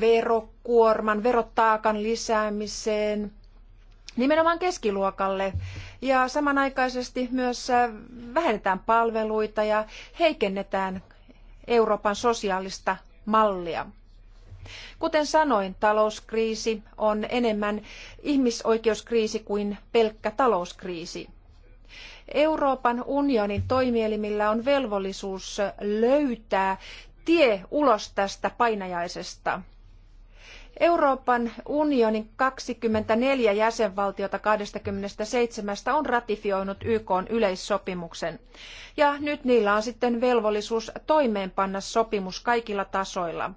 verokuorman, verotaakan lisäämiseen nimenomaan keskiluokalle ja samanaikaisesti myös äh, vähennetään palveluita ja heikennetään Euroopan sosiaalista mallia. Kuten sanoin, talouskriisi on enemmän ihmisoikeuskriisi kuin pelkkä talouskriisi. Euroopan unionin toimielimillä on velvollisuus löytää tie ulos tästä painajaisesta. Euroopan unionin 24 jäsenvaltiota 27 on ratifioinut YK yleissopimuksen. Ja nyt niillä on sitten velvollisuus toimeenpanna sopimus kaikilla tasoilla.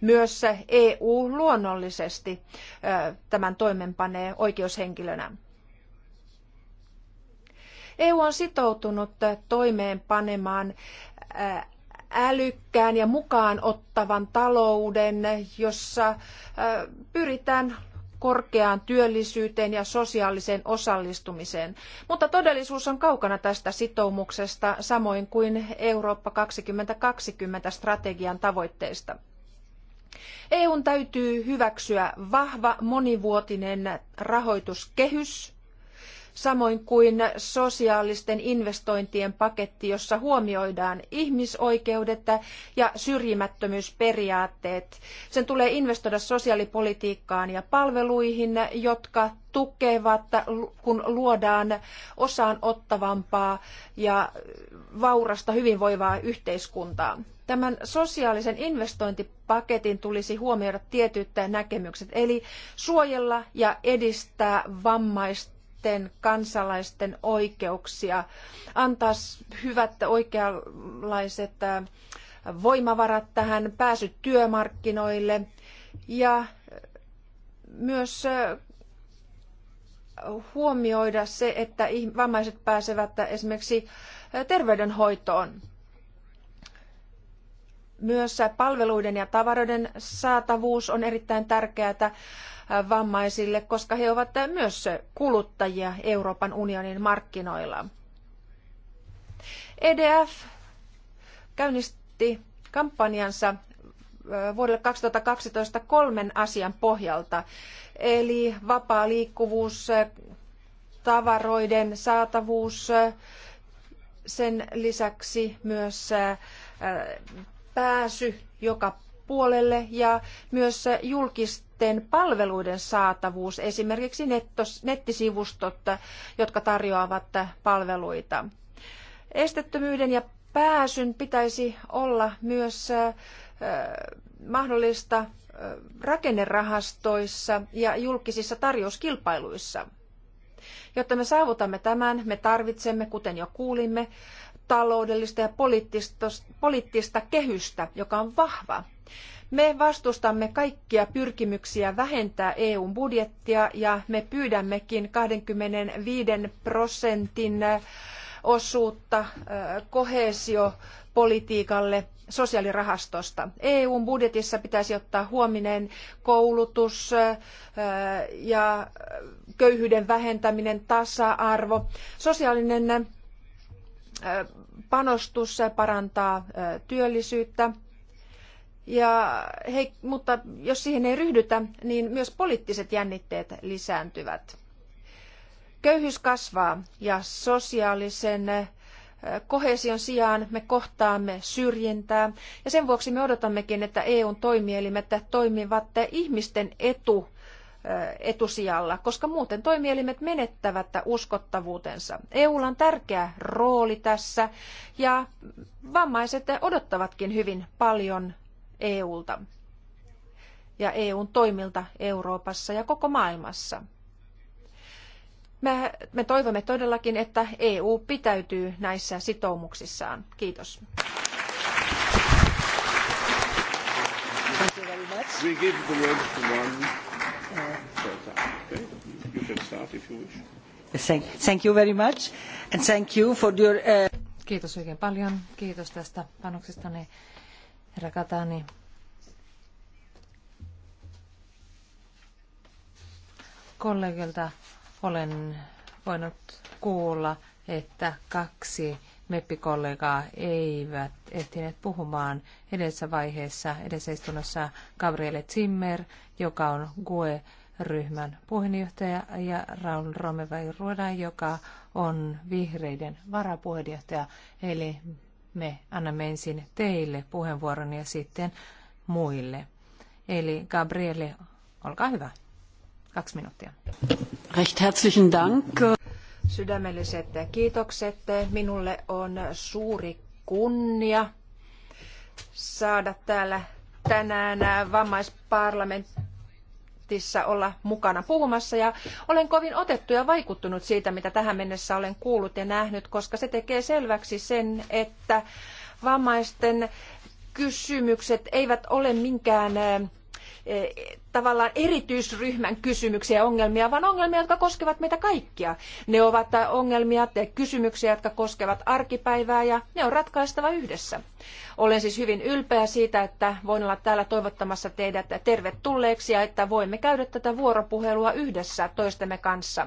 Myös EU luonnollisesti tämän toimeenpanee oikeushenkilönä. EU on sitoutunut toimeenpanemaan älykkään ja mukaan ottavan talouden, jossa pyritään korkeaan työllisyyteen ja sosiaaliseen osallistumiseen. Mutta todellisuus on kaukana tästä sitoumuksesta, samoin kuin Eurooppa 2020 strategian tavoitteista. EUn täytyy hyväksyä vahva monivuotinen rahoituskehys, samoin kuin sosiaalisten investointien paketti, jossa huomioidaan ihmisoikeudet ja syrjimättömyysperiaatteet. Sen tulee investoida sosiaalipolitiikkaan ja palveluihin, jotka tukevat, kun luodaan osaan ottavampaa ja vaurasta hyvinvoivaa yhteiskuntaa. Tämän sosiaalisen investointipaketin tulisi huomioida tietyt näkemykset, eli suojella ja edistää vammaista niiden kansalaisten oikeuksia, antaa hyvät oikeanlaiset voimavarat tähän, pääsy työmarkkinoille ja myös huomioida se, että vammaiset pääsevät esimerkiksi terveydenhoitoon. Myös palveluiden ja tavaroiden saatavuus on erittäin tärkeää vammaisille, koska he ovat myös kuluttajia Euroopan unionin markkinoilla. EDF käynnisti kampanjansa vuodelle 2012 kolmen asian pohjalta, eli vapaa liikkuvuus, tavaroiden saatavuus, sen lisäksi myös pääsy joka puolelle ja myös julkista sitten palveluiden saatavuus, esimerkiksi nettos, nettisivustot, jotka tarjoavat palveluita. Estettömyyden ja pääsyn pitäisi olla myös mahdollista rakennerahastoissa ja julkisissa tarjouskilpailuissa. Jotta me saavutamme tämän, me tarvitsemme, kuten jo kuulimme, taloudellista ja poliittista, kehystä, joka on vahva. Me vastustamme kaikkia pyrkimyksiä vähentää EUn budjettia ja me pyydämmekin 25 prosentin osuutta koheesiopolitiikalle sosiaalirahastosta. EUn budjetissa pitäisi ottaa huomioon koulutus ja köyhyyden vähentäminen, tasa-arvo, sosiaalinen panostus parantaa työllisyyttä. Ja hei, mutta jos siihen ei ryhdytä, niin myös poliittiset jännitteet lisääntyvät. Köyhyys kasvaa ja sosiaalisen kohesion sijaan me kohtaamme syrjintää ja sen vuoksi me odotammekin, että EUn toimielimet toimivat ihmisten etu etusijalla, koska muuten toimielimet menettävät uskottavuutensa. EUlla on tärkeä rooli tässä ja vammaiset odottavatkin hyvin paljon EUlta ja EUn toimilta Euroopassa ja koko maailmassa. Me, me toivomme todellakin, että EU pitäytyy näissä sitoumuksissaan. Kiitos. Thank you very much. We give the word to one. Thank you very much and thank you for your... Uh... Kiitos oikein paljon. Kiitos tästä panoksestani, herra Katani. Kollegilta olen voinut kuulla, että kaksi meppikollegaa eivät ehtineet puhumaan edessä vaiheessa, edellisessä istunnossa Gabriele Zimmer, joka on GUE ryhmän puheenjohtaja ja Raul Romevai Ruoda, joka on vihreiden varapuheenjohtaja. Eli me annamme ensin teille puheenvuoron ja sitten muille. Eli Gabriele, olkaa hyvä. Kaksi minuuttia. Recht herzlichen Dank. Sydämelliset kiitokset. Minulle on suuri kunnia saada täällä tänään vammaisparlamentissa olla mukana puhumassa ja olen kovin otettu ja vaikuttunut siitä, mitä tähän mennessä olen kuullut ja nähnyt, koska se tekee selväksi sen, että vammaisten kysymykset eivät ole minkään eh, E, tavallaan erityisryhmän kysymyksiä ja ongelmia, vaan ongelmia, jotka koskevat meitä kaikkia. Ne ovat ongelmia ja kysymyksiä, jotka koskevat arkipäivää ja ne on ratkaistava yhdessä. Olen siis hyvin ylpeä siitä, että voin olla täällä toivottamassa teidät tervetulleeksi ja että voimme käydä tätä vuoropuhelua yhdessä toistemme kanssa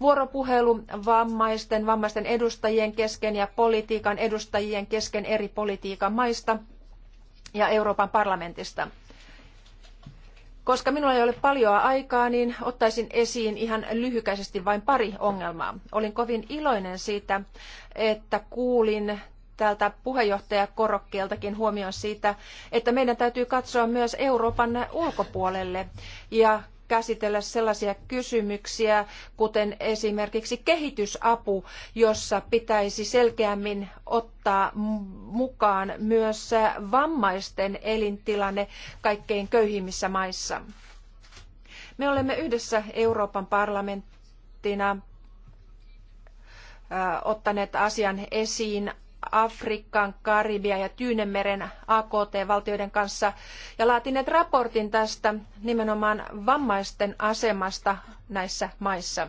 vuoropuhelu vammaisten, vammaisten edustajien kesken ja politiikan edustajien kesken eri politiikan maista ja Euroopan parlamentista. Koska minulla ei ole paljoa aikaa, niin ottaisin esiin ihan lyhykäisesti vain pari ongelmaa. Olin kovin iloinen siitä, että kuulin täältä puheenjohtajakorokkeeltakin huomioon siitä, että meidän täytyy katsoa myös Euroopan ulkopuolelle ja käsitellä sellaisia kysymyksiä, kuten esimerkiksi kehitysapu, jossa pitäisi selkeämmin ottaa mukaan myös vammaisten elintilanne kaikkein köyhimmissä maissa. Me olemme yhdessä Euroopan parlamenttina ottaneet asian esiin Afrikan, Karibian ja Tyynemeren AKT-valtioiden kanssa ja laatineet raportin tästä nimenomaan vammaisten asemasta näissä maissa.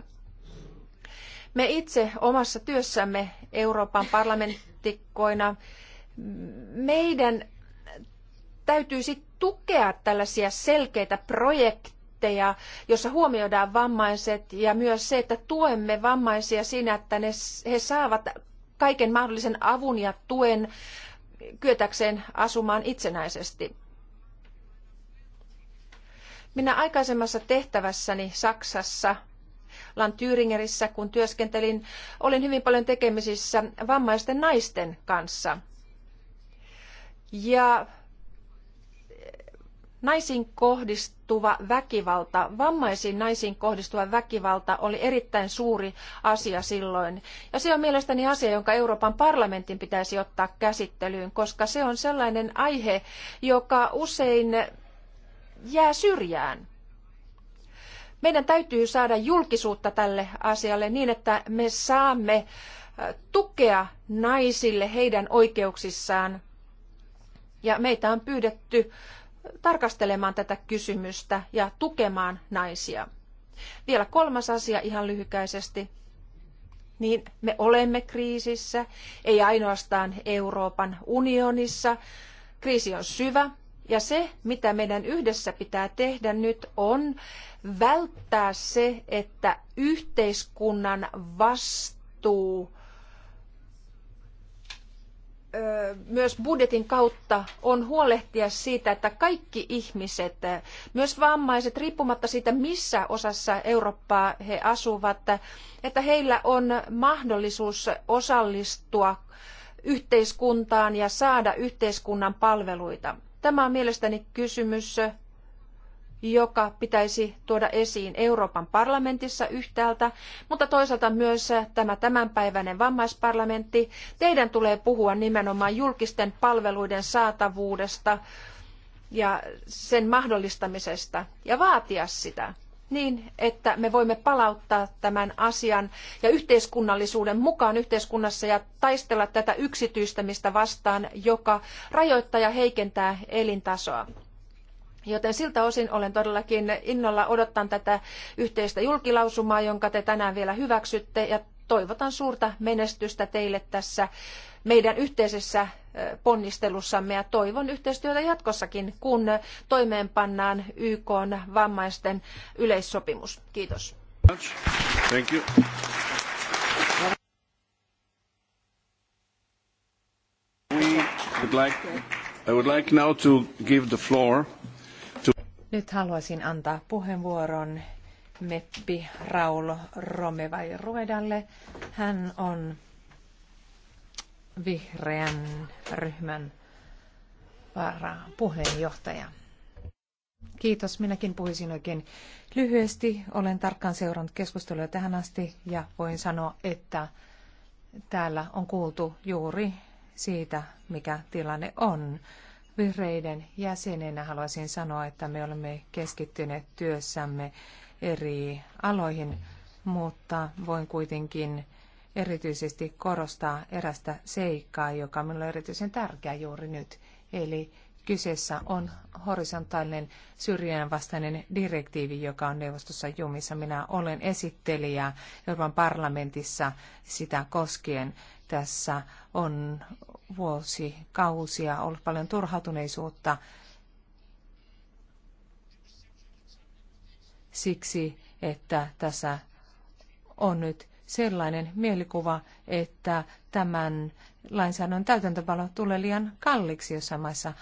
Me itse omassa työssämme Euroopan parlamenttikkoina, meidän täytyisi tukea tällaisia selkeitä projekteja, jossa huomioidaan vammaiset ja myös se, että tuemme vammaisia siinä, että ne, he saavat kaiken mahdollisen avun ja tuen kyetäkseen asumaan itsenäisesti. Minä aikaisemmassa tehtävässäni Saksassa Lantyringerissä, kun työskentelin, olin hyvin paljon tekemisissä vammaisten naisten kanssa. Ja Naisiin kohdistuva väkivalta, vammaisiin naisiin kohdistuva väkivalta oli erittäin suuri asia silloin. Ja se on mielestäni asia, jonka Euroopan parlamentin pitäisi ottaa käsittelyyn, koska se on sellainen aihe, joka usein jää syrjään. Meidän täytyy saada julkisuutta tälle asialle niin, että me saamme äh, tukea naisille heidän oikeuksissaan. Ja meitä on pyydetty tarkastelemaan tätä kysymystä ja tukemaan naisia. Vielä kolmas asia ihan lyhykäisesti. Niin me olemme kriisissä, ei ainoastaan Euroopan unionissa. Kriisi on syvä ja se, mitä meidän yhdessä pitää tehdä nyt, on välttää se, että yhteiskunnan vastuu myös budjetin kautta on huolehtia siitä, että kaikki ihmiset, myös vammaiset, riippumatta siitä missä osassa Eurooppaa he asuvat, että heillä on mahdollisuus osallistua yhteiskuntaan ja saada yhteiskunnan palveluita. Tämä on mielestäni kysymys, joka pitäisi tuoda esiin Euroopan parlamentissa yhtäältä, mutta toisaalta myös tämä tämänpäiväinen vammaisparlamentti. Teidän tulee puhua nimenomaan julkisten palveluiden saatavuudesta ja sen mahdollistamisesta ja vaatia sitä niin, että me voimme palauttaa tämän asian ja yhteiskunnallisuuden mukaan yhteiskunnassa ja taistella tätä yksityistämistä vastaan, joka rajoittaa ja heikentää elintasoa. Joten siltä osin olen todellakin innolla odottan tätä yhteistä julkilausumaa, jonka te tänään vielä hyväksytte ja toivotan suurta menestystä teille tässä meidän yhteisessä ponnistelussamme ja toivon yhteistyötä jatkossakin, kun toimeenpannaan YK vammaisten yleissopimus. Kiitos. I would like now to give the floor nyt haluaisin antaa puheenvuoron Meppi Raul Romevai Ruedalle. Hän on vihreän ryhmän puheenjohtaja. Kiitos. Minäkin puhuisin oikein lyhyesti. Olen tarkkaan seurannut keskustelua tähän asti ja voin sanoa, että täällä on kuultu juuri siitä, mikä tilanne on. Vihreiden jäsenenä haluaisin sanoa, että me olemme keskittyneet työssämme eri aloihin, mutta voin kuitenkin erityisesti korostaa erästä seikkaa, joka minulle on erityisen tärkeä juuri nyt, eli Kyseessä on horisontaalinen syrjinnän vastainen direktiivi, joka on neuvostossa jumissa. Minä olen esittelijä Euroopan parlamentissa sitä koskien. Tässä on vuosikausia ollut paljon turhautuneisuutta siksi, että tässä on nyt sellainen mielikuva, että tämän lainsäädännön täytäntöpalo tulee liian kalliiksi jossain maissa.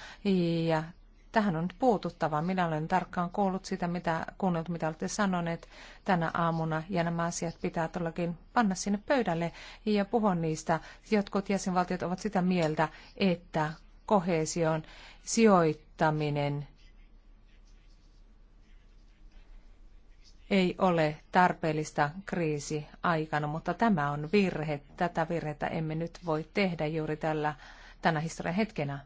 Ja tähän on nyt puututtava. Minä olen tarkkaan kuullut sitä, mitä kuunnellut, mitä olette sanoneet tänä aamuna, ja nämä asiat pitää todellakin panna sinne pöydälle ja puhua niistä. Jotkut jäsenvaltiot ovat sitä mieltä, että kohesion sijoittaminen ei ole tarpeellista kriisi aikana, mutta tämä on virhe. Tätä virhettä emme nyt voi tehdä juuri tällä, tänä historian hetkenä.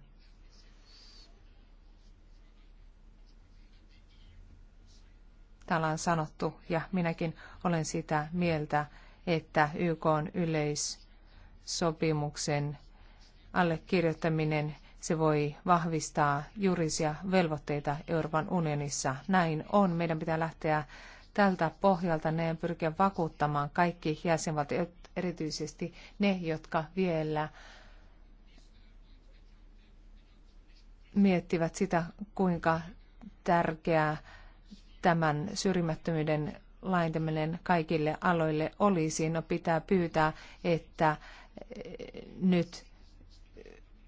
Täällä on sanottu, ja minäkin olen sitä mieltä, että YK on yleissopimuksen allekirjoittaminen se voi vahvistaa juridisia velvoitteita Euroopan unionissa. Näin on. Meidän pitää lähteä tältä pohjalta ne pyrkiä vakuuttamaan kaikki jäsenvaltiot, erityisesti ne, jotka vielä miettivät sitä, kuinka tärkeää tämän syrjimättömyyden laajentaminen kaikille aloille olisi. No pitää pyytää, että eh, nyt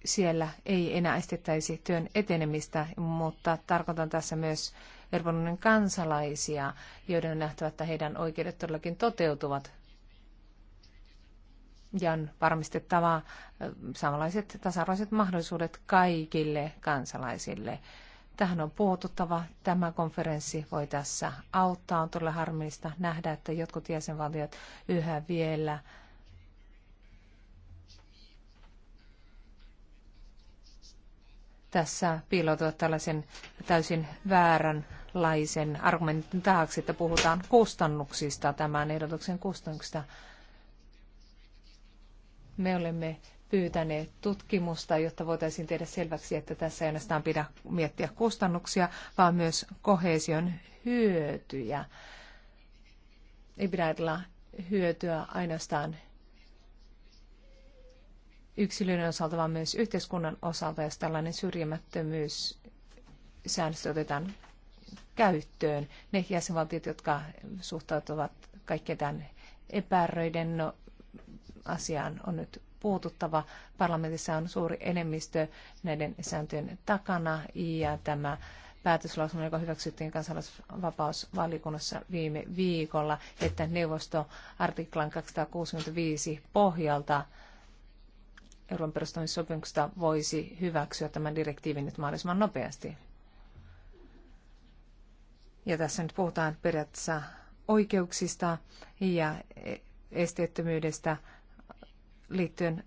siellä ei enää estettäisi työn etenemistä, mutta tarkoitan tässä myös Euroopan unionin kansalaisia, joiden on nähtävä, että heidän oikeudet todellakin toteutuvat. Ja on varmistettava samanlaiset tasa-arvoiset mahdollisuudet kaikille kansalaisille. Tähän on puututtava. Tämä konferenssi voi tässä auttaa. On todella harmillista nähdä, että jotkut jäsenvaltiot yhä vielä tässä piiloutuvat tällaisen täysin väärän laisen argumentin taakse, että puhutaan kustannuksista, tämän ehdotuksen kustannuksista. Me olemme pyytäneet tutkimusta, jotta voitaisiin tehdä selväksi, että tässä ei ainoastaan pidä miettiä kustannuksia, vaan myös kohesion hyötyjä. Ei pidä ajatella hyötyä ainoastaan yksilön osalta, vaan myös yhteiskunnan osalta, jos tällainen syrjimättömyys säännöstö otetaan käyttöön. Ne jäsenvaltiot, jotka suhtautuvat kaikkeen tämän epäröiden no, asiaan, on nyt puututtava. Parlamentissa on suuri enemmistö näiden sääntöjen takana ja tämä päätöslausuma, joka hyväksyttiin kansalaisvapausvalikunnassa viime viikolla, että neuvosto artiklan 265 pohjalta Euroopan perustamissopimuksesta voisi hyväksyä tämän direktiivin nyt mahdollisimman nopeasti. Ja tässä nyt puhutaan periaatteessa oikeuksista ja e- esteettömyydestä liittyen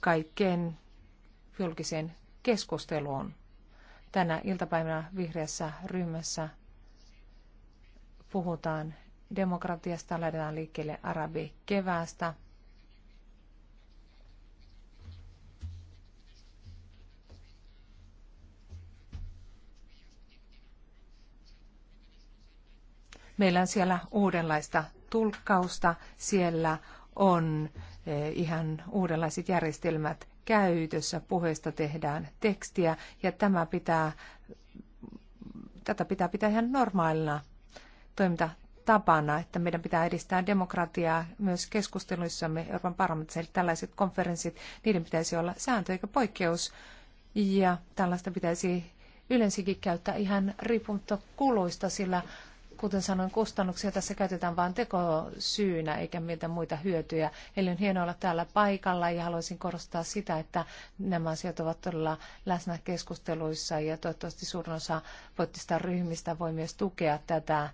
kaikkeen julkiseen keskusteluun. Tänä iltapäivänä vihreässä ryhmässä puhutaan demokratiasta, lähdetään liikkeelle arabikeväästä – Meillä on siellä uudenlaista tulkkausta, siellä on eh, ihan uudenlaiset järjestelmät käytössä, puheesta tehdään tekstiä ja tämä pitää, tätä pitää pitää ihan normaalina toiminta tapana, että meidän pitää edistää demokratiaa myös keskusteluissamme Euroopan parlamentissa. Eli tällaiset konferenssit, niiden pitäisi olla sääntö eikä poikkeus. Ja tällaista pitäisi yleensäkin käyttää ihan riippumatta kuluista, sillä kuten sanoin, kustannuksia tässä käytetään vain tekosyynä eikä miltä muita hyötyjä. Eli on hienoa olla täällä paikalla ja haluaisin korostaa sitä, että nämä asiat ovat todella läsnä keskusteluissa ja toivottavasti suurin osa poliittisista ryhmistä voi myös tukea tätä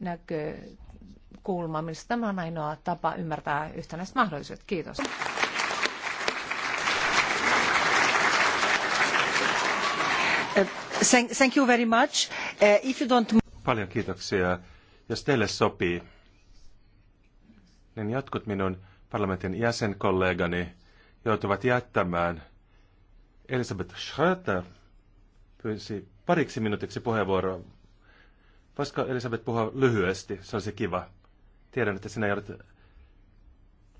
näkökulmaa. minusta tämä on ainoa tapa ymmärtää yhtenäiset mahdollisuudet. Kiitos. Thank, you very much. Uh, if you don't... Paljon kiitoksia. Jos teille sopii, niin jotkut minun parlamentin jäsenkollegani joutuvat jättämään. Elisabeth Schröter pyysi pariksi minuutiksi puheenvuoroa. Voisiko Elisabeth puhua lyhyesti? Se olisi kiva. Tiedän, että sinä joudut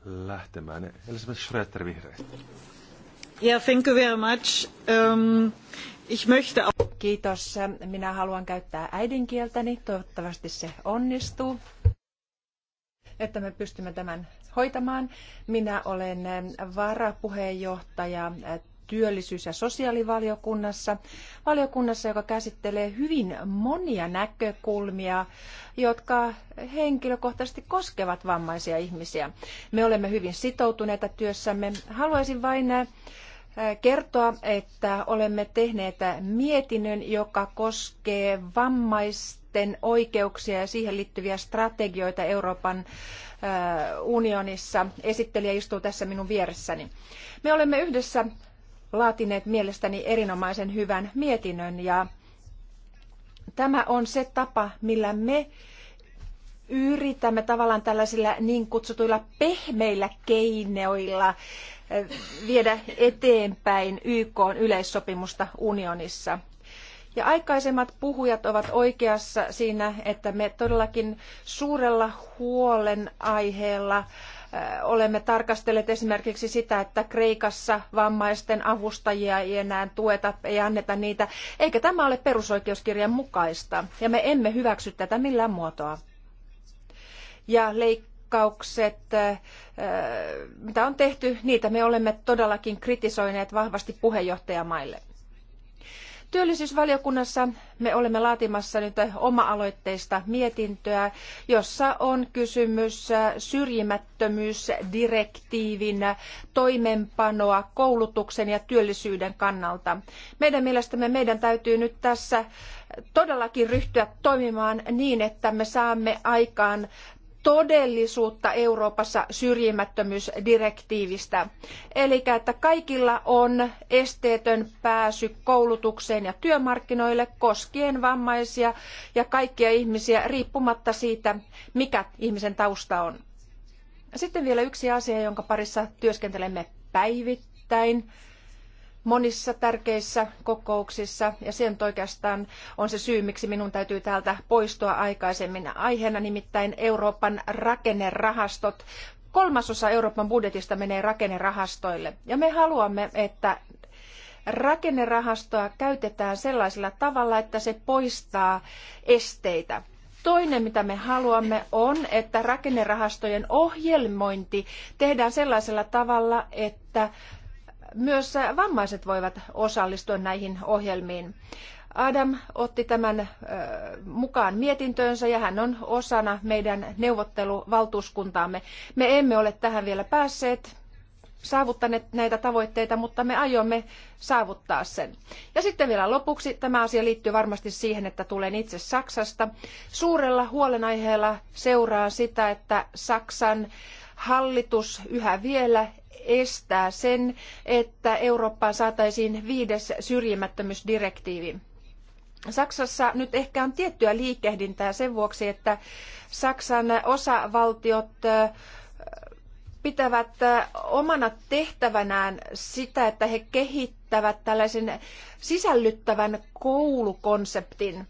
lähtemään. Elisabeth Schröter vihreistä. Yeah, thank you very much. Um, Kiitos. Minä haluan käyttää äidinkieltäni. Toivottavasti se onnistuu, että me pystymme tämän hoitamaan. Minä olen varapuheenjohtaja työllisyys- ja sosiaalivaliokunnassa, valiokunnassa, joka käsittelee hyvin monia näkökulmia, jotka henkilökohtaisesti koskevat vammaisia ihmisiä. Me olemme hyvin sitoutuneita työssämme. Haluaisin vain kertoa, että olemme tehneet mietinnön, joka koskee vammaisten oikeuksia ja siihen liittyviä strategioita Euroopan äh, unionissa. Esittelijä istuu tässä minun vieressäni. Me olemme yhdessä laatineet mielestäni erinomaisen hyvän mietinnön ja tämä on se tapa, millä me yritämme tavallaan tällaisilla niin kutsutuilla pehmeillä keinoilla viedä eteenpäin YK yleissopimusta unionissa. Ja aikaisemmat puhujat ovat oikeassa siinä, että me todellakin suurella huolenaiheella äh, olemme tarkastelleet esimerkiksi sitä, että Kreikassa vammaisten avustajia ei enää tueta, ei anneta niitä, eikä tämä ole perusoikeuskirjan mukaista, ja me emme hyväksy tätä millään muotoa. Ja leik- leikkaukset, mitä on tehty, niitä me olemme todellakin kritisoineet vahvasti puheenjohtajamaille. Työllisyysvaliokunnassa me olemme laatimassa nyt oma-aloitteista mietintöä, jossa on kysymys syrjimättömyysdirektiivin toimenpanoa koulutuksen ja työllisyyden kannalta. Meidän mielestämme meidän täytyy nyt tässä todellakin ryhtyä toimimaan niin, että me saamme aikaan todellisuutta Euroopassa syrjimättömyysdirektiivistä. Eli että kaikilla on esteetön pääsy koulutukseen ja työmarkkinoille koskien vammaisia ja kaikkia ihmisiä riippumatta siitä, mikä ihmisen tausta on. Sitten vielä yksi asia, jonka parissa työskentelemme päivittäin monissa tärkeissä kokouksissa ja sen oikeastaan on se syy, miksi minun täytyy täältä poistua aikaisemmin. Aiheena nimittäin Euroopan rakennerahastot. Kolmasosa Euroopan budjetista menee rakennerahastoille ja me haluamme, että rakennerahastoa käytetään sellaisella tavalla, että se poistaa esteitä. Toinen, mitä me haluamme, on, että rakennerahastojen ohjelmointi tehdään sellaisella tavalla, että myös vammaiset voivat osallistua näihin ohjelmiin. Adam otti tämän mukaan mietintöönsä ja hän on osana meidän neuvotteluvaltuuskuntaamme. Me emme ole tähän vielä päässeet saavuttaneet näitä tavoitteita, mutta me aiomme saavuttaa sen. Ja sitten vielä lopuksi, tämä asia liittyy varmasti siihen, että tulen itse Saksasta. Suurella huolenaiheella seuraa sitä, että Saksan hallitus yhä vielä estää sen, että Eurooppaan saataisiin viides syrjimättömyysdirektiivi. Saksassa nyt ehkä on tiettyä liikehdintää sen vuoksi, että Saksan osavaltiot pitävät omana tehtävänään sitä, että he kehittävät tällaisen sisällyttävän koulukonseptin.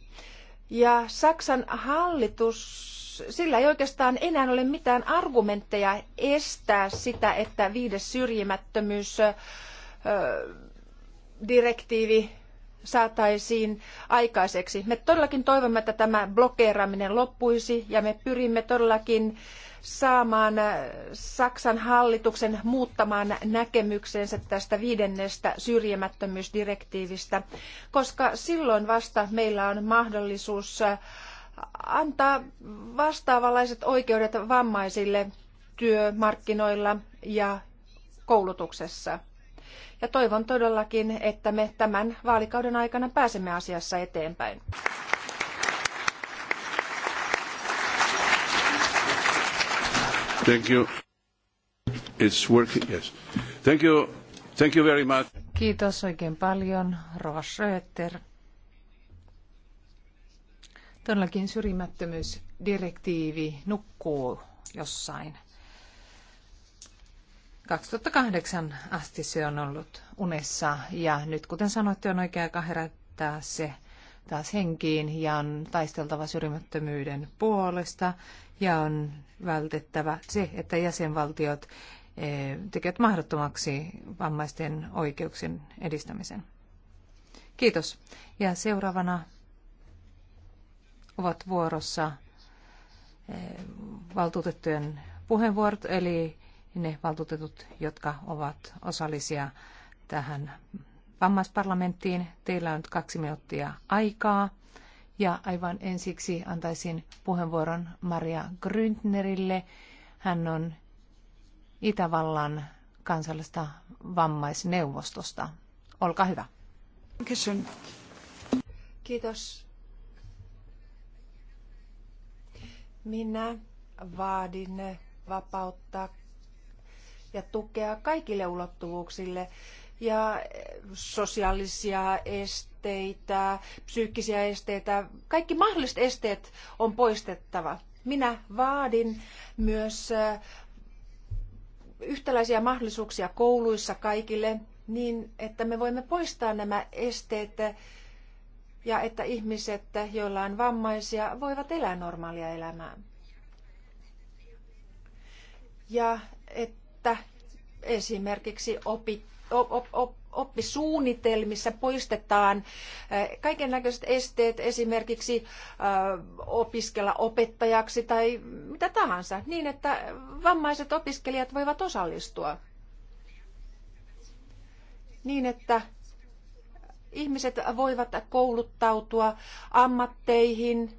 Ja Saksan hallitus sillä ei oikeastaan enää ole mitään argumentteja estää sitä, että viides syrjimättömyys direktiivi saataisiin aikaiseksi. Me todellakin toivomme, että tämä blokeeraaminen loppuisi ja me pyrimme todellakin saamaan Saksan hallituksen muuttamaan näkemyksensä tästä viidennestä syrjimättömyysdirektiivistä, koska silloin vasta meillä on mahdollisuus antaa vastaavanlaiset oikeudet vammaisille työmarkkinoilla ja koulutuksessa. Ja toivon todellakin, että me tämän vaalikauden aikana pääsemme asiassa eteenpäin. Thank you. It's working, yes. Thank you. Thank you very much. Kiitos oikein paljon, Rova Schröter. Todellakin syrjimättömyysdirektiivi nukkuu jossain. 2008 asti se on ollut unessa ja nyt kuten sanoitte on oikea aika herättää se taas henkiin ja on taisteltava syrjimättömyyden puolesta ja on vältettävä se, että jäsenvaltiot eh, tekevät mahdottomaksi vammaisten oikeuksien edistämisen. Kiitos. Ja seuraavana ovat vuorossa eh, valtuutettujen puheenvuorot, eli ne valtuutetut, jotka ovat osallisia tähän vammaisparlamenttiin. Teillä on nyt kaksi minuuttia aikaa. Ja aivan ensiksi antaisin puheenvuoron Maria Gründnerille. Hän on Itävallan kansallista vammaisneuvostosta. Olkaa hyvä. Kiitos. Minä vaadin vapautta ja tukea kaikille ulottuvuuksille ja sosiaalisia esteitä, psyykkisiä esteitä, kaikki mahdolliset esteet on poistettava. Minä vaadin myös eh, yhtäläisiä mahdollisuuksia kouluissa kaikille niin, että me voimme poistaa nämä esteet eh, ja että ihmiset, joilla on vammaisia, voivat elää normaalia elämää. Ja että esimerkiksi opi, op, op, op, oppisuunnitelmissa poistetaan kaiken näköiset esteet esimerkiksi opiskella opettajaksi tai mitä tahansa, niin että vammaiset opiskelijat voivat osallistua. Niin, että Ihmiset voivat kouluttautua ammatteihin.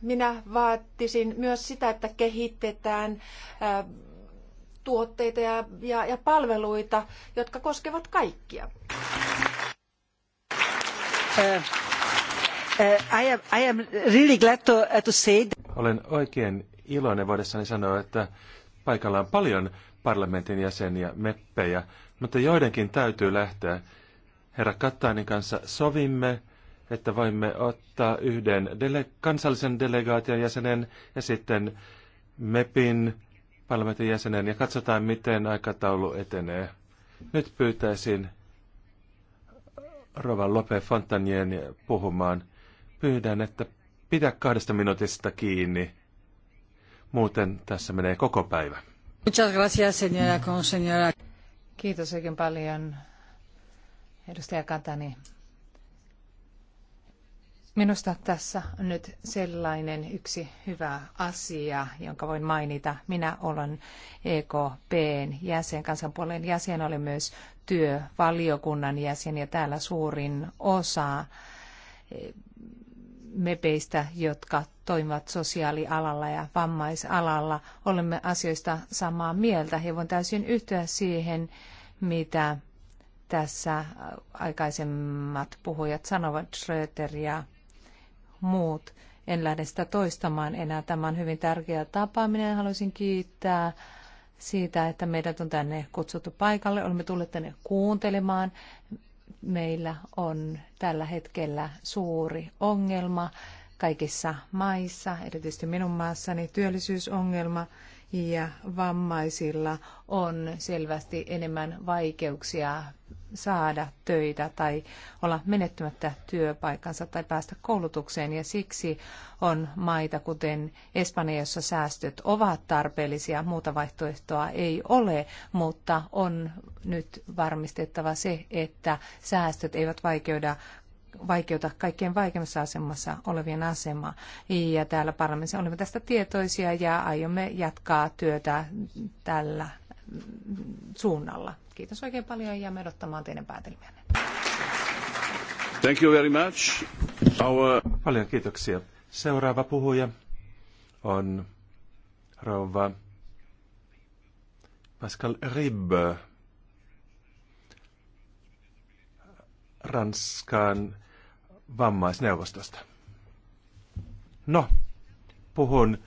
Minä vaatisin myös sitä, että kehitetään tuotteita ja, ja, ja palveluita, jotka koskevat kaikkia. Olen oikein iloinen voidessani sanoa, että paikalla on paljon parlamentin jäseniä, meppejä, mutta joidenkin täytyy lähteä herra Kattainen kanssa sovimme, että voimme ottaa yhden dele- kansallisen delegaation jäsenen ja sitten MEPin parlamentin jäsenen ja katsotaan, miten aikataulu etenee. Nyt pyytäisin Rova Lope Fontanien puhumaan. Pyydän, että pidä kahdesta minuutista kiinni. Muuten tässä menee koko päivä. Muchas gracias, señora con señora. Kiitos oikein paljon edustaja Katani. Minusta tässä on nyt sellainen yksi hyvä asia, jonka voin mainita. Minä olen EKPn jäsen, kansanpuolen jäsen, olen myös työvaliokunnan jäsen ja täällä suurin osa e, mepeistä, jotka toimivat sosiaalialalla ja vammaisalalla. Olemme asioista samaa mieltä ja voin täysin yhtyä siihen, mitä tässä äh, aikaisemmat puhujat sanovat, Schröter ja muut. En lähde sitä toistamaan enää. Tämä on hyvin tärkeä tapaaminen. Haluaisin kiittää siitä, että meidät on tänne kutsuttu paikalle. Olemme tulleet tänne kuuntelemaan. Meillä on tällä hetkellä suuri ongelma kaikissa maissa, erityisesti minun maassani, työllisyysongelma ja vammaisilla on selvästi enemmän vaikeuksia saada töitä tai olla menettymättä työpaikansa tai päästä koulutukseen. Ja siksi on maita, kuten Espanja, jossa säästöt ovat tarpeellisia, muuta vaihtoehtoa ei ole, mutta on nyt varmistettava se, että säästöt eivät vaikeuda vaikeuta kaikkein vaikeimmassa asemassa olevien asemaa. Ja täällä parlamentissa olemme tästä tietoisia ja aiomme jatkaa työtä tällä suunnalla. Kiitos oikein paljon ja me odottamaan teidän päätelmiänne. Thank you very much. Our... Paljon kiitoksia. Seuraava puhuja on rouva Pascal Ribbe, Ranskan vammaisneuvostosta. No, puhun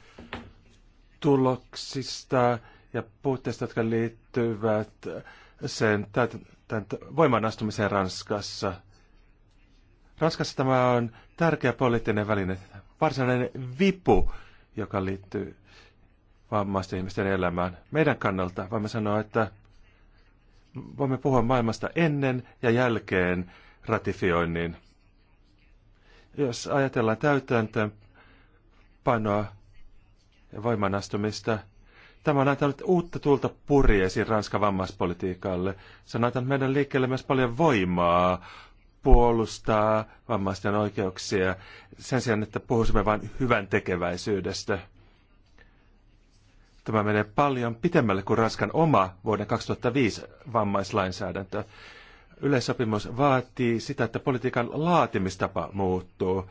tuloksista ja puutteista, jotka liittyvät sen tämän voimaan astumiseen Ranskassa. Ranskassa tämä on tärkeä poliittinen väline, varsinainen vipu, joka liittyy vammaisten ihmisten elämään. Meidän kannalta voimme sanoa, että voimme puhua maailmasta ennen ja jälkeen ratifioinnin. Jos ajatellaan täytäntöön panoa ja voimanastumista, tämä on antanut uutta tulta purjeisiin Ranskan vammaispolitiikalle. Se on antanut meidän liikkeelle myös paljon voimaa puolustaa vammaisten oikeuksia sen sijaan, että puhuisimme vain hyvän tekeväisyydestä. Tämä menee paljon pitemmälle kuin Ranskan oma vuoden 2005 vammaislainsäädäntö. Yleissopimus vaatii sitä, että politiikan laatimistapa muuttuu.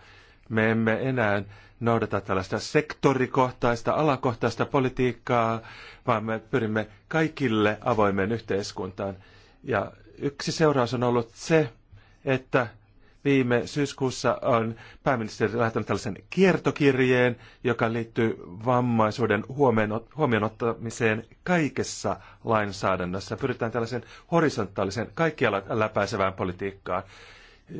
Me emme enää noudata tällaista sektorikohtaista, alakohtaista politiikkaa, vaan me pyrimme kaikille avoimeen yhteiskuntaan. Ja yksi seuraus on ollut se, että Viime syyskuussa on pääministeri lähettänyt tällaisen kiertokirjeen, joka liittyy vammaisuuden huomioon ottamiseen kaikessa lainsäädännössä. Pyritään tällaisen horisontaalisen, kaikkialla läpäisevään politiikkaan.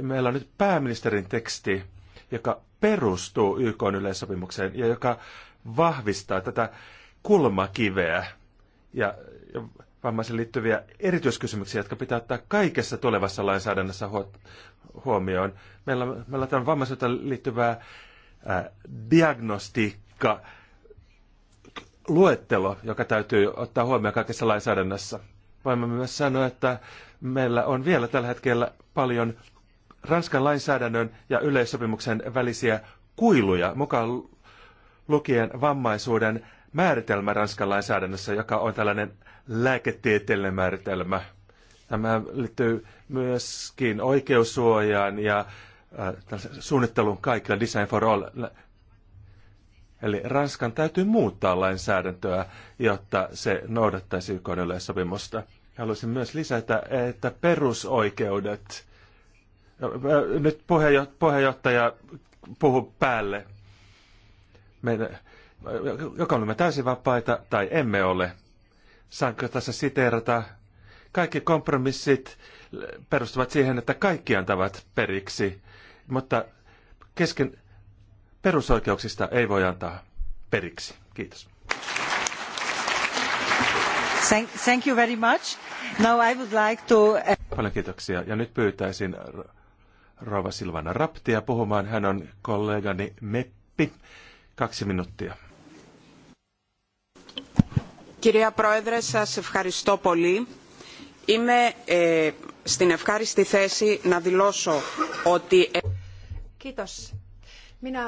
Meillä on nyt pääministerin teksti, joka perustuu YK yleissopimukseen ja joka vahvistaa tätä kulmakiveä ja, ja vammaisiin liittyviä erityiskysymyksiä, jotka pitää ottaa kaikessa tulevassa lainsäädännössä huomioon. Meillä, meillä on vammaisuuteen liittyvää ää, diagnostiikka luettelo, joka täytyy ottaa huomioon kaikessa lainsäädännössä. Voimme myös sanoa, että meillä on vielä tällä hetkellä paljon Ranskan lainsäädännön ja yleissopimuksen välisiä kuiluja, mukaan lukien vammaisuuden määritelmä Ranskan lainsäädännössä, joka on tällainen lääketieteellinen määritelmä. Tämä liittyy myöskin oikeussuojaan ja äh, suunnittelun kaikilla Design for All. Eli Ranskan täytyy muuttaa lainsäädäntöä, jotta se noudattaisi YK yleissopimusta. Haluaisin myös lisätä, että perusoikeudet, nyt puheenjohtaja puhuu päälle, Me, joko olemme täysin vapaita tai emme ole – saanko tässä siteerata, kaikki kompromissit perustuvat siihen, että kaikki antavat periksi, mutta kesken perusoikeuksista ei voi antaa periksi. Kiitos. Thank, thank you very much. Now I would like to... Uh, Paljon kiitoksia. Ja nyt pyytäisin rouva Silvana Raptia puhumaan. Hän on kollegani Meppi. Kaksi minuuttia. Κυρία Πρόεδρε, σας ευχαριστώ πολύ. Είμαι ε, στην ευχάριστη θέση να δηλώσω ότι... Minä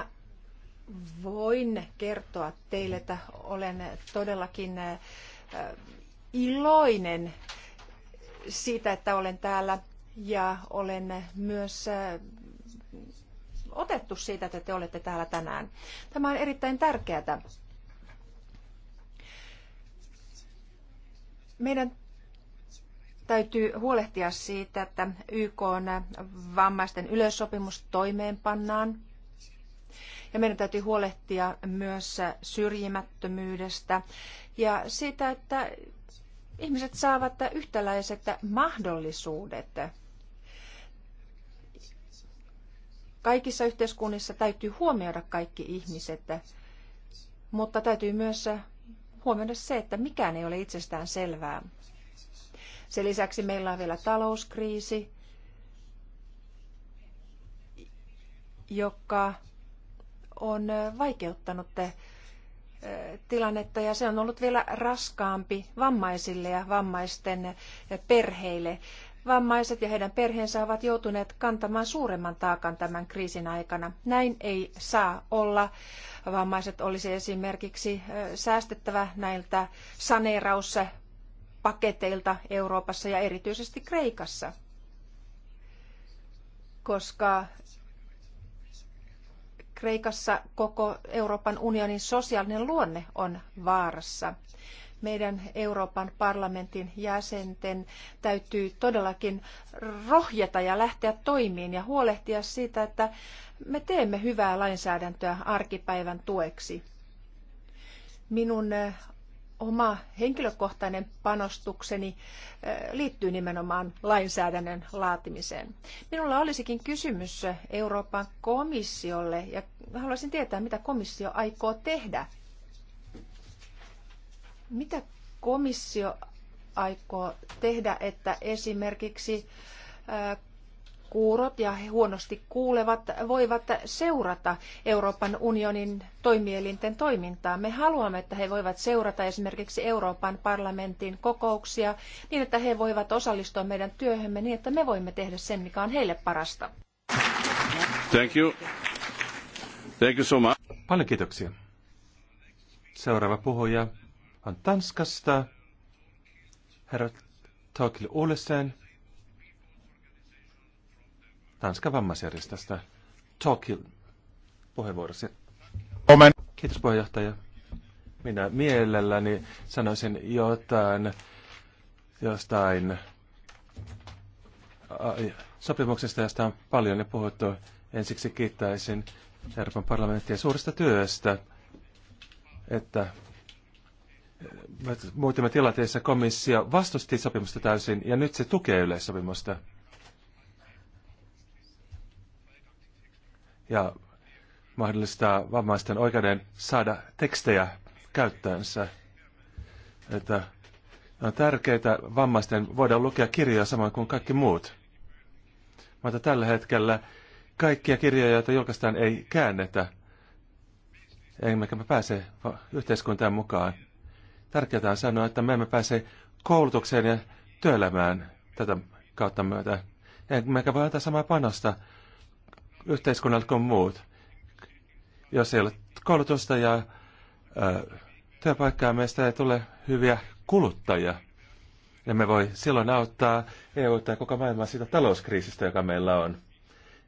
voin kertoa teille, että olen todellakin iloinen siitä, että olen täällä ja olen myös otettu siitä, että te olette täällä tänään. Tämä on erittäin tärkeää Meidän täytyy huolehtia siitä, että YK on vammaisten yleissopimus toimeenpannaan. Ja meidän täytyy huolehtia myös syrjimättömyydestä ja siitä, että ihmiset saavat yhtäläiset mahdollisuudet. Kaikissa yhteiskunnissa täytyy huomioida kaikki ihmiset, mutta täytyy myös huomioida se, että mikään ei ole itsestään selvää. Sen lisäksi meillä on vielä talouskriisi, joka on vaikeuttanut eh, tilannetta ja se on ollut vielä raskaampi vammaisille ja vammaisten eh, perheille Vammaiset ja heidän perheensä ovat joutuneet kantamaan suuremman taakan tämän kriisin aikana. Näin ei saa olla. Vammaiset olisi esimerkiksi säästettävä näiltä saneerauspaketeilta Euroopassa ja erityisesti Kreikassa, koska Kreikassa koko Euroopan unionin sosiaalinen luonne on vaarassa meidän Euroopan parlamentin jäsenten täytyy todellakin rohjeta ja lähteä toimiin ja huolehtia siitä, että me teemme hyvää lainsäädäntöä arkipäivän tueksi. Minun oma henkilökohtainen panostukseni liittyy nimenomaan lainsäädännön laatimiseen. Minulla olisikin kysymys Euroopan komissiolle ja haluaisin tietää, mitä komissio aikoo tehdä mitä komissio aikoo tehdä, että esimerkiksi kuurot ja huonosti kuulevat voivat seurata Euroopan unionin toimielinten toimintaa. Me haluamme, että he voivat seurata esimerkiksi Euroopan parlamentin kokouksia niin, että he voivat osallistua meidän työhömme niin, että me voimme tehdä sen, mikä on heille parasta. Thank you. Thank you so much. Paljon kiitoksia. Seuraava puhuja on Tanskasta. Herra Torkil Olesen, Tanskan vammaisjärjestöstä. Tokil puheenvuorosi. Omen. Kiitos puheenjohtaja. Minä mielelläni sanoisin jotain jostain sopimuksesta, josta on paljon jo puhuttu. Ensiksi kiittäisin Euroopan parlamenttia suuresta työstä, että muutimme tilanteessa komissio vastusti sopimusta täysin ja nyt se tukee yleissopimusta. Ja mahdollistaa vammaisten oikeuden saada tekstejä käyttäänsä. Että on tärkeää vammaisten voida lukea kirjoja samoin kuin kaikki muut. Mutta tällä hetkellä kaikkia kirjoja, joita julkaistaan, ei käännetä. Emmekä me pääse yhteiskuntaan mukaan. Tärkeää on sanoa, että me emme pääse koulutukseen ja työelämään tätä kautta myötä. Emmekä voi antaa samaa panosta yhteiskunnalle kuin muut. Jos ei ole koulutusta ja ö, työpaikkaa, meistä ei tule hyviä kuluttajia. Ja me voi silloin auttaa EU ja koko maailmaa siitä talouskriisistä, joka meillä on.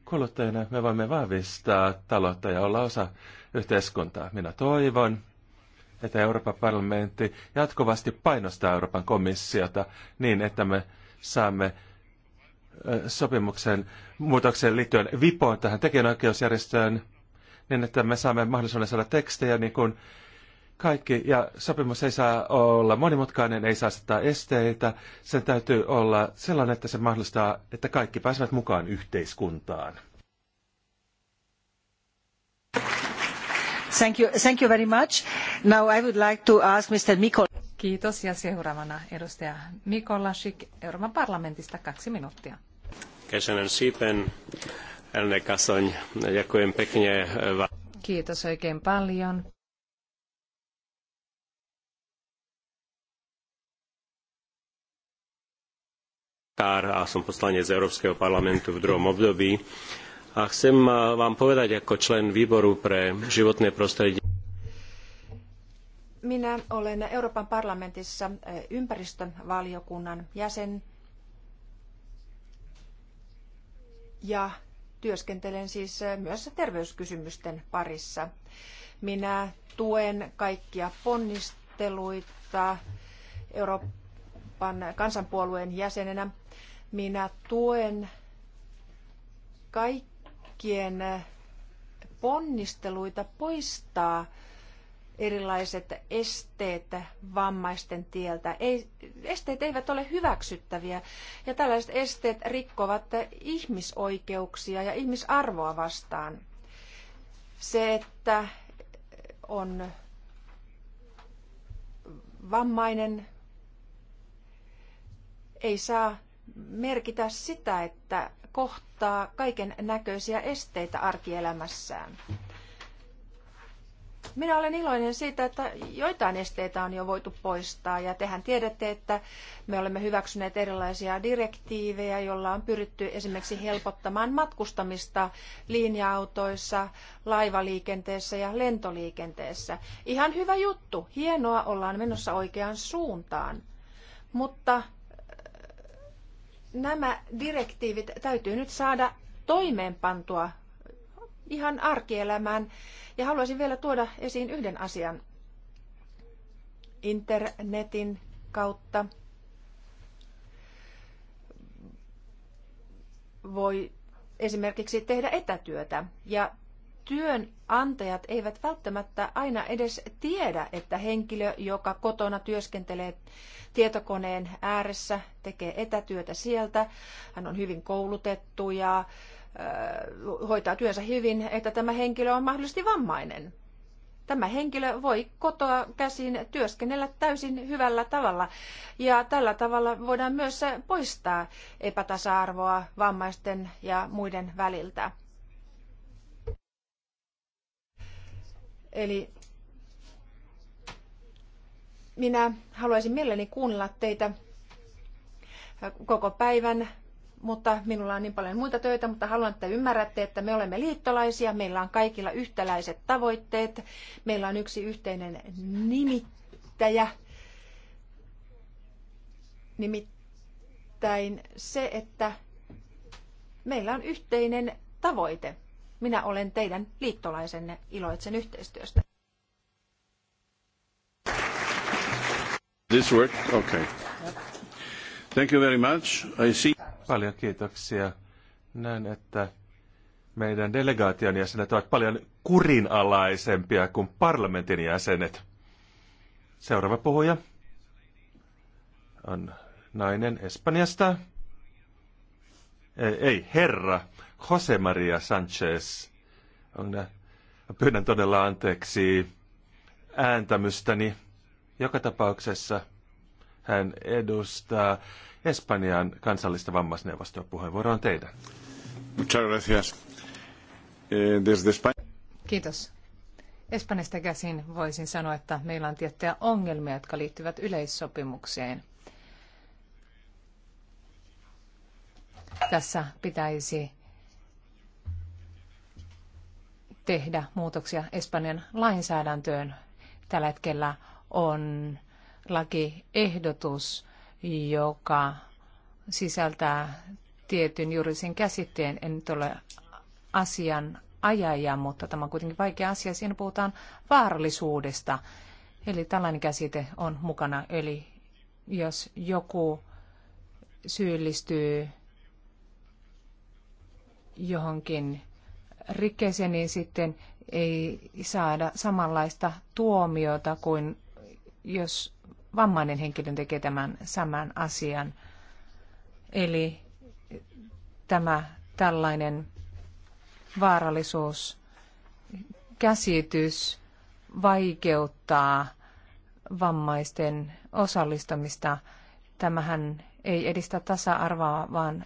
Kuluttajina me voimme vahvistaa taloutta ja olla osa yhteiskuntaa. Minä toivon, että Euroopan parlamentti jatkuvasti painostaa Euroopan komissiota niin, että me saamme sopimuksen muutokseen liittyen VIPOon tähän tekijänoikeusjärjestöön, niin että me saamme mahdollisuuden saada tekstejä niin kuin kaikki, ja sopimus ei saa olla monimutkainen, ei saa asettaa esteitä. Sen täytyy olla sellainen, että se mahdollistaa, että kaikki pääsevät mukaan yhteiskuntaan. Kiitos ja seuraavana edustaja Mikolasik Euroopan parlamentista kaksi minuuttia. Käsenen Sipen, Elne Kasoň, ďakujem pekne. Kiitos oikein paljon. a som poslanec Európskeho parlamentu v druhom období a chcem vám povedať ako člen výboru pre životné prostredie. Minä olen Euroopan parlamentissa eh, ympäristövaliokunnan jäsen ja työskentelen siis eh, myös terveyskysymysten parissa. Minä tuen kaikkia ponnisteluita Euroopan kansanpuolueen jäsenenä. Minä tuen kaikkia pankkien eh, ponnisteluita poistaa erilaiset esteet vammaisten tieltä. Ei, esteet eivät ole hyväksyttäviä ja tällaiset esteet rikkovat eh, ihmisoikeuksia ja ihmisarvoa vastaan. Se, että on vammainen, ei saa merkitä sitä, että kohtaa kaiken näköisiä esteitä arkielämässään. Minä olen iloinen siitä, että joitain esteitä on jo voitu poistaa ja tehän tiedätte, että me olemme hyväksyneet erilaisia direktiivejä, joilla on pyritty esimerkiksi helpottamaan matkustamista linja-autoissa, laivaliikenteessä ja lentoliikenteessä. Ihan hyvä juttu, hienoa ollaan menossa oikeaan suuntaan. Mutta nämä direktiivit täytyy nyt saada toimeenpantua ihan arkielämään. Ja haluaisin vielä tuoda esiin yhden asian. Internetin kautta voi esimerkiksi tehdä etätyötä. Ja työnantajat eivät välttämättä aina edes tiedä, että henkilö, joka kotona työskentelee tietokoneen ääressä, tekee etätyötä sieltä, hän on hyvin koulutettu ja hoitaa työnsä hyvin, että tämä henkilö on mahdollisesti vammainen. Tämä henkilö voi kotoa käsin työskennellä täysin hyvällä tavalla ja tällä tavalla voidaan myös poistaa epätasa-arvoa vammaisten ja muiden väliltä. Eli minä haluaisin mielelläni kuunnella teitä koko päivän, mutta minulla on niin paljon muita töitä, mutta haluan, että ymmärrätte, että me olemme liittolaisia, meillä on kaikilla yhtäläiset tavoitteet, meillä on yksi yhteinen nimittäjä, nimittäin se, että meillä on yhteinen tavoite. Minä olen teidän liittolaisenne. Iloitsen yhteistyöstä. This work? Okay. Thank you very much. I see... Paljon kiitoksia. Näen, että meidän delegaation jäsenet ovat paljon kurinalaisempia kuin parlamentin jäsenet. Seuraava puhuja on nainen Espanjasta. Ei, ei herra Jose Maria Sanchez. Äh, pyydän todella anteeksi ääntämystäni. Joka tapauksessa hän edustaa Espanjan kansallista vammaisneuvostoa. Puheenvuoro on teidän. Muchas gracias. Eh, desde España. Kiitos. Espanjasta käsin voisin sanoa, että meillä on tiettyjä ongelmia, jotka liittyvät yleissopimukseen. Tässä pitäisi tehdä muutoksia Espanjan lainsäädäntöön. Tällä hetkellä on lakiehdotus, joka sisältää tietyn juridisen käsitteen. En nyt ole asian ajaja, mutta tämä on kuitenkin vaikea asia. Siinä puhutaan vaarallisuudesta. Eli tällainen käsite on mukana. Eli jos joku syyllistyy johonkin rikkeeseen, niin sitten ei saada samanlaista tuomiota kuin jos vammainen henkilö tekee tämän saman asian. Eli tämä tällainen vaarallisuus, käsitys vaikeuttaa vammaisten osallistamista. Tämähän ei edistä tasa-arvoa, vaan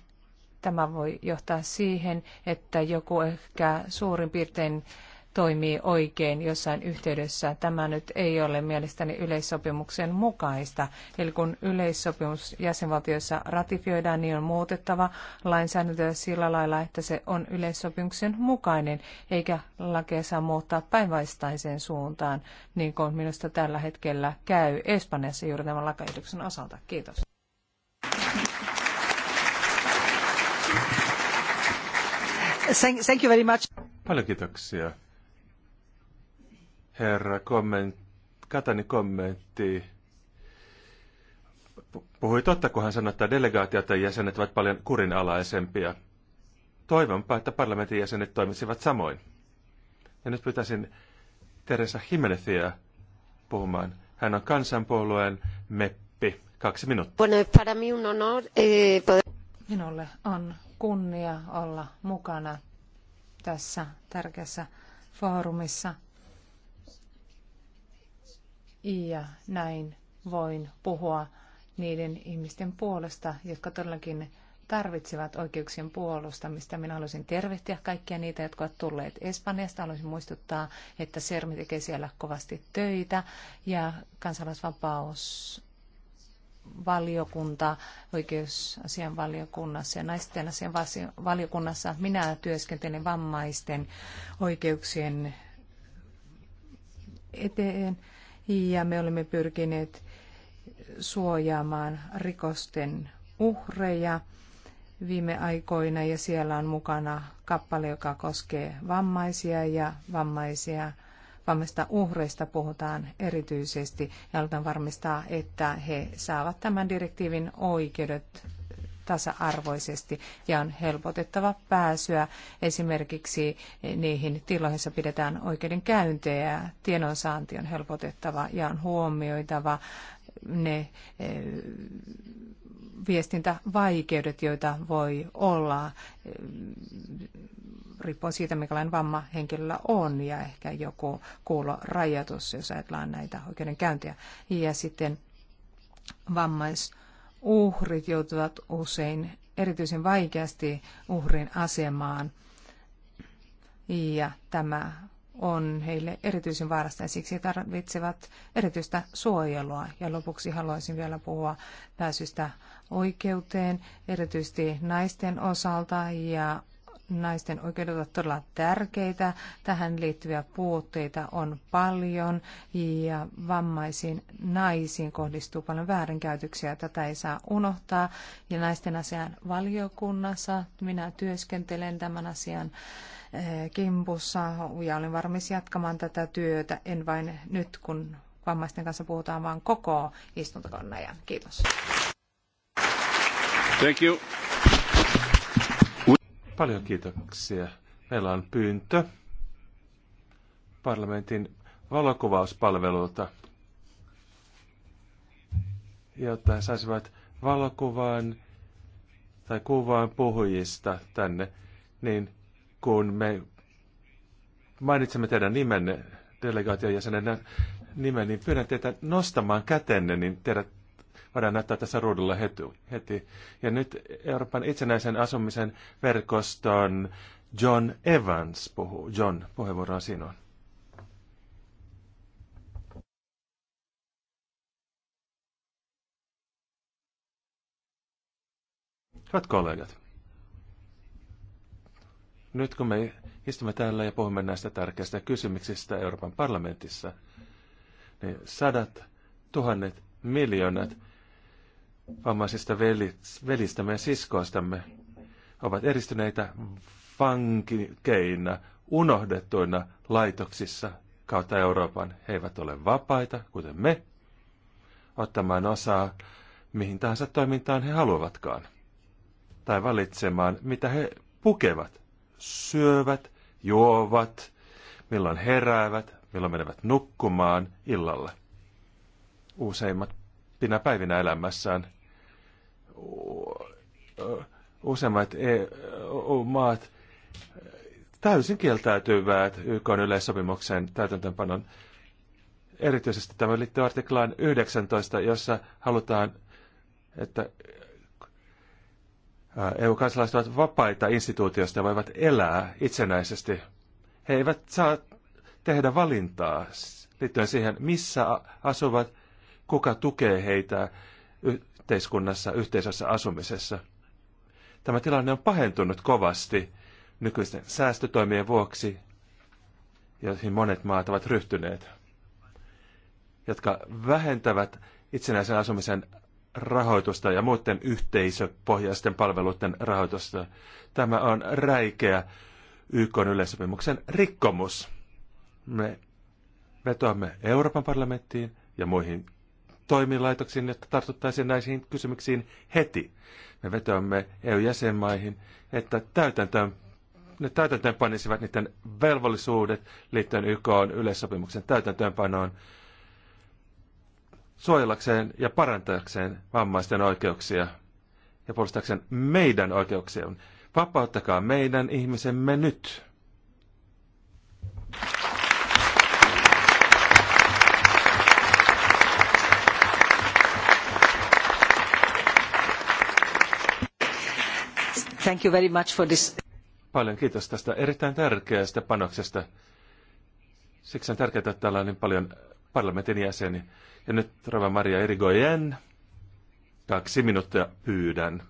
Tämä voi johtaa siihen, että joku ehkä suurin piirtein toimii oikein jossain yhteydessä. Tämä nyt ei ole mielestäni yleissopimuksen mukaista. Eli kun yleissopimus jäsenvaltioissa ratifioidaan, niin on muutettava lainsäädäntöä sillä lailla, että se on yleissopimuksen mukainen, eikä lakeja saa muuttaa päinvastaiseen suuntaan, niin kuin minusta tällä hetkellä käy Espanjassa juuri tämän lakaehdotuksen osalta. Kiitos. Thank, thank you very much. Paljon kiitoksia. Herra komment, Katani kommentti. Puhui totta, kun hän sanoi, että delegaatiot ja jäsenet ovat paljon kurinalaisempia. Toivonpa, että parlamentin jäsenet toimisivat samoin. Ja nyt pyytäisin Teresa Jimenezia puhumaan. Hän on kansanpuolueen meppi. Kaksi minuuttia. Eh, Minulle on kunnia olla mukana tässä tärkeässä foorumissa. Ja näin voin puhua niiden ihmisten puolesta, jotka todellakin tarvitsevat oikeuksien puolustamista. Minä haluaisin tervehtiä kaikkia niitä, jotka ovat tulleet Espanjasta. Haluaisin muistuttaa, että CERMI tekee siellä kovasti töitä ja kansalaisvapaus valiokunta, oikeusasian valiokunnassa ja naisten asian valiokunnassa. Minä työskentelen vammaisten oikeuksien eteen ja me olemme pyrkineet suojaamaan rikosten uhreja viime aikoina ja siellä on mukana kappale, joka koskee vammaisia ja vammaisia vammaista uhreista puhutaan erityisesti ja halutaan varmistaa, että he saavat tämän direktiivin oikeudet tasa-arvoisesti ja on helpotettava pääsyä esimerkiksi niihin tiloihin, joissa pidetään oikeudenkäyntejä. Tiedonsaanti on helpotettava ja on huomioitava ne eh, viestintävaikeudet, joita voi olla, riippuen siitä, minkälainen vamma henkilöllä on ja ehkä joku kuulorajoitus, jos ajatellaan näitä oikeudenkäyntiä. Ja sitten vammaisuhrit joutuvat usein erityisen vaikeasti uhrin asemaan ja tämä on heille erityisen vaarasta ja siksi he tarvitsevat erityistä suojelua. Ja lopuksi haluaisin vielä puhua pääsystä oikeuteen, erityisesti naisten osalta, ja naisten oikeudet ovat todella tärkeitä. Tähän liittyviä puutteita on paljon ja vammaisiin naisiin kohdistuu paljon väärinkäytöksiä. Tätä ei saa unohtaa. Ja naisten asian valiokunnassa minä työskentelen tämän asian eh, kimpussa ja olen varmis jatkamaan tätä työtä. En vain nyt, kun vammaisten kanssa puhutaan, vaan koko istuntokauden ajan. Kiitos. Thank you. Paljon kiitoksia. Meillä on pyyntö parlamentin valokuvauspalvelulta, jotta he saisivat valokuvan tai kuvaan puhujista tänne, niin kun me mainitsemme teidän nimenne, delegaation jäsenen nimen, niin pyydän teitä nostamaan kätenne, niin teidät voidaan näyttää tässä ruudulla heti. Ja nyt Euroopan itsenäisen asumisen verkoston John Evans puhuu. John, puheenvuoroa sinun. Hyvät kollegat, nyt kun me istumme täällä ja puhumme näistä tärkeistä kysymyksistä Euroopan parlamentissa, niin sadat, tuhannet, miljoonat vammaisista velistämme ja siskoistamme ovat eristyneitä vankikeina, unohdettuina laitoksissa kautta Euroopan. He eivät ole vapaita, kuten me, ottamaan osaa mihin tahansa toimintaan he haluavatkaan. Tai valitsemaan, mitä he pukevat, syövät, juovat, milloin heräävät, milloin menevät nukkumaan illalla. Useimmat pinäpäivinä päivinä elämässään useimmat EU-maat täysin kieltäytyvät YK yleissopimuksen täytäntöönpanon. Erityisesti tämä liittyy artiklaan 19, jossa halutaan, että EU-kansalaiset ovat vapaita instituutioista ja voivat elää itsenäisesti. He eivät saa tehdä valintaa liittyen siihen, missä asuvat, kuka tukee heitä yhteiskunnassa, yhteisössä asumisessa. Tämä tilanne on pahentunut kovasti nykyisten säästötoimien vuoksi, joihin monet maat ovat ryhtyneet, jotka vähentävät itsenäisen asumisen rahoitusta ja muiden yhteisöpohjaisten palveluiden rahoitusta. Tämä on räikeä YK yleissopimuksen rikkomus. Me vetoamme Euroopan parlamenttiin ja muihin toimilaitoksiin, että tartuttaisiin näihin kysymyksiin heti. Me vetoamme EU-jäsenmaihin, että täytäntöön, ne täytäntöön panisivat niiden velvollisuudet liittyen YK on yleissopimuksen täytäntöönpanoon suojellakseen ja parantaakseen vammaisten oikeuksia ja puolustakseen meidän oikeuksia. Vapauttakaa meidän ihmisemme nyt. Thank you very much for this. Paljon kiitos tästä erittäin tärkeästä panoksesta. Siksi on tärkeää, että täällä on niin paljon parlamentin jäseniä. Ja nyt rouva Maria Erigoyen. Kaksi minuuttia pyydän.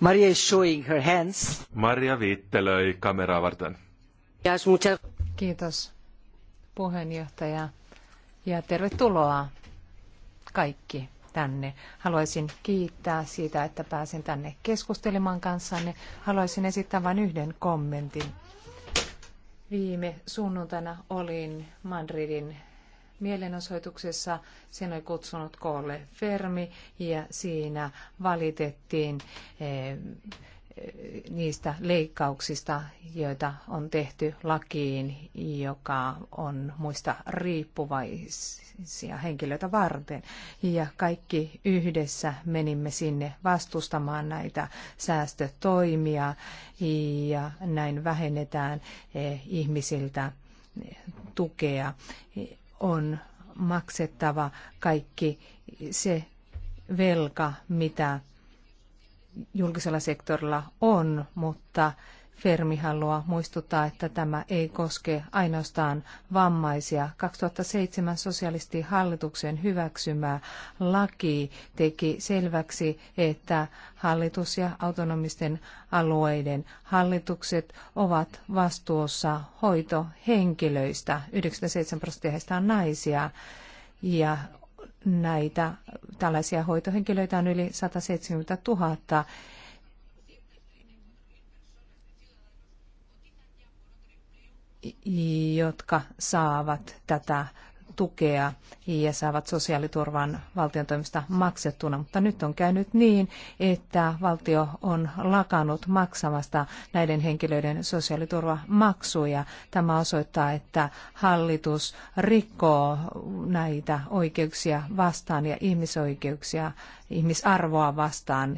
Maria is showing her hands. Maria viittelöi kameraa varten. Kiitos puheenjohtaja ja tervetuloa kaikki tänne. Haluaisin kiittää siitä, että pääsin tänne keskustelemaan kanssanne. Haluaisin esittää vain yhden kommentin. Viime sunnuntaina olin Madridin mielenosoituksessa. Sen oli kutsunut koolle Fermi ja siinä valitettiin eh, niistä leikkauksista, joita on tehty lakiin, joka on muista riippuvaisia henkilöitä varten. Ja kaikki yhdessä menimme sinne vastustamaan näitä säästötoimia ja näin vähennetään eh, ihmisiltä tukea. On maksettava kaikki se velka, mitä julkisella sektorilla on, mutta Fermi haluaa muistuttaa, että tämä ei koske ainoastaan vammaisia. 2007 sosialistihallituksen hyväksymä laki teki selväksi, että hallitus ja autonomisten alueiden hallitukset ovat vastuussa hoitohenkilöistä. 97 prosenttia heistä on naisia ja näitä tällaisia hoitohenkilöitä on yli 170 000. jotka saavat tätä tukea ja saavat sosiaaliturvan valtion toimesta maksettuna. Mutta nyt on käynyt niin, että valtio on lakanut maksamasta näiden henkilöiden sosiaaliturvamaksuja. Tämä osoittaa, että hallitus rikkoo näitä oikeuksia vastaan ja ihmisoikeuksia, ihmisarvoa vastaan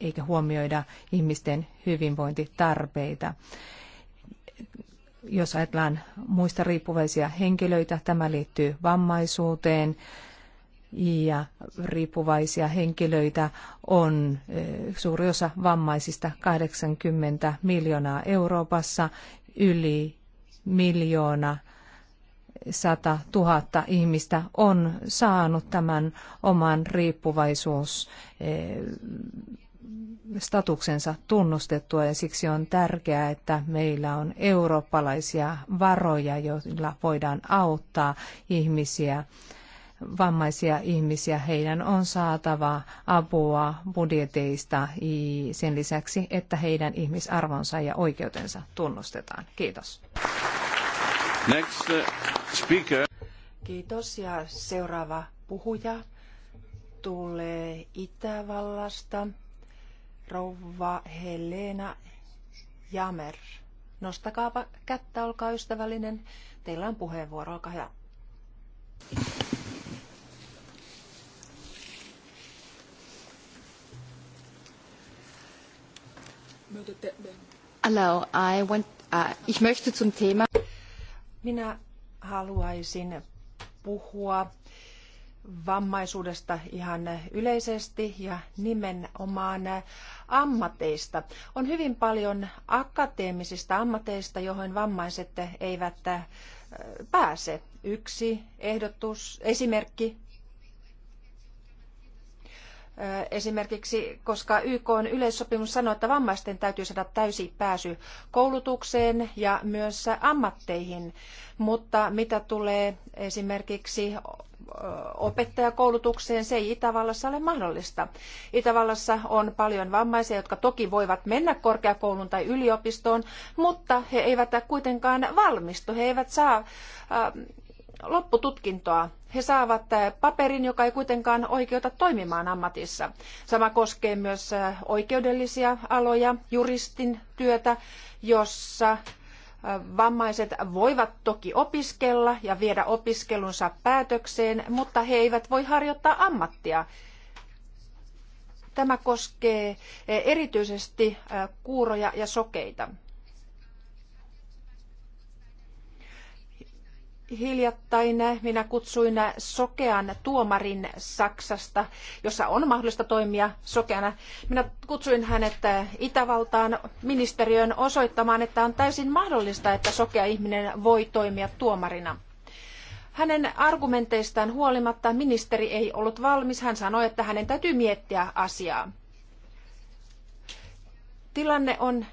eikä huomioida ihmisten hyvinvointitarpeita jos ajatellaan muista riippuvaisia henkilöitä, tämä liittyy vammaisuuteen ja riippuvaisia henkilöitä on eh, suuri osa vammaisista 80 miljoonaa Euroopassa, yli miljoona 100 000 ihmistä on saanut tämän oman riippuvaisuus eh, statuksensa tunnustettua ja siksi on tärkeää, että meillä on eurooppalaisia varoja, joilla voidaan auttaa ihmisiä, vammaisia ihmisiä. Heidän on saatava apua budjeteista sen lisäksi, että heidän ihmisarvonsa ja oikeutensa tunnustetaan. Kiitos. Next uh, speaker. Kiitos ja seuraava puhuja tulee Itävallasta. Rouva Helena Jamer. Nostakaapa kättä, olkaa ystävällinen. Teillä on puheenvuoro, olkaa hyvä. Hello, I want, uh, ich möchte zum Thema. Minä haluaisin puhua vammaisuudesta ihan yleisesti ja nimenomaan ammateista. On hyvin paljon akateemisista ammateista, joihin vammaiset eivät äh, pääse. Yksi ehdotus, esimerkki Esimerkiksi, koska YK on yleissopimus sanoo, että vammaisten täytyy saada täysi pääsy koulutukseen ja myös ammatteihin. Mutta mitä tulee esimerkiksi opettajakoulutukseen, se ei Itävallassa ole mahdollista. Itävallassa on paljon vammaisia, jotka toki voivat mennä korkeakouluun tai yliopistoon, mutta he eivät kuitenkaan valmistu. He eivät saa loppututkintoa. He saavat eh, paperin, joka ei kuitenkaan oikeuta toimimaan ammatissa. Sama koskee myös eh, oikeudellisia aloja, juristin työtä, jossa eh, Vammaiset voivat toki opiskella ja viedä opiskelunsa päätökseen, mutta he eivät voi harjoittaa ammattia. Tämä koskee erityisesti kuuroja ja sokeita. hiljattain minä kutsuin sokean tuomarin Saksasta, jossa on mahdollista toimia sokeana. Minä kutsuin hänet Itävaltaan ministeriöön osoittamaan, että on täysin mahdollista, että sokea ihminen voi toimia tuomarina. Hänen argumenteistaan huolimatta ministeri ei ollut valmis. Hän sanoi, että hänen täytyy miettiä asiaa. Tilanne on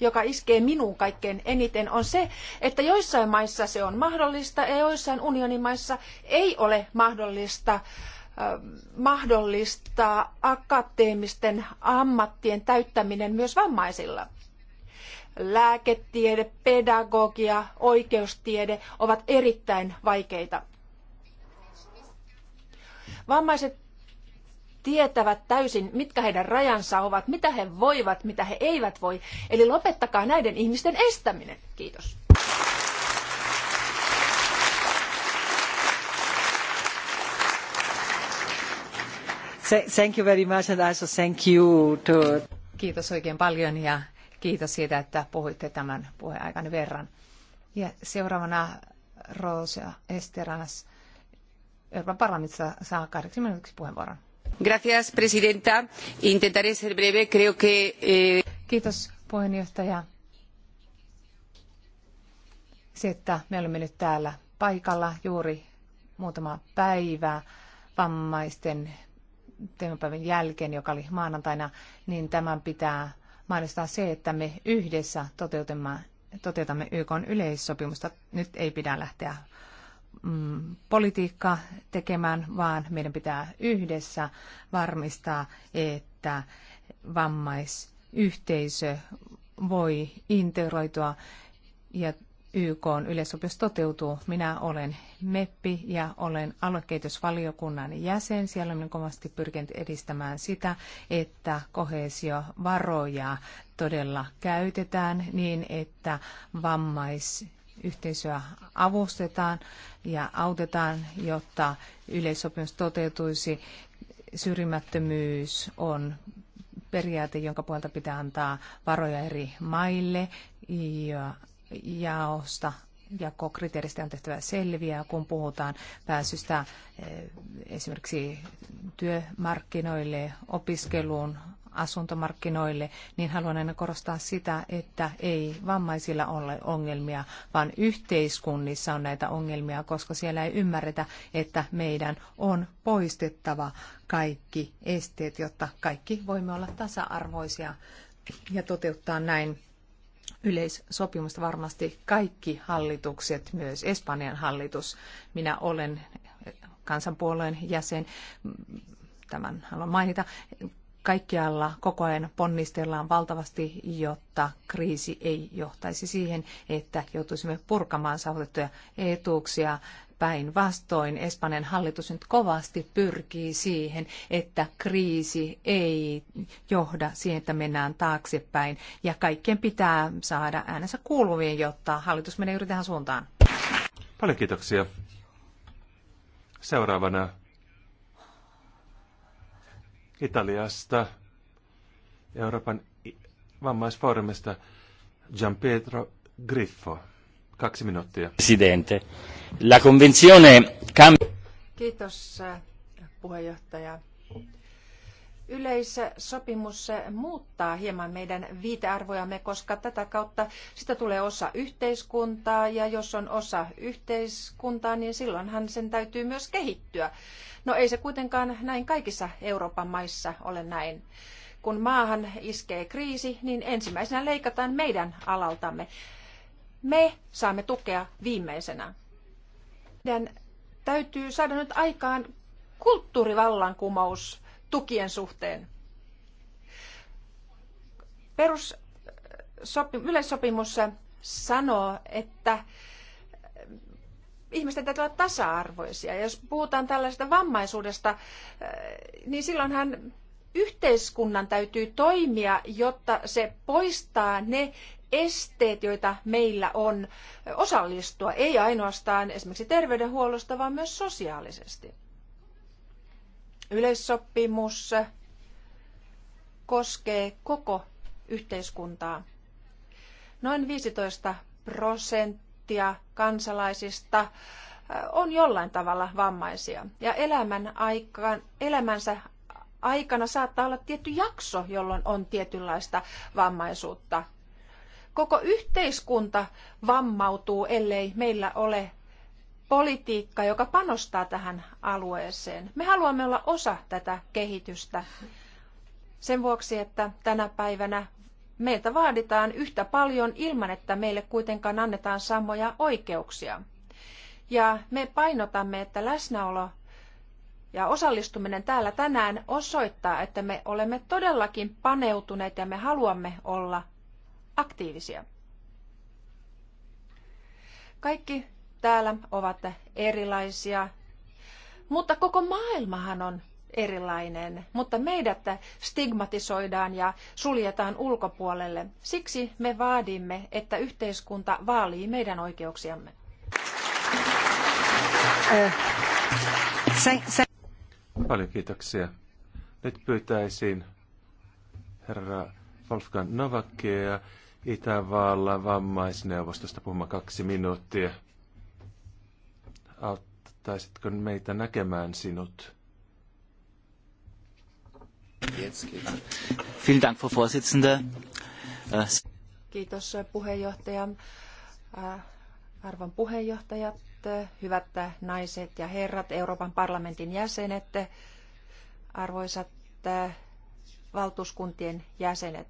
joka iskee minuun kaikkein eniten, on se, että joissain maissa se on mahdollista ja joissain unionin maissa ei ole mahdollista mahdollistaa akateemisten ammattien täyttäminen myös vammaisilla. Lääketiede, pedagogia, oikeustiede ovat erittäin vaikeita. Vammaiset tietävät täysin, mitkä heidän rajansa ovat, mitä he voivat, mitä he eivät voi. Eli lopettakaa näiden ihmisten estäminen. Kiitos. Thank you very much and also thank you to... Kiitos oikein paljon ja kiitos siitä, että puhuitte tämän puheaikani verran. Ja seuraavana Roosia Esteras Euroopan parlamentissa saa kahdeksi minuutiksi puheenvuoron. Señora presidenta. Intentaré ser breve. Creo que... Eh, Kiitos Se, että me olemme nyt täällä paikalla juuri muutama päivä vammaisten teemapäivän jälkeen, joka oli maanantaina, niin tämän pitää mainostaa se, että me yhdessä toteutamme, toteutamme YK yleissopimusta. Nyt ei pidä lähteä mm, politiikka tekemään, vaan meidän pitää yhdessä varmistaa, että vammaisyhteisö voi integroitua ja YK on yleisopimus toteutuu. Minä olen MEPPI ja olen aluekehitysvaliokunnan jäsen. Siellä olen kovasti pyrkinyt edistämään sitä, että kohesiovaroja todella käytetään niin, että vammais yhteisöä avustetaan ja autetaan, jotta yleissopimus toteutuisi. Syrjimättömyys on periaate, jonka puolta pitää antaa varoja eri maille ja jaosta jakokriteeristä on tehtävä selviä, kun puhutaan pääsystä eh, esimerkiksi työmarkkinoille, opiskeluun, asuntomarkkinoille, niin haluan aina korostaa sitä, että ei vammaisilla ole ongelmia, vaan yhteiskunnissa on näitä ongelmia, koska siellä ei ymmärretä, että meidän on poistettava kaikki esteet, jotta kaikki voimme olla tasa-arvoisia ja toteuttaa näin yleissopimusta varmasti kaikki hallitukset, myös Espanjan hallitus. Minä olen kansanpuolueen jäsen, tämän haluan mainita kaikkialla koko ajan ponnistellaan valtavasti, jotta kriisi ei johtaisi siihen, että joutuisimme purkamaan saavutettuja etuuksia. Päinvastoin Espanjan hallitus nyt kovasti pyrkii siihen, että kriisi ei johda siihen, että mennään taaksepäin. Ja kaikkien pitää saada äänensä kuuluviin, jotta hallitus menee juuri tähän suuntaan. Paljon kiitoksia. Seuraavana Italiasta, Euroopan vammaisfoorumista, Gianpietro Griffo. Kaksi minuuttia. Presidente. La convenzione... Kiitos eh, puheenjohtaja yleissopimus muuttaa hieman meidän viitearvojamme, koska tätä kautta sitä tulee osa yhteiskuntaa ja jos on osa yhteiskuntaa, niin silloinhan sen täytyy myös kehittyä. No ei se kuitenkaan näin kaikissa Euroopan maissa ole näin. Kun maahan iskee kriisi, niin ensimmäisenä leikataan meidän alaltamme. Me saamme tukea viimeisenä. Meidän täytyy saada nyt aikaan kulttuurivallankumous tukien suhteen. Perus yleissopimus sanoo, että ihmisten täytyy olla tasa-arvoisia. Ja jos puhutaan tällaisesta vammaisuudesta, eh, niin silloinhan yhteiskunnan täytyy toimia, jotta se poistaa ne esteet, joita meillä on eh, osallistua, ei ainoastaan esimerkiksi terveydenhuollosta, vaan myös sosiaalisesti. Yleissopimus koskee koko yhteiskuntaa. Noin 15 prosenttia kansalaisista äh, on jollain tavalla vammaisia. Ja elämän aikaan, elämänsä aikana saattaa olla tietty jakso, jolloin on tietynlaista vammaisuutta. Koko yhteiskunta vammautuu, ellei meillä ole politiikka, joka panostaa tähän alueeseen. Me haluamme olla osa tätä kehitystä sen vuoksi, että tänä päivänä meiltä vaaditaan yhtä paljon ilman, että meille kuitenkaan annetaan samoja oikeuksia. Ja me painotamme, että läsnäolo ja osallistuminen täällä tänään osoittaa, että me olemme todellakin paneutuneet ja me haluamme olla aktiivisia. Kaikki täällä ovat erilaisia, mutta koko maailmahan on erilainen, mutta meidät stigmatisoidaan ja suljetaan ulkopuolelle. Siksi me vaadimme, että yhteiskunta vaalii meidän oikeuksiamme. Paljon kiitoksia. Nyt pyytäisin herra Wolfgang Novakia itävaalla vammaisneuvostosta puhumaan kaksi minuuttia auttaisitko meitä näkemään sinut? Vielen Dank, Frau Vorsitzende. Äh, Kiitos äh, puheenjohtaja. Äh, arvon puheenjohtajat, hyvät naiset ja herrat, Euroopan parlamentin jäsenet, arvoisat valtuuskuntien jäsenet.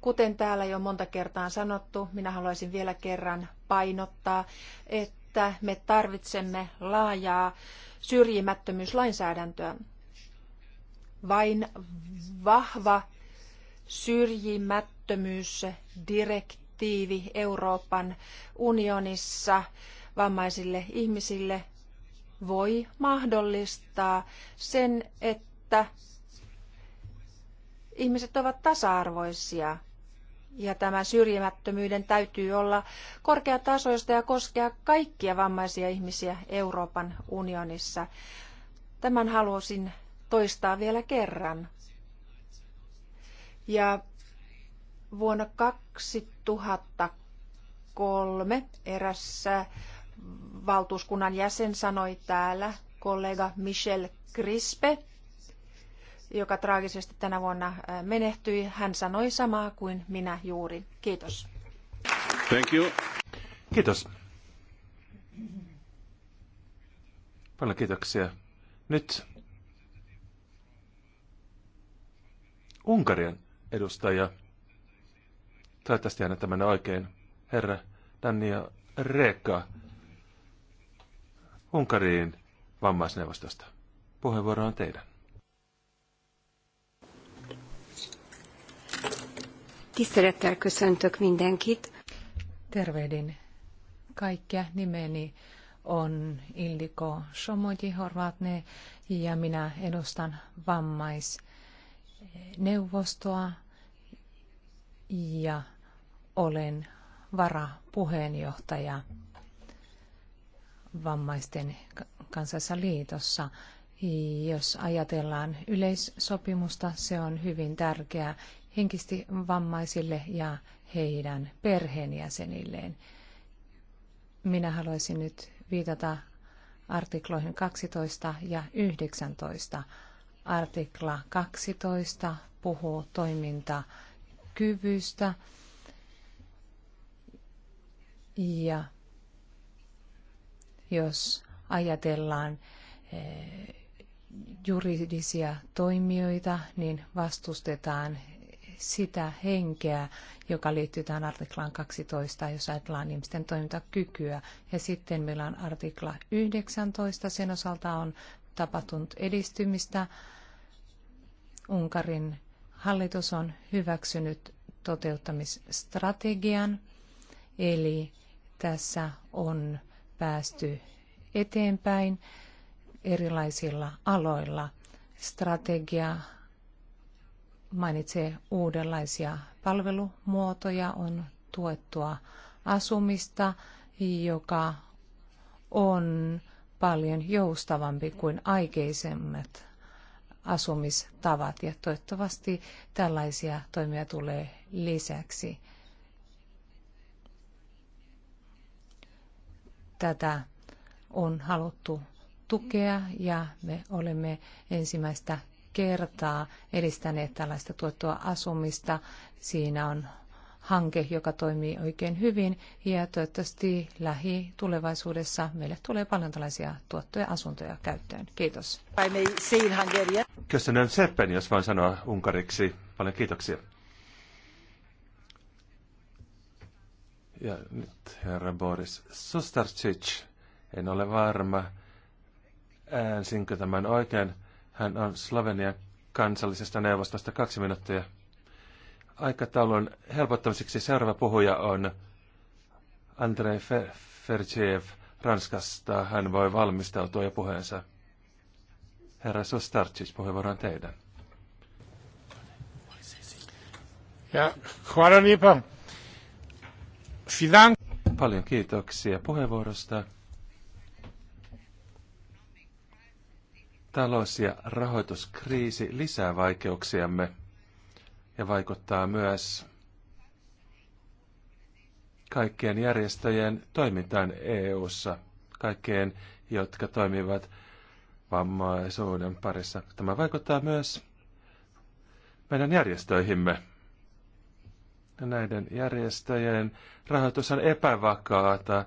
Kuten täällä jo monta kertaa on sanottu, minä haluaisin vielä kerran painottaa, että että me tarvitsemme laajaa syrjimättömyyslainsäädäntöä. Vain vahva syrjimättömyysdirektiivi Euroopan unionissa vammaisille ihmisille voi mahdollistaa sen, että ihmiset ovat tasa-arvoisia ja tämän syrjimättömyyden täytyy olla korkeatasoista ja koskea kaikkia vammaisia ihmisiä Euroopan unionissa. Tämän halusin toistaa vielä kerran. Ja vuonna 2003 erässä valtuuskunnan jäsen sanoi täällä kollega Michel Crispe, joka traagisesti tänä vuonna äh, menehtyi, hän sanoi samaa kuin minä juuri. Kiitos. Thank you. Kiitos. Paljon kiitoksia. Nyt Unkarin edustaja, toivottavasti hänet tämän oikein, herra Dania Reka Unkariin vammaisneuvostosta. Puheenvuoro on teidän. Tisztelettel köszöntök mindenkit. Tervehdin kaikkia. Nimeni on Ildiko Somoji Horvatne ja minä edustan vammaisneuvostoa ja olen varapuheenjohtaja vammaisten kansassa liitossa. Jos ajatellaan yleissopimusta, se on hyvin tärkeä henkisesti vammaisille ja heidän perheenjäsenilleen. Minä haluaisin nyt viitata artikloihin 12 ja 19. Artikla 12 puhuu toimintakyvystä ja jos ajatellaan eh, juridisia toimijoita, niin vastustetaan sitä henkeä, joka liittyy tähän artiklaan 12, jos ajatellaan ihmisten toimintakykyä. Ja sitten meillä on artikla 19, sen osalta on tapahtunut edistymistä. Unkarin hallitus on hyväksynyt toteuttamisstrategian, eli tässä on päästy eteenpäin erilaisilla aloilla. Strategia mainitsee uudenlaisia palvelumuotoja, on tuettua asumista, joka on paljon joustavampi kuin aikeisemmat asumistavat ja toivottavasti tällaisia toimia tulee lisäksi. Tätä on haluttu tukea ja me olemme ensimmäistä kertaa edistäneet tällaista tuettua asumista. Siinä on hanke, joka toimii oikein hyvin ja toivottavasti lähitulevaisuudessa meille tulee paljon tällaisia tuottoja asuntoja käyttöön. Kiitos. Kysynnän Seppen, jos vain sanoa unkariksi. Paljon kiitoksia. Ja nyt herra Boris Sustarcic. En ole varma, äänsinkö tämän oikein. Hän on Slovenian kansallisesta neuvostosta kaksi minuuttia. Aikataulun helpottamiseksi seuraava puhuja on Andrei Ferchev Ranskasta. Hän voi valmistautua ja puheensa. Herra Sostarcic, puheenvuoro on teidän. Ja hvala lijepa. Paljon kiitoksia puheenvuorosta. Talous- ja rahoituskriisi lisää vaikeuksiamme ja vaikuttaa myös kaikkien järjestöjen toimintaan EU:ssa, kaikkien, jotka toimivat vammaisuuden parissa. Tämä vaikuttaa myös meidän järjestöihimme. ja Näiden järjestöjen rahoitus on epävakaata,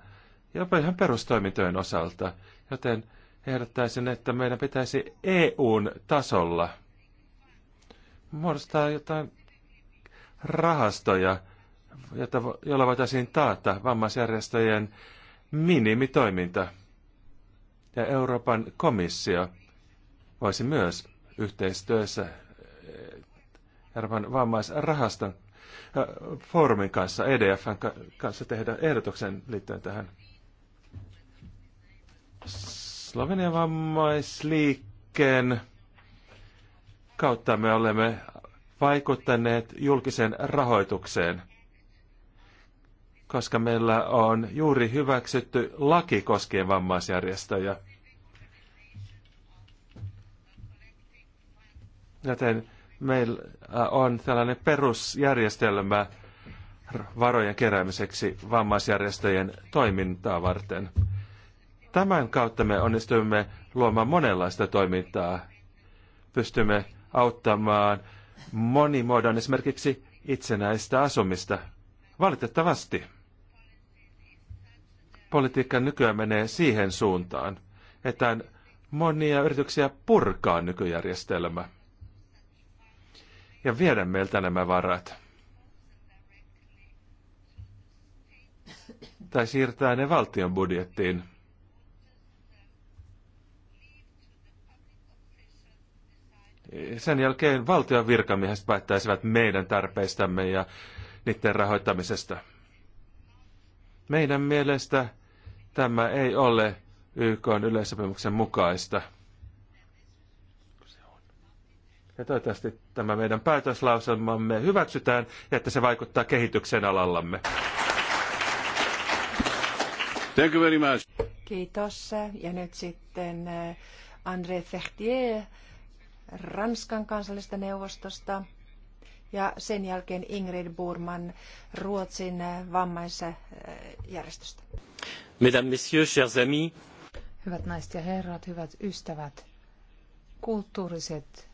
jopa ihan perustoimintojen osalta, joten ehdottaisin, että meidän pitäisi EUn tasolla muodostaa jotain rahastoja, jota, jolla voitaisiin taata vammaisjärjestöjen minimitoiminta. Ja Euroopan komissio voisi myös yhteistyössä eh, Euroopan vammaisrahaston eh, foorumin kanssa, EDFn kanssa tehdä ehdotuksen liittyen tähän Slovenian vammaisliikkeen kautta me olemme vaikuttaneet julkiseen rahoitukseen, koska meillä on juuri hyväksytty laki koskien vammaisjärjestöjä. Joten meillä äh, on tällainen perusjärjestelmä varojen keräämiseksi vammaisjärjestöjen toimintaa varten. Tämän kautta me onnistumme luomaan monenlaista toimintaa. Pystymme auttamaan monimuodon esimerkiksi itsenäistä asumista. Valitettavasti politiikka nykyään menee siihen suuntaan, että monia yrityksiä purkaa nykyjärjestelmä ja viedä meiltä nämä varat. Tai siirtää ne valtion budjettiin. sen jälkeen valtion virkamiehet päättäisivät meidän tarpeistamme ja niiden rahoittamisesta. Meidän mielestä tämä ei ole YK yleissopimuksen mukaista. Ja toivottavasti tämä meidän päätöslauselmamme hyväksytään ja että se vaikuttaa kehityksen alallamme. Thank you very much. Kiitos. Ja nyt sitten eh, André Fertier Ranskan kansallista neuvostosta ja sen jälkeen Ingrid Burman Ruotsin vammaisjärjestöstä. Mesdames, messieurs, chers amis. Hyvät naiset ja herrat, hyvät ystävät, kulttuuriset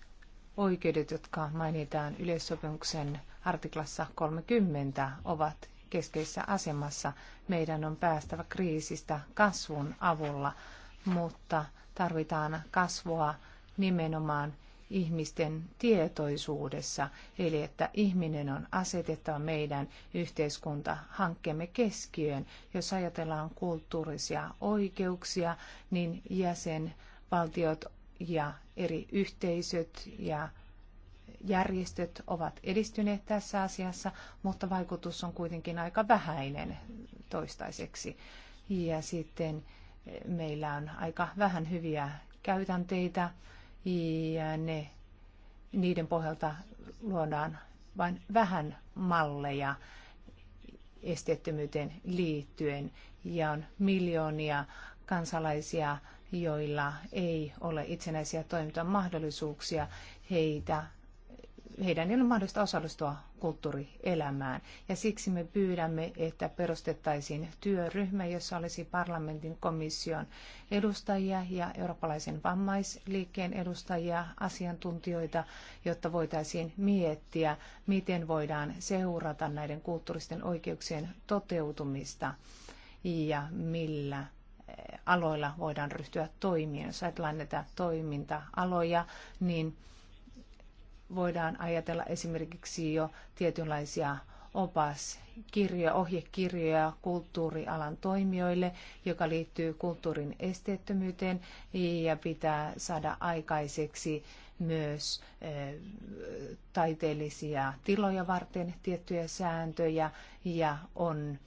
oikeudet, jotka mainitaan yleissopimuksen artiklassa 30, ovat keskeisessä asemassa. Meidän on päästävä kriisistä kasvun avulla, mutta tarvitaan kasvua nimenomaan ihmisten tietoisuudessa, eli että ihminen on asetettava meidän yhteiskuntahankkeemme keskiöön. Jos ajatellaan kulttuurisia oikeuksia, niin jäsenvaltiot ja eri yhteisöt ja järjestöt ovat edistyneet tässä asiassa, mutta vaikutus on kuitenkin aika vähäinen toistaiseksi. Ja sitten meillä on aika vähän hyviä käytänteitä ja ne, niiden pohjalta luodaan vain vähän malleja esteettömyyteen liittyen ja on miljoonia kansalaisia, joilla ei ole itsenäisiä toimintamahdollisuuksia. Heitä heidän ei ole mahdollista osallistua kulttuurielämään. Ja siksi me pyydämme, että perustettaisiin työryhmä, jossa olisi parlamentin komission edustajia ja eurooppalaisen vammaisliikkeen edustajia, asiantuntijoita, jotta voitaisiin miettiä, miten voidaan seurata näiden kulttuuristen oikeuksien toteutumista ja millä eh, aloilla voidaan ryhtyä toimiin. Jos ajatellaan näitä toiminta-aloja, niin voidaan ajatella esimerkiksi jo tietynlaisia opaskirjoja, ohjekirjoja kulttuurialan toimijoille, joka liittyy kulttuurin esteettömyyteen ja pitää saada aikaiseksi myös taiteellisia tiloja varten tiettyjä sääntöjä ja on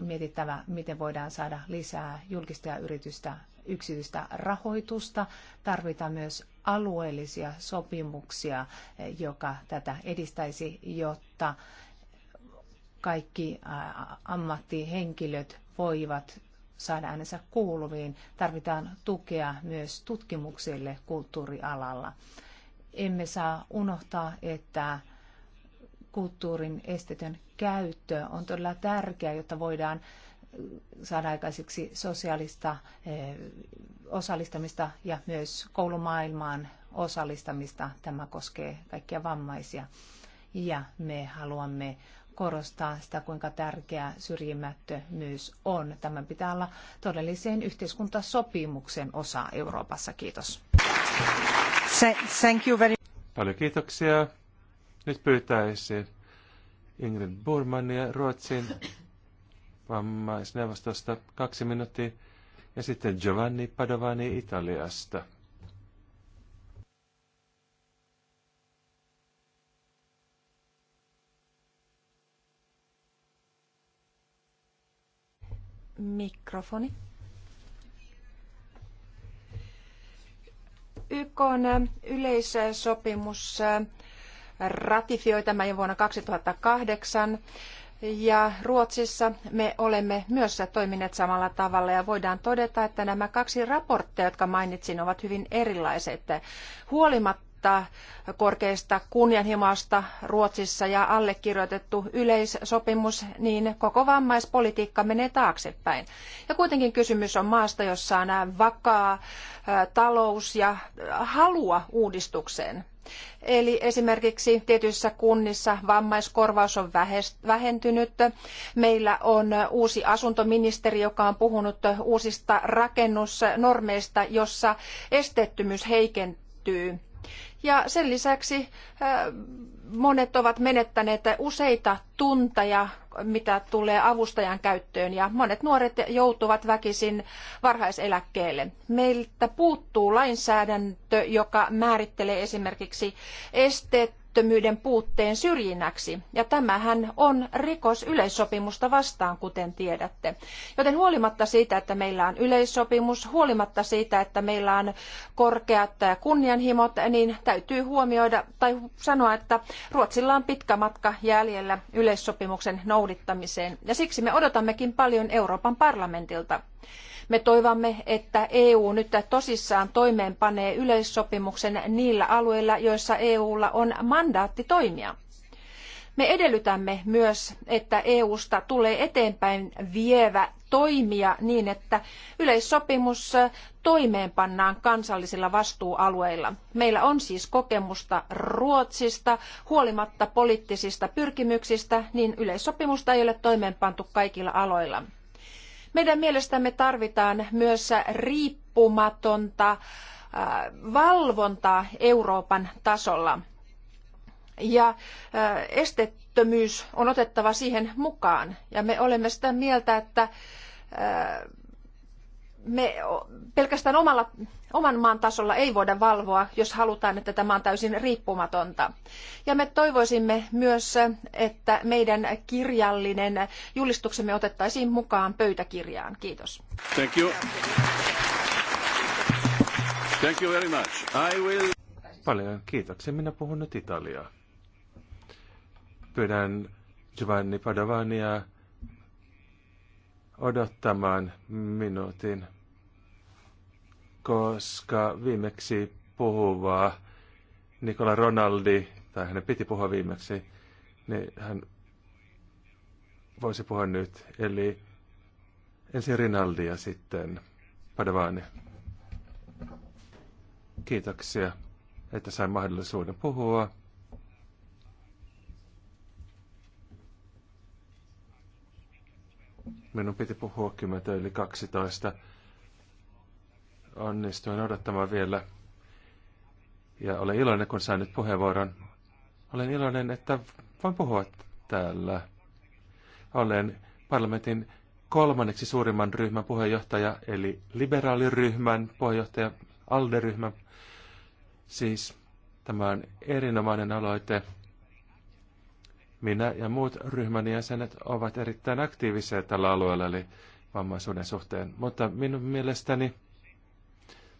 mietittävä, miten voidaan saada lisää julkista ja yritystä yksityistä rahoitusta. Tarvitaan myös alueellisia sopimuksia, eh, joka tätä edistäisi, jotta kaikki ammattihenkilöt voivat saada äänensä kuuluviin. Tarvitaan tukea myös tutkimuksille kulttuurialalla. Emme saa unohtaa, että kulttuurin estetön käyttö on todella tärkeää, jotta voidaan saada aikaiseksi sosiaalista eh, osallistamista ja myös koulumaailmaan osallistamista. Tämä koskee kaikkia vammaisia. Ja me haluamme korostaa sitä, kuinka tärkeä syrjimättömyys on. Tämä pitää olla todelliseen yhteiskuntasopimuksen osa Euroopassa. Kiitos. Thank you very... Paljon kiitoksia. Nyt pyytäisin Ingrid Burmania Ruotsin vammaisneuvostosta kaksi minuuttia ja sitten Giovanni Padovani Italiasta. Mikrofoni. YK on yleissopimus ratifioi tämän jo vuonna 2008 ja Ruotsissa me olemme myös toimineet samalla tavalla ja voidaan todeta, että nämä kaksi raporttia, jotka mainitsin, ovat hyvin erilaiset. Huolimatta korkeista kunnianhimosta Ruotsissa ja allekirjoitettu yleissopimus, niin koko vammaispolitiikka menee taaksepäin. Ja kuitenkin kysymys on maasta, jossa on vakaa talous ja halua uudistukseen Eli esimerkiksi tietyissä kunnissa vammaiskorvaus on vähentynyt. Meillä on uusi asuntoministeri, joka on puhunut uusista rakennusnormeista, jossa esteettömyys heikentyy ja sen lisäksi monet ovat menettäneet useita tunteja, mitä tulee avustajan käyttöön, ja monet nuoret joutuvat väkisin varhaiseläkkeelle. Meiltä puuttuu lainsäädäntö, joka määrittelee esimerkiksi esteet kyvyttömyyden puutteen syrjinnäksi, ja tämähän on rikos yleissopimusta vastaan, kuten tiedätte. Joten huolimatta siitä, että meillä on yleissopimus, huolimatta siitä, että meillä on korkeat kunnianhimot, niin täytyy huomioida tai sanoa, että Ruotsilla on pitkä matka jäljellä yleissopimuksen noudattamiseen, ja siksi me odotammekin paljon Euroopan parlamentilta. Me toivomme, että EU nyt tosissaan toimeenpanee yleissopimuksen niillä alueilla, joissa EUlla on mandaatti toimia. Me edellytämme myös, että EUsta tulee eteenpäin vievä toimija niin, että yleissopimus toimeenpannaan kansallisilla vastuualueilla. Meillä on siis kokemusta Ruotsista, huolimatta poliittisista pyrkimyksistä, niin yleissopimusta ei ole toimeenpantu kaikilla aloilla. Meidän mielestämme tarvitaan myös riippumatonta äh, valvontaa Euroopan tasolla. Ja äh, esteettömyys on otettava siihen mukaan. Ja me olemme sitä mieltä, että äh, me pelkästään omalla, oman maan tasolla ei voida valvoa, jos halutaan, että tämä on täysin riippumatonta. Ja me toivoisimme myös, että meidän kirjallinen julistuksemme otettaisiin mukaan pöytäkirjaan. Kiitos. Thank you. Thank you very much. I will... Paljon kiitoksia. Minä puhun nyt Italiaa. Pyydän Giovanni Padovania odottamaan minuutin koska viimeksi puhuva Nikola Ronaldi, tai hänen piti puhua viimeksi, niin hän voisi puhua nyt. Eli ensin Rinaldi ja sitten Padavani. Kiitoksia, että sain mahdollisuuden puhua. Minun piti puhua 10 yli 12 onnistuin odottamaan vielä. Ja olen iloinen, kun sain nyt puheenvuoron. Olen iloinen, että voin puhua täällä. Olen parlamentin kolmanneksi suurimman ryhmän puheenjohtaja, eli liberaaliryhmän puheenjohtaja, alde Siis tämä on erinomainen aloite. Minä ja muut ryhmän jäsenet ovat erittäin aktiivisia tällä alueella, eli vammaisuuden suhteen. Mutta minun mielestäni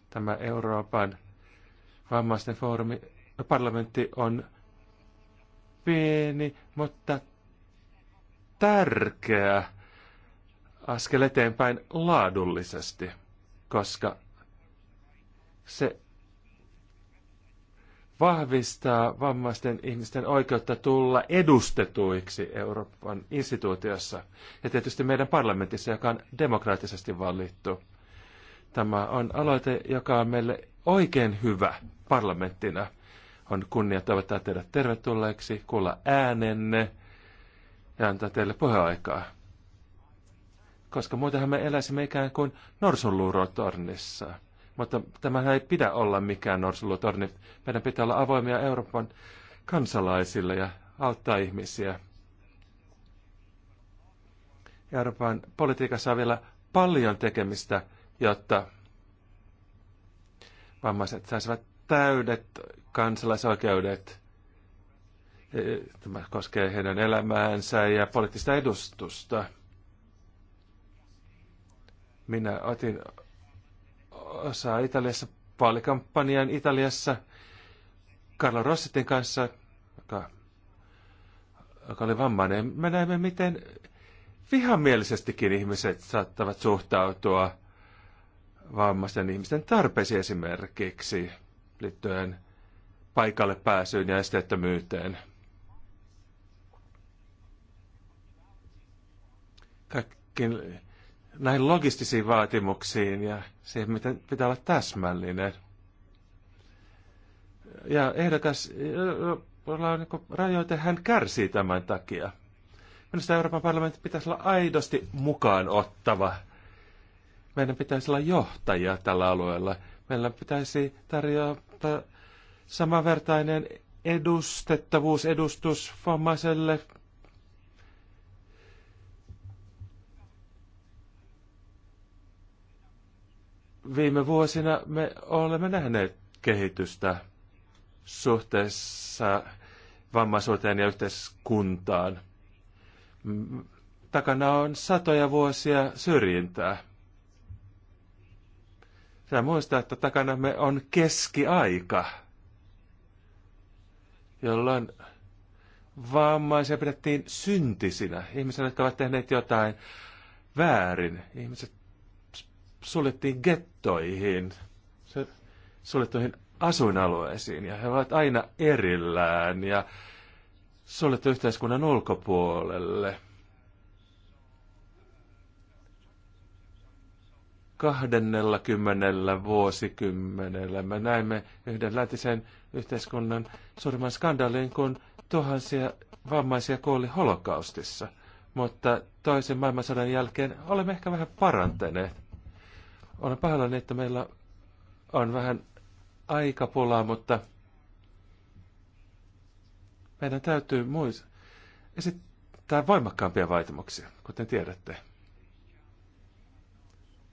Tämä Euroopan vammaisten foorumi, parlamentti on pieni, mutta tärkeä askel eteenpäin laadullisesti, koska se vahvistaa vammaisten ihmisten oikeutta tulla edustetuiksi Euroopan instituutiossa ja tietysti meidän parlamentissa, joka on demokraattisesti valittu. Tämä on aloite, joka on meille oikein hyvä parlamenttina. On kunnia toivottaa teidät tervetulleeksi, kuulla äänenne ja antaa teille puheaikaa. Koska muutenhan me eläisimme ikään kuin norsunluurotornissa. Mutta tämähän ei pidä olla mikään norsunluutorni. Meidän pitää olla avoimia Euroopan kansalaisille ja auttaa ihmisiä. Euroopan politiikassa on vielä paljon tekemistä – jotta vammaiset saisivat täydet kansalaisoikeudet. E, tämä koskee heidän elämäänsä ja poliittista edustusta. Minä otin osaa Italiassa vaalikampanjan Italiassa Carlo Rossitin kanssa, joka, joka oli vammainen. Me näemme, miten vihamielisestikin ihmiset saattavat suhtautua – vammaisten ihmisten tarpeisiin esimerkiksi liittyen paikalle pääsyyn ja esteettömyyteen. Kaikki näihin logistisiin vaatimuksiin ja siihen, miten pitää olla täsmällinen. Ja ehdokas, jolla on niin rajoite, hän kärsii tämän takia. Minusta Euroopan parlamentti pitäisi olla aidosti mukaan ottava meidän pitäisi olla johtajia tällä alueella. Meillä pitäisi tarjota samanvertainen edustettavuus, edustus vammaiselle viime vuosina me olemme nähneet kehitystä suhteessa vammaisuuteen ja yhteiskuntaan. Takana on satoja vuosia syrjintää. Sä muistaa, että takanamme on keskiaika, jolloin vammaisia pidettiin syntisinä. Ihmiset, jotka ovat tehneet jotain väärin. Ihmiset suljettiin gettoihin, suljettuihin asuinalueisiin ja he ovat aina erillään ja suljettu yhteiskunnan ulkopuolelle – kahdennella vuosikymmenellä me näimme yhden läntisen yhteiskunnan suurimman skandaalin, kun tuhansia vammaisia kuoli holokaustissa. Mutta toisen maailmansodan jälkeen olemme ehkä vähän parantaneet. Olen pahoillani, että meillä on vähän aikapulaa, mutta meidän täytyy muistaa esittää voimakkaampia vaatimuksia, kuten tiedätte.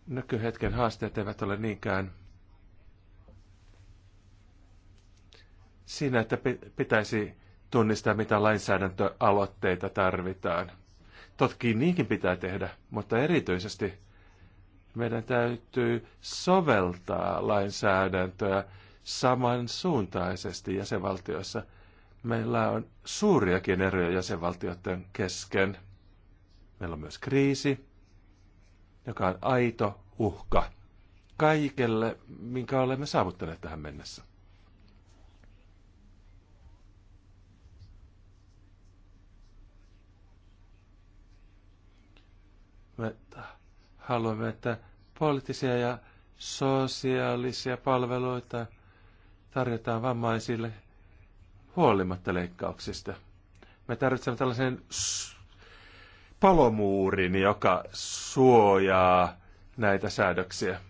Nykyhetken haasteet eivät ole niinkään siinä, että pitäisi tunnistaa, mitä lainsäädäntöaloitteita tarvitaan. Totki niinkin pitää tehdä, mutta erityisesti meidän täytyy soveltaa lainsäädäntöä samansuuntaisesti jäsenvaltioissa. Meillä on suuriakin eroja jäsenvaltioiden kesken. Meillä on myös kriisi joka on aito uhka kaikelle, minkä olemme saavuttaneet tähän mennessä. Me haluamme, että poliittisia ja sosiaalisia palveluita tarjotaan vammaisille huolimatta leikkauksista. Me tarvitsemme tällaisen palomuurin, joka suojaa näitä säädöksiä.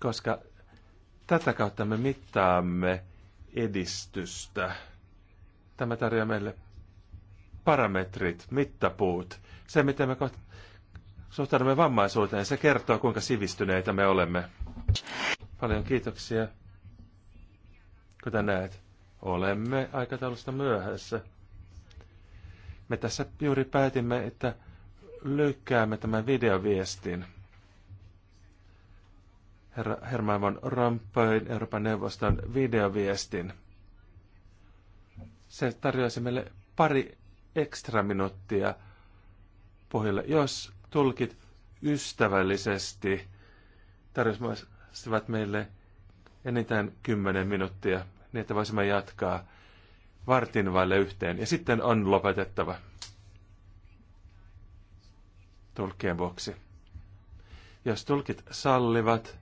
Koska tätä kautta me mittaamme edistystä. Tämä tarjoaa meille parametrit, mittapuut. Se, miten me suhtaudumme vammaisuuteen, se kertoo, kuinka sivistyneitä me olemme. Paljon kiitoksia. Kuten näet, olemme aikataulusta myöhässä. Me tässä juuri päätimme, että lykkäämme tämän videoviestin. Herra Herman von Rompuyn Euroopan neuvoston videoviestin. Se tarjoaisi meille pari ekstra minuuttia pohjalle, jos tulkit ystävällisesti tarjoaisivat meille enintään 10 minuuttia, niin että voisimme jatkaa vartin vaille yhteen ja sitten on lopetettava tulkien vuoksi. Jos tulkit sallivat,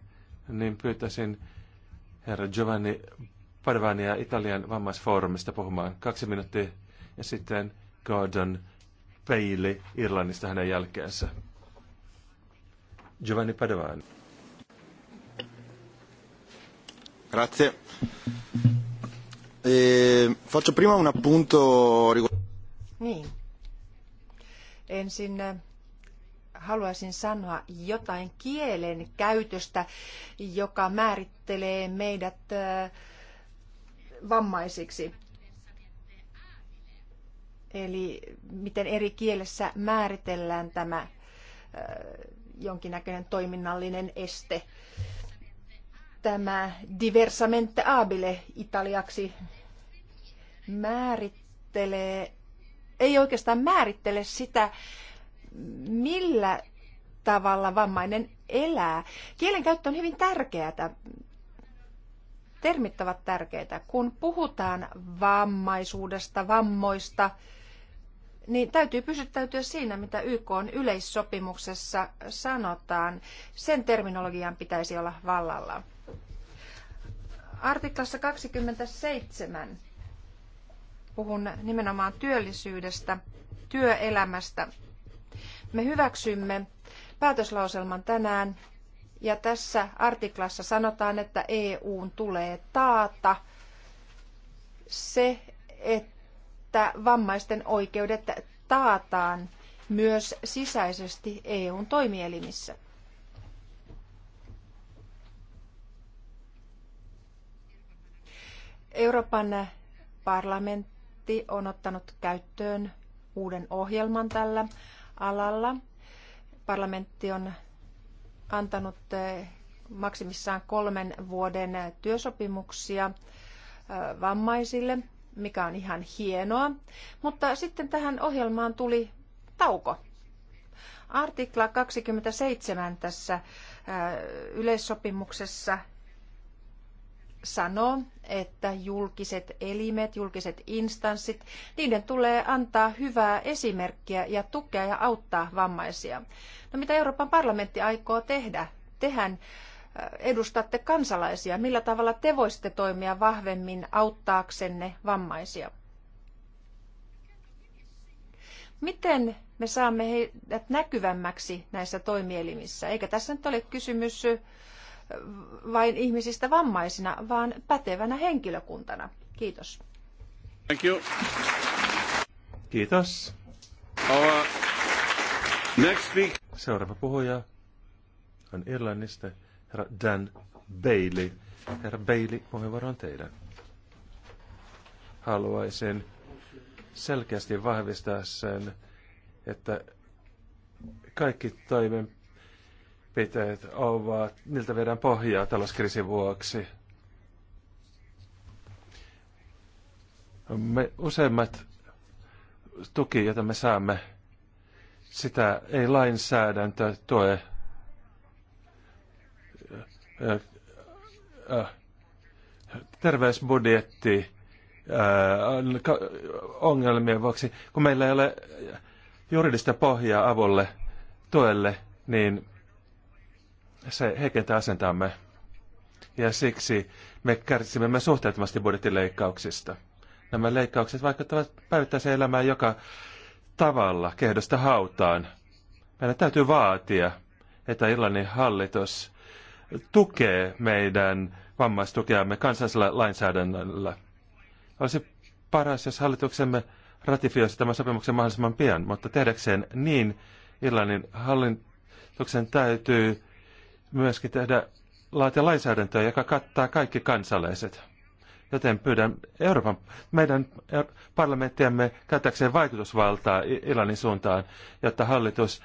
niin pyytäisin herra Giovanni Parvania Italian vammaisfoorumista puhumaan kaksi minuuttia ja sitten Gordon Peili Irlannista hänen jälkeensä. Giovanni Padovani. Grazie. E, faccio prima un appunto Niin. Ensin äh, haluaisin sanoa jotain kielen käytöstä, joka määrittelee meidät äh, vammaisiksi. Eli miten eri kielessä määritellään tämä äh, jonkinnäköinen toiminnallinen este. Tämä diversamente abile italiaksi määrittelee, ei oikeastaan määrittele sitä, millä tavalla vammainen elää. Kielenkäyttö on hyvin tärkeää. Termit ovat tärkeitä. Kun puhutaan vammaisuudesta, vammoista, niin täytyy pysyttäytyä siinä, mitä YK on yleissopimuksessa sanotaan. Sen terminologian pitäisi olla vallalla. Artiklassa 27 puhun nimenomaan työllisyydestä, työelämästä. Me hyväksymme päätöslauselman tänään ja tässä artiklassa sanotaan, että EUn tulee taata se, että vammaisten oikeudet taataan myös sisäisesti EUn toimielimissä. Euroopan parlamentti parlamentti on ottanut käyttöön uuden ohjelman tällä alalla. Parlamentti on antanut eh, maksimissaan kolmen vuoden työsopimuksia eh, vammaisille, mikä on ihan hienoa. Mutta sitten tähän ohjelmaan tuli tauko. Artikla 27 tässä eh, yleissopimuksessa sanoo, että julkiset elimet, julkiset instanssit, niiden tulee antaa hyvää esimerkkiä ja tukea ja auttaa vammaisia. No mitä Euroopan parlamentti aikoo tehdä? Tehän äh, edustatte kansalaisia. Millä tavalla te voisitte toimia vahvemmin auttaaksenne vammaisia? Miten me saamme heidät näkyvämmäksi näissä toimielimissä? Eikä tässä nyt ole kysymys vain ihmisistä vammaisina, vaan pätevänä henkilökuntana. Kiitos. Thank you. Kiitos. Our next week. Seuraava puhuja on Irlannista herra Dan Bailey. Herra Bailey, puheenvuoro on teidän. Haluaisin selkeästi vahvistaa sen, että kaikki toimenpiteet, toimenpiteet ovat, niiltä viedään pohjaa talouskriisin vuoksi. Me useimmat tuki, joita me saamme, sitä ei lainsäädäntö tue. Terveysbudjetti ongelmien vuoksi, kun meillä ei ole juridista pohjaa avulle, tuelle, niin se heikentää asentaamme. Ja siksi me kärsimme me suhteettomasti budjettileikkauksista. Nämä leikkaukset vaikuttavat päivittäiseen elämään joka tavalla kehdosta hautaan. Meidän täytyy vaatia, että Irlannin hallitus tukee meidän vammaistukeamme kansallisella lainsäädännöllä. Olisi paras, jos hallituksemme ratifioisi tämän sopimuksen mahdollisimman pian, mutta tehdäkseen niin Irlannin hallituksen täytyy myöskin tehdä laatia lainsäädäntöä, joka kattaa kaikki kansalaiset. Joten pyydän Euroopan, meidän e- parlamenttiamme käyttäkseen vaikutusvaltaa Iranin suuntaan, jotta hallitus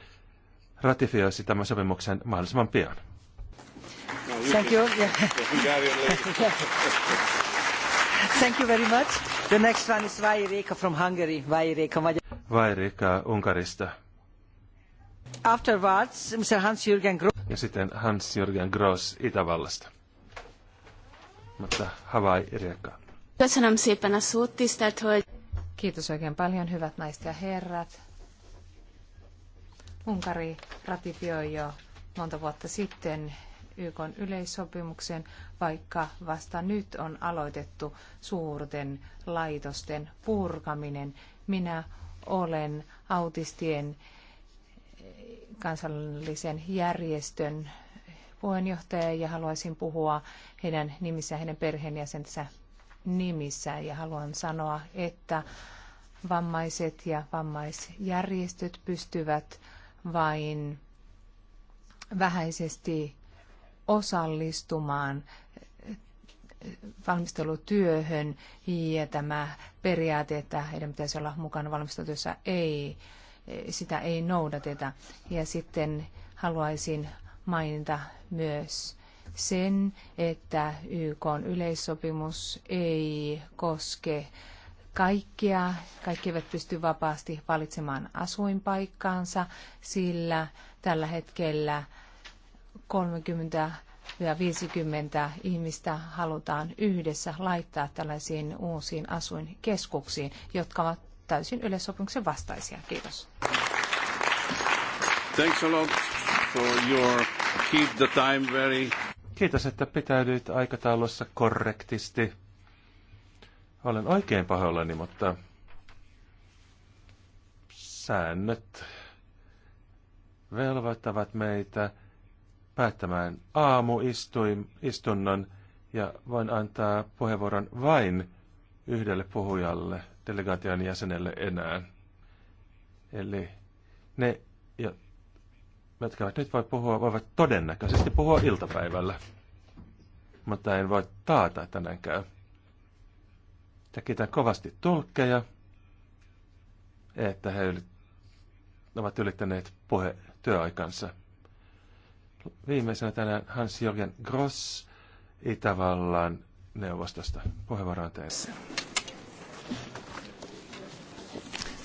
ratifioisi tämän sopimuksen mahdollisimman pian. Thank you. Thank you very much. The next one is Vairika from Hungary. Vairika, Vairika Unkarista. Afterwards, Mr. Hans-Jürgen ja sitten Hans-Jürgen Gross Itävallasta. Mutta Havai Riekka. Kiitos oikein paljon, hyvät naiset ja herrat. Unkari ratifioi jo monta vuotta sitten YK yleissopimuksen, vaikka vasta nyt on aloitettu suurten laitosten purkaminen. Minä olen autistien kansallisen järjestön puheenjohtaja ja haluaisin puhua heidän nimissään, heidän perheenjäsentensä nimissä ja haluan sanoa, että vammaiset ja vammaisjärjestöt pystyvät vain vähäisesti osallistumaan valmistelutyöhön ja tämä periaate, että heidän pitäisi olla mukana valmistelutyössä, ei sitä ei noudateta. Ja sitten haluaisin mainita myös sen, että YK yleissopimus ei koske kaikkia. Kaikki eivät pysty vapaasti valitsemaan asuinpaikkaansa, sillä tällä hetkellä 30 ja 50 ihmistä halutaan yhdessä laittaa tällaisiin uusiin asuinkeskuksiin, jotka ovat täysin yleissopimuksen vastaisia. Kiitos. Thanks a lot for your keep the time very... Kiitos, että pitäydyit aikataulussa korrektisti. Olen oikein pahoillani, mutta säännöt velvoittavat meitä päättämään aamuistunnon ja voin antaa puheenvuoron vain yhdelle puhujalle delegaation jäsenelle enää. Eli ne, jotka eivät nyt voi puhua, voivat todennäköisesti puhua iltapäivällä. Mutta en voi taata, että näin käy. Ja kovasti tulkkeja, että he ovat ylittäneet puhe työaikansa. Viimeisenä tänään Hans-Jürgen Gross Itävallan neuvostosta. Puheenvuoro on teissä.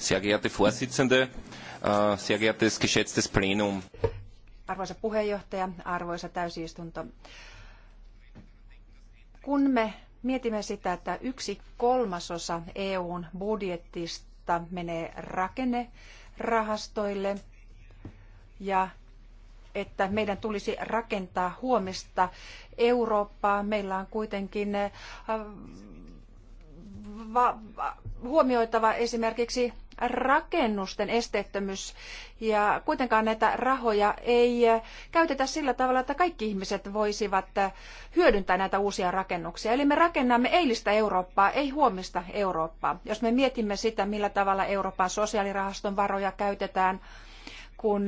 Sehr geehrte Vorsitzende, äh, sehr geehrtes geschätztes Plenum. Arvoisa puheenjohtaja, arvoisa täysistunto. Kun me mietimme sitä, että yksi kolmasosa EUn budjetista menee rakennerahastoille ja että meidän tulisi rakentaa huomista Eurooppaa. Meillä on kuitenkin äh, huomioitava esimerkiksi rakennusten esteettömyys ja kuitenkaan näitä rahoja ei eh, käytetä sillä tavalla, että kaikki ihmiset voisivat eh, hyödyntää näitä uusia rakennuksia. Eli me rakennamme eilistä Eurooppaa, ei huomista Eurooppaa. Jos me mietimme sitä, millä tavalla Euroopan sosiaalirahaston varoja käytetään, kun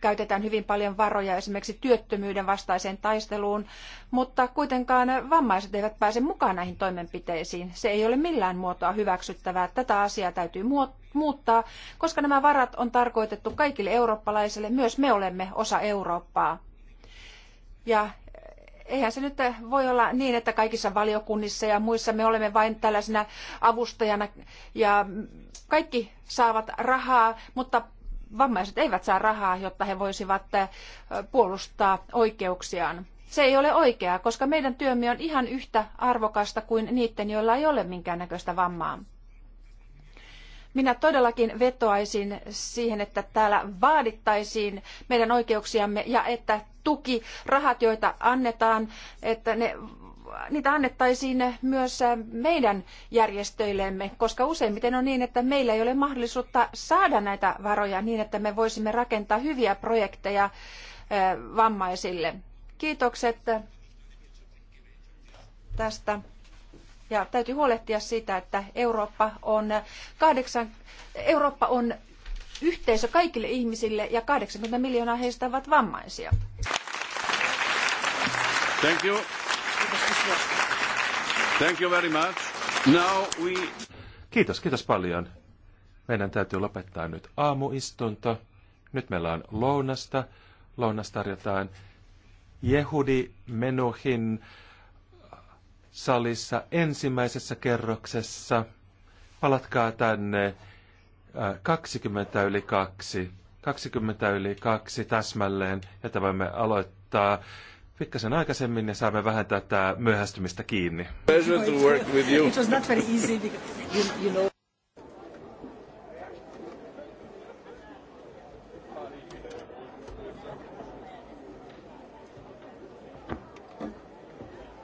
käytetään hyvin paljon varoja esimerkiksi työttömyyden vastaiseen taisteluun, mutta kuitenkaan vammaiset eivät pääse mukaan näihin toimenpiteisiin. Se ei ole millään muotoa hyväksyttävää. Tätä asiaa täytyy muuttaa, koska nämä varat on tarkoitettu kaikille eurooppalaisille. Myös me olemme osa Eurooppaa. Ja eihän se nyt voi olla niin, että kaikissa valiokunnissa ja muissa me olemme vain tällaisena avustajana ja kaikki saavat rahaa, mutta vammaiset eivät saa rahaa, jotta he voisivat eh, puolustaa oikeuksiaan. Se ei ole oikeaa, koska meidän työmme on ihan yhtä arvokasta kuin niiden, joilla ei ole minkäännäköistä vammaa. Minä todellakin vetoaisin siihen, että täällä vaadittaisiin meidän oikeuksiamme ja että tuki, rahat, joita annetaan, että ne niitä annettaisiin myös äh, meidän järjestöillemme, koska useimmiten on niin, että meillä ei ole mahdollisuutta saada näitä varoja niin, että me voisimme rakentaa hyviä projekteja äh, vammaisille. Kiitokset äh, tästä. Ja täytyy huolehtia siitä, että Eurooppa on, kahdeksan, Eurooppa on yhteisö kaikille ihmisille ja 80 miljoonaa heistä ovat vammaisia. Thank you. Thank you very much. Now we... Kiitos, kiitos paljon. Meidän täytyy lopettaa nyt aamuistunto. Nyt meillä on lounasta. Lounas tarjotaan Jehudi Menuhin salissa ensimmäisessä kerroksessa. Palatkaa tänne 20 äh, yli 2. 20 yli 2 täsmälleen, että voimme aloittaa pikkasen aikaisemmin ja saamme vähän tätä myöhästymistä kiinni. Pleasure to work with you. It was not very easy, you, you know.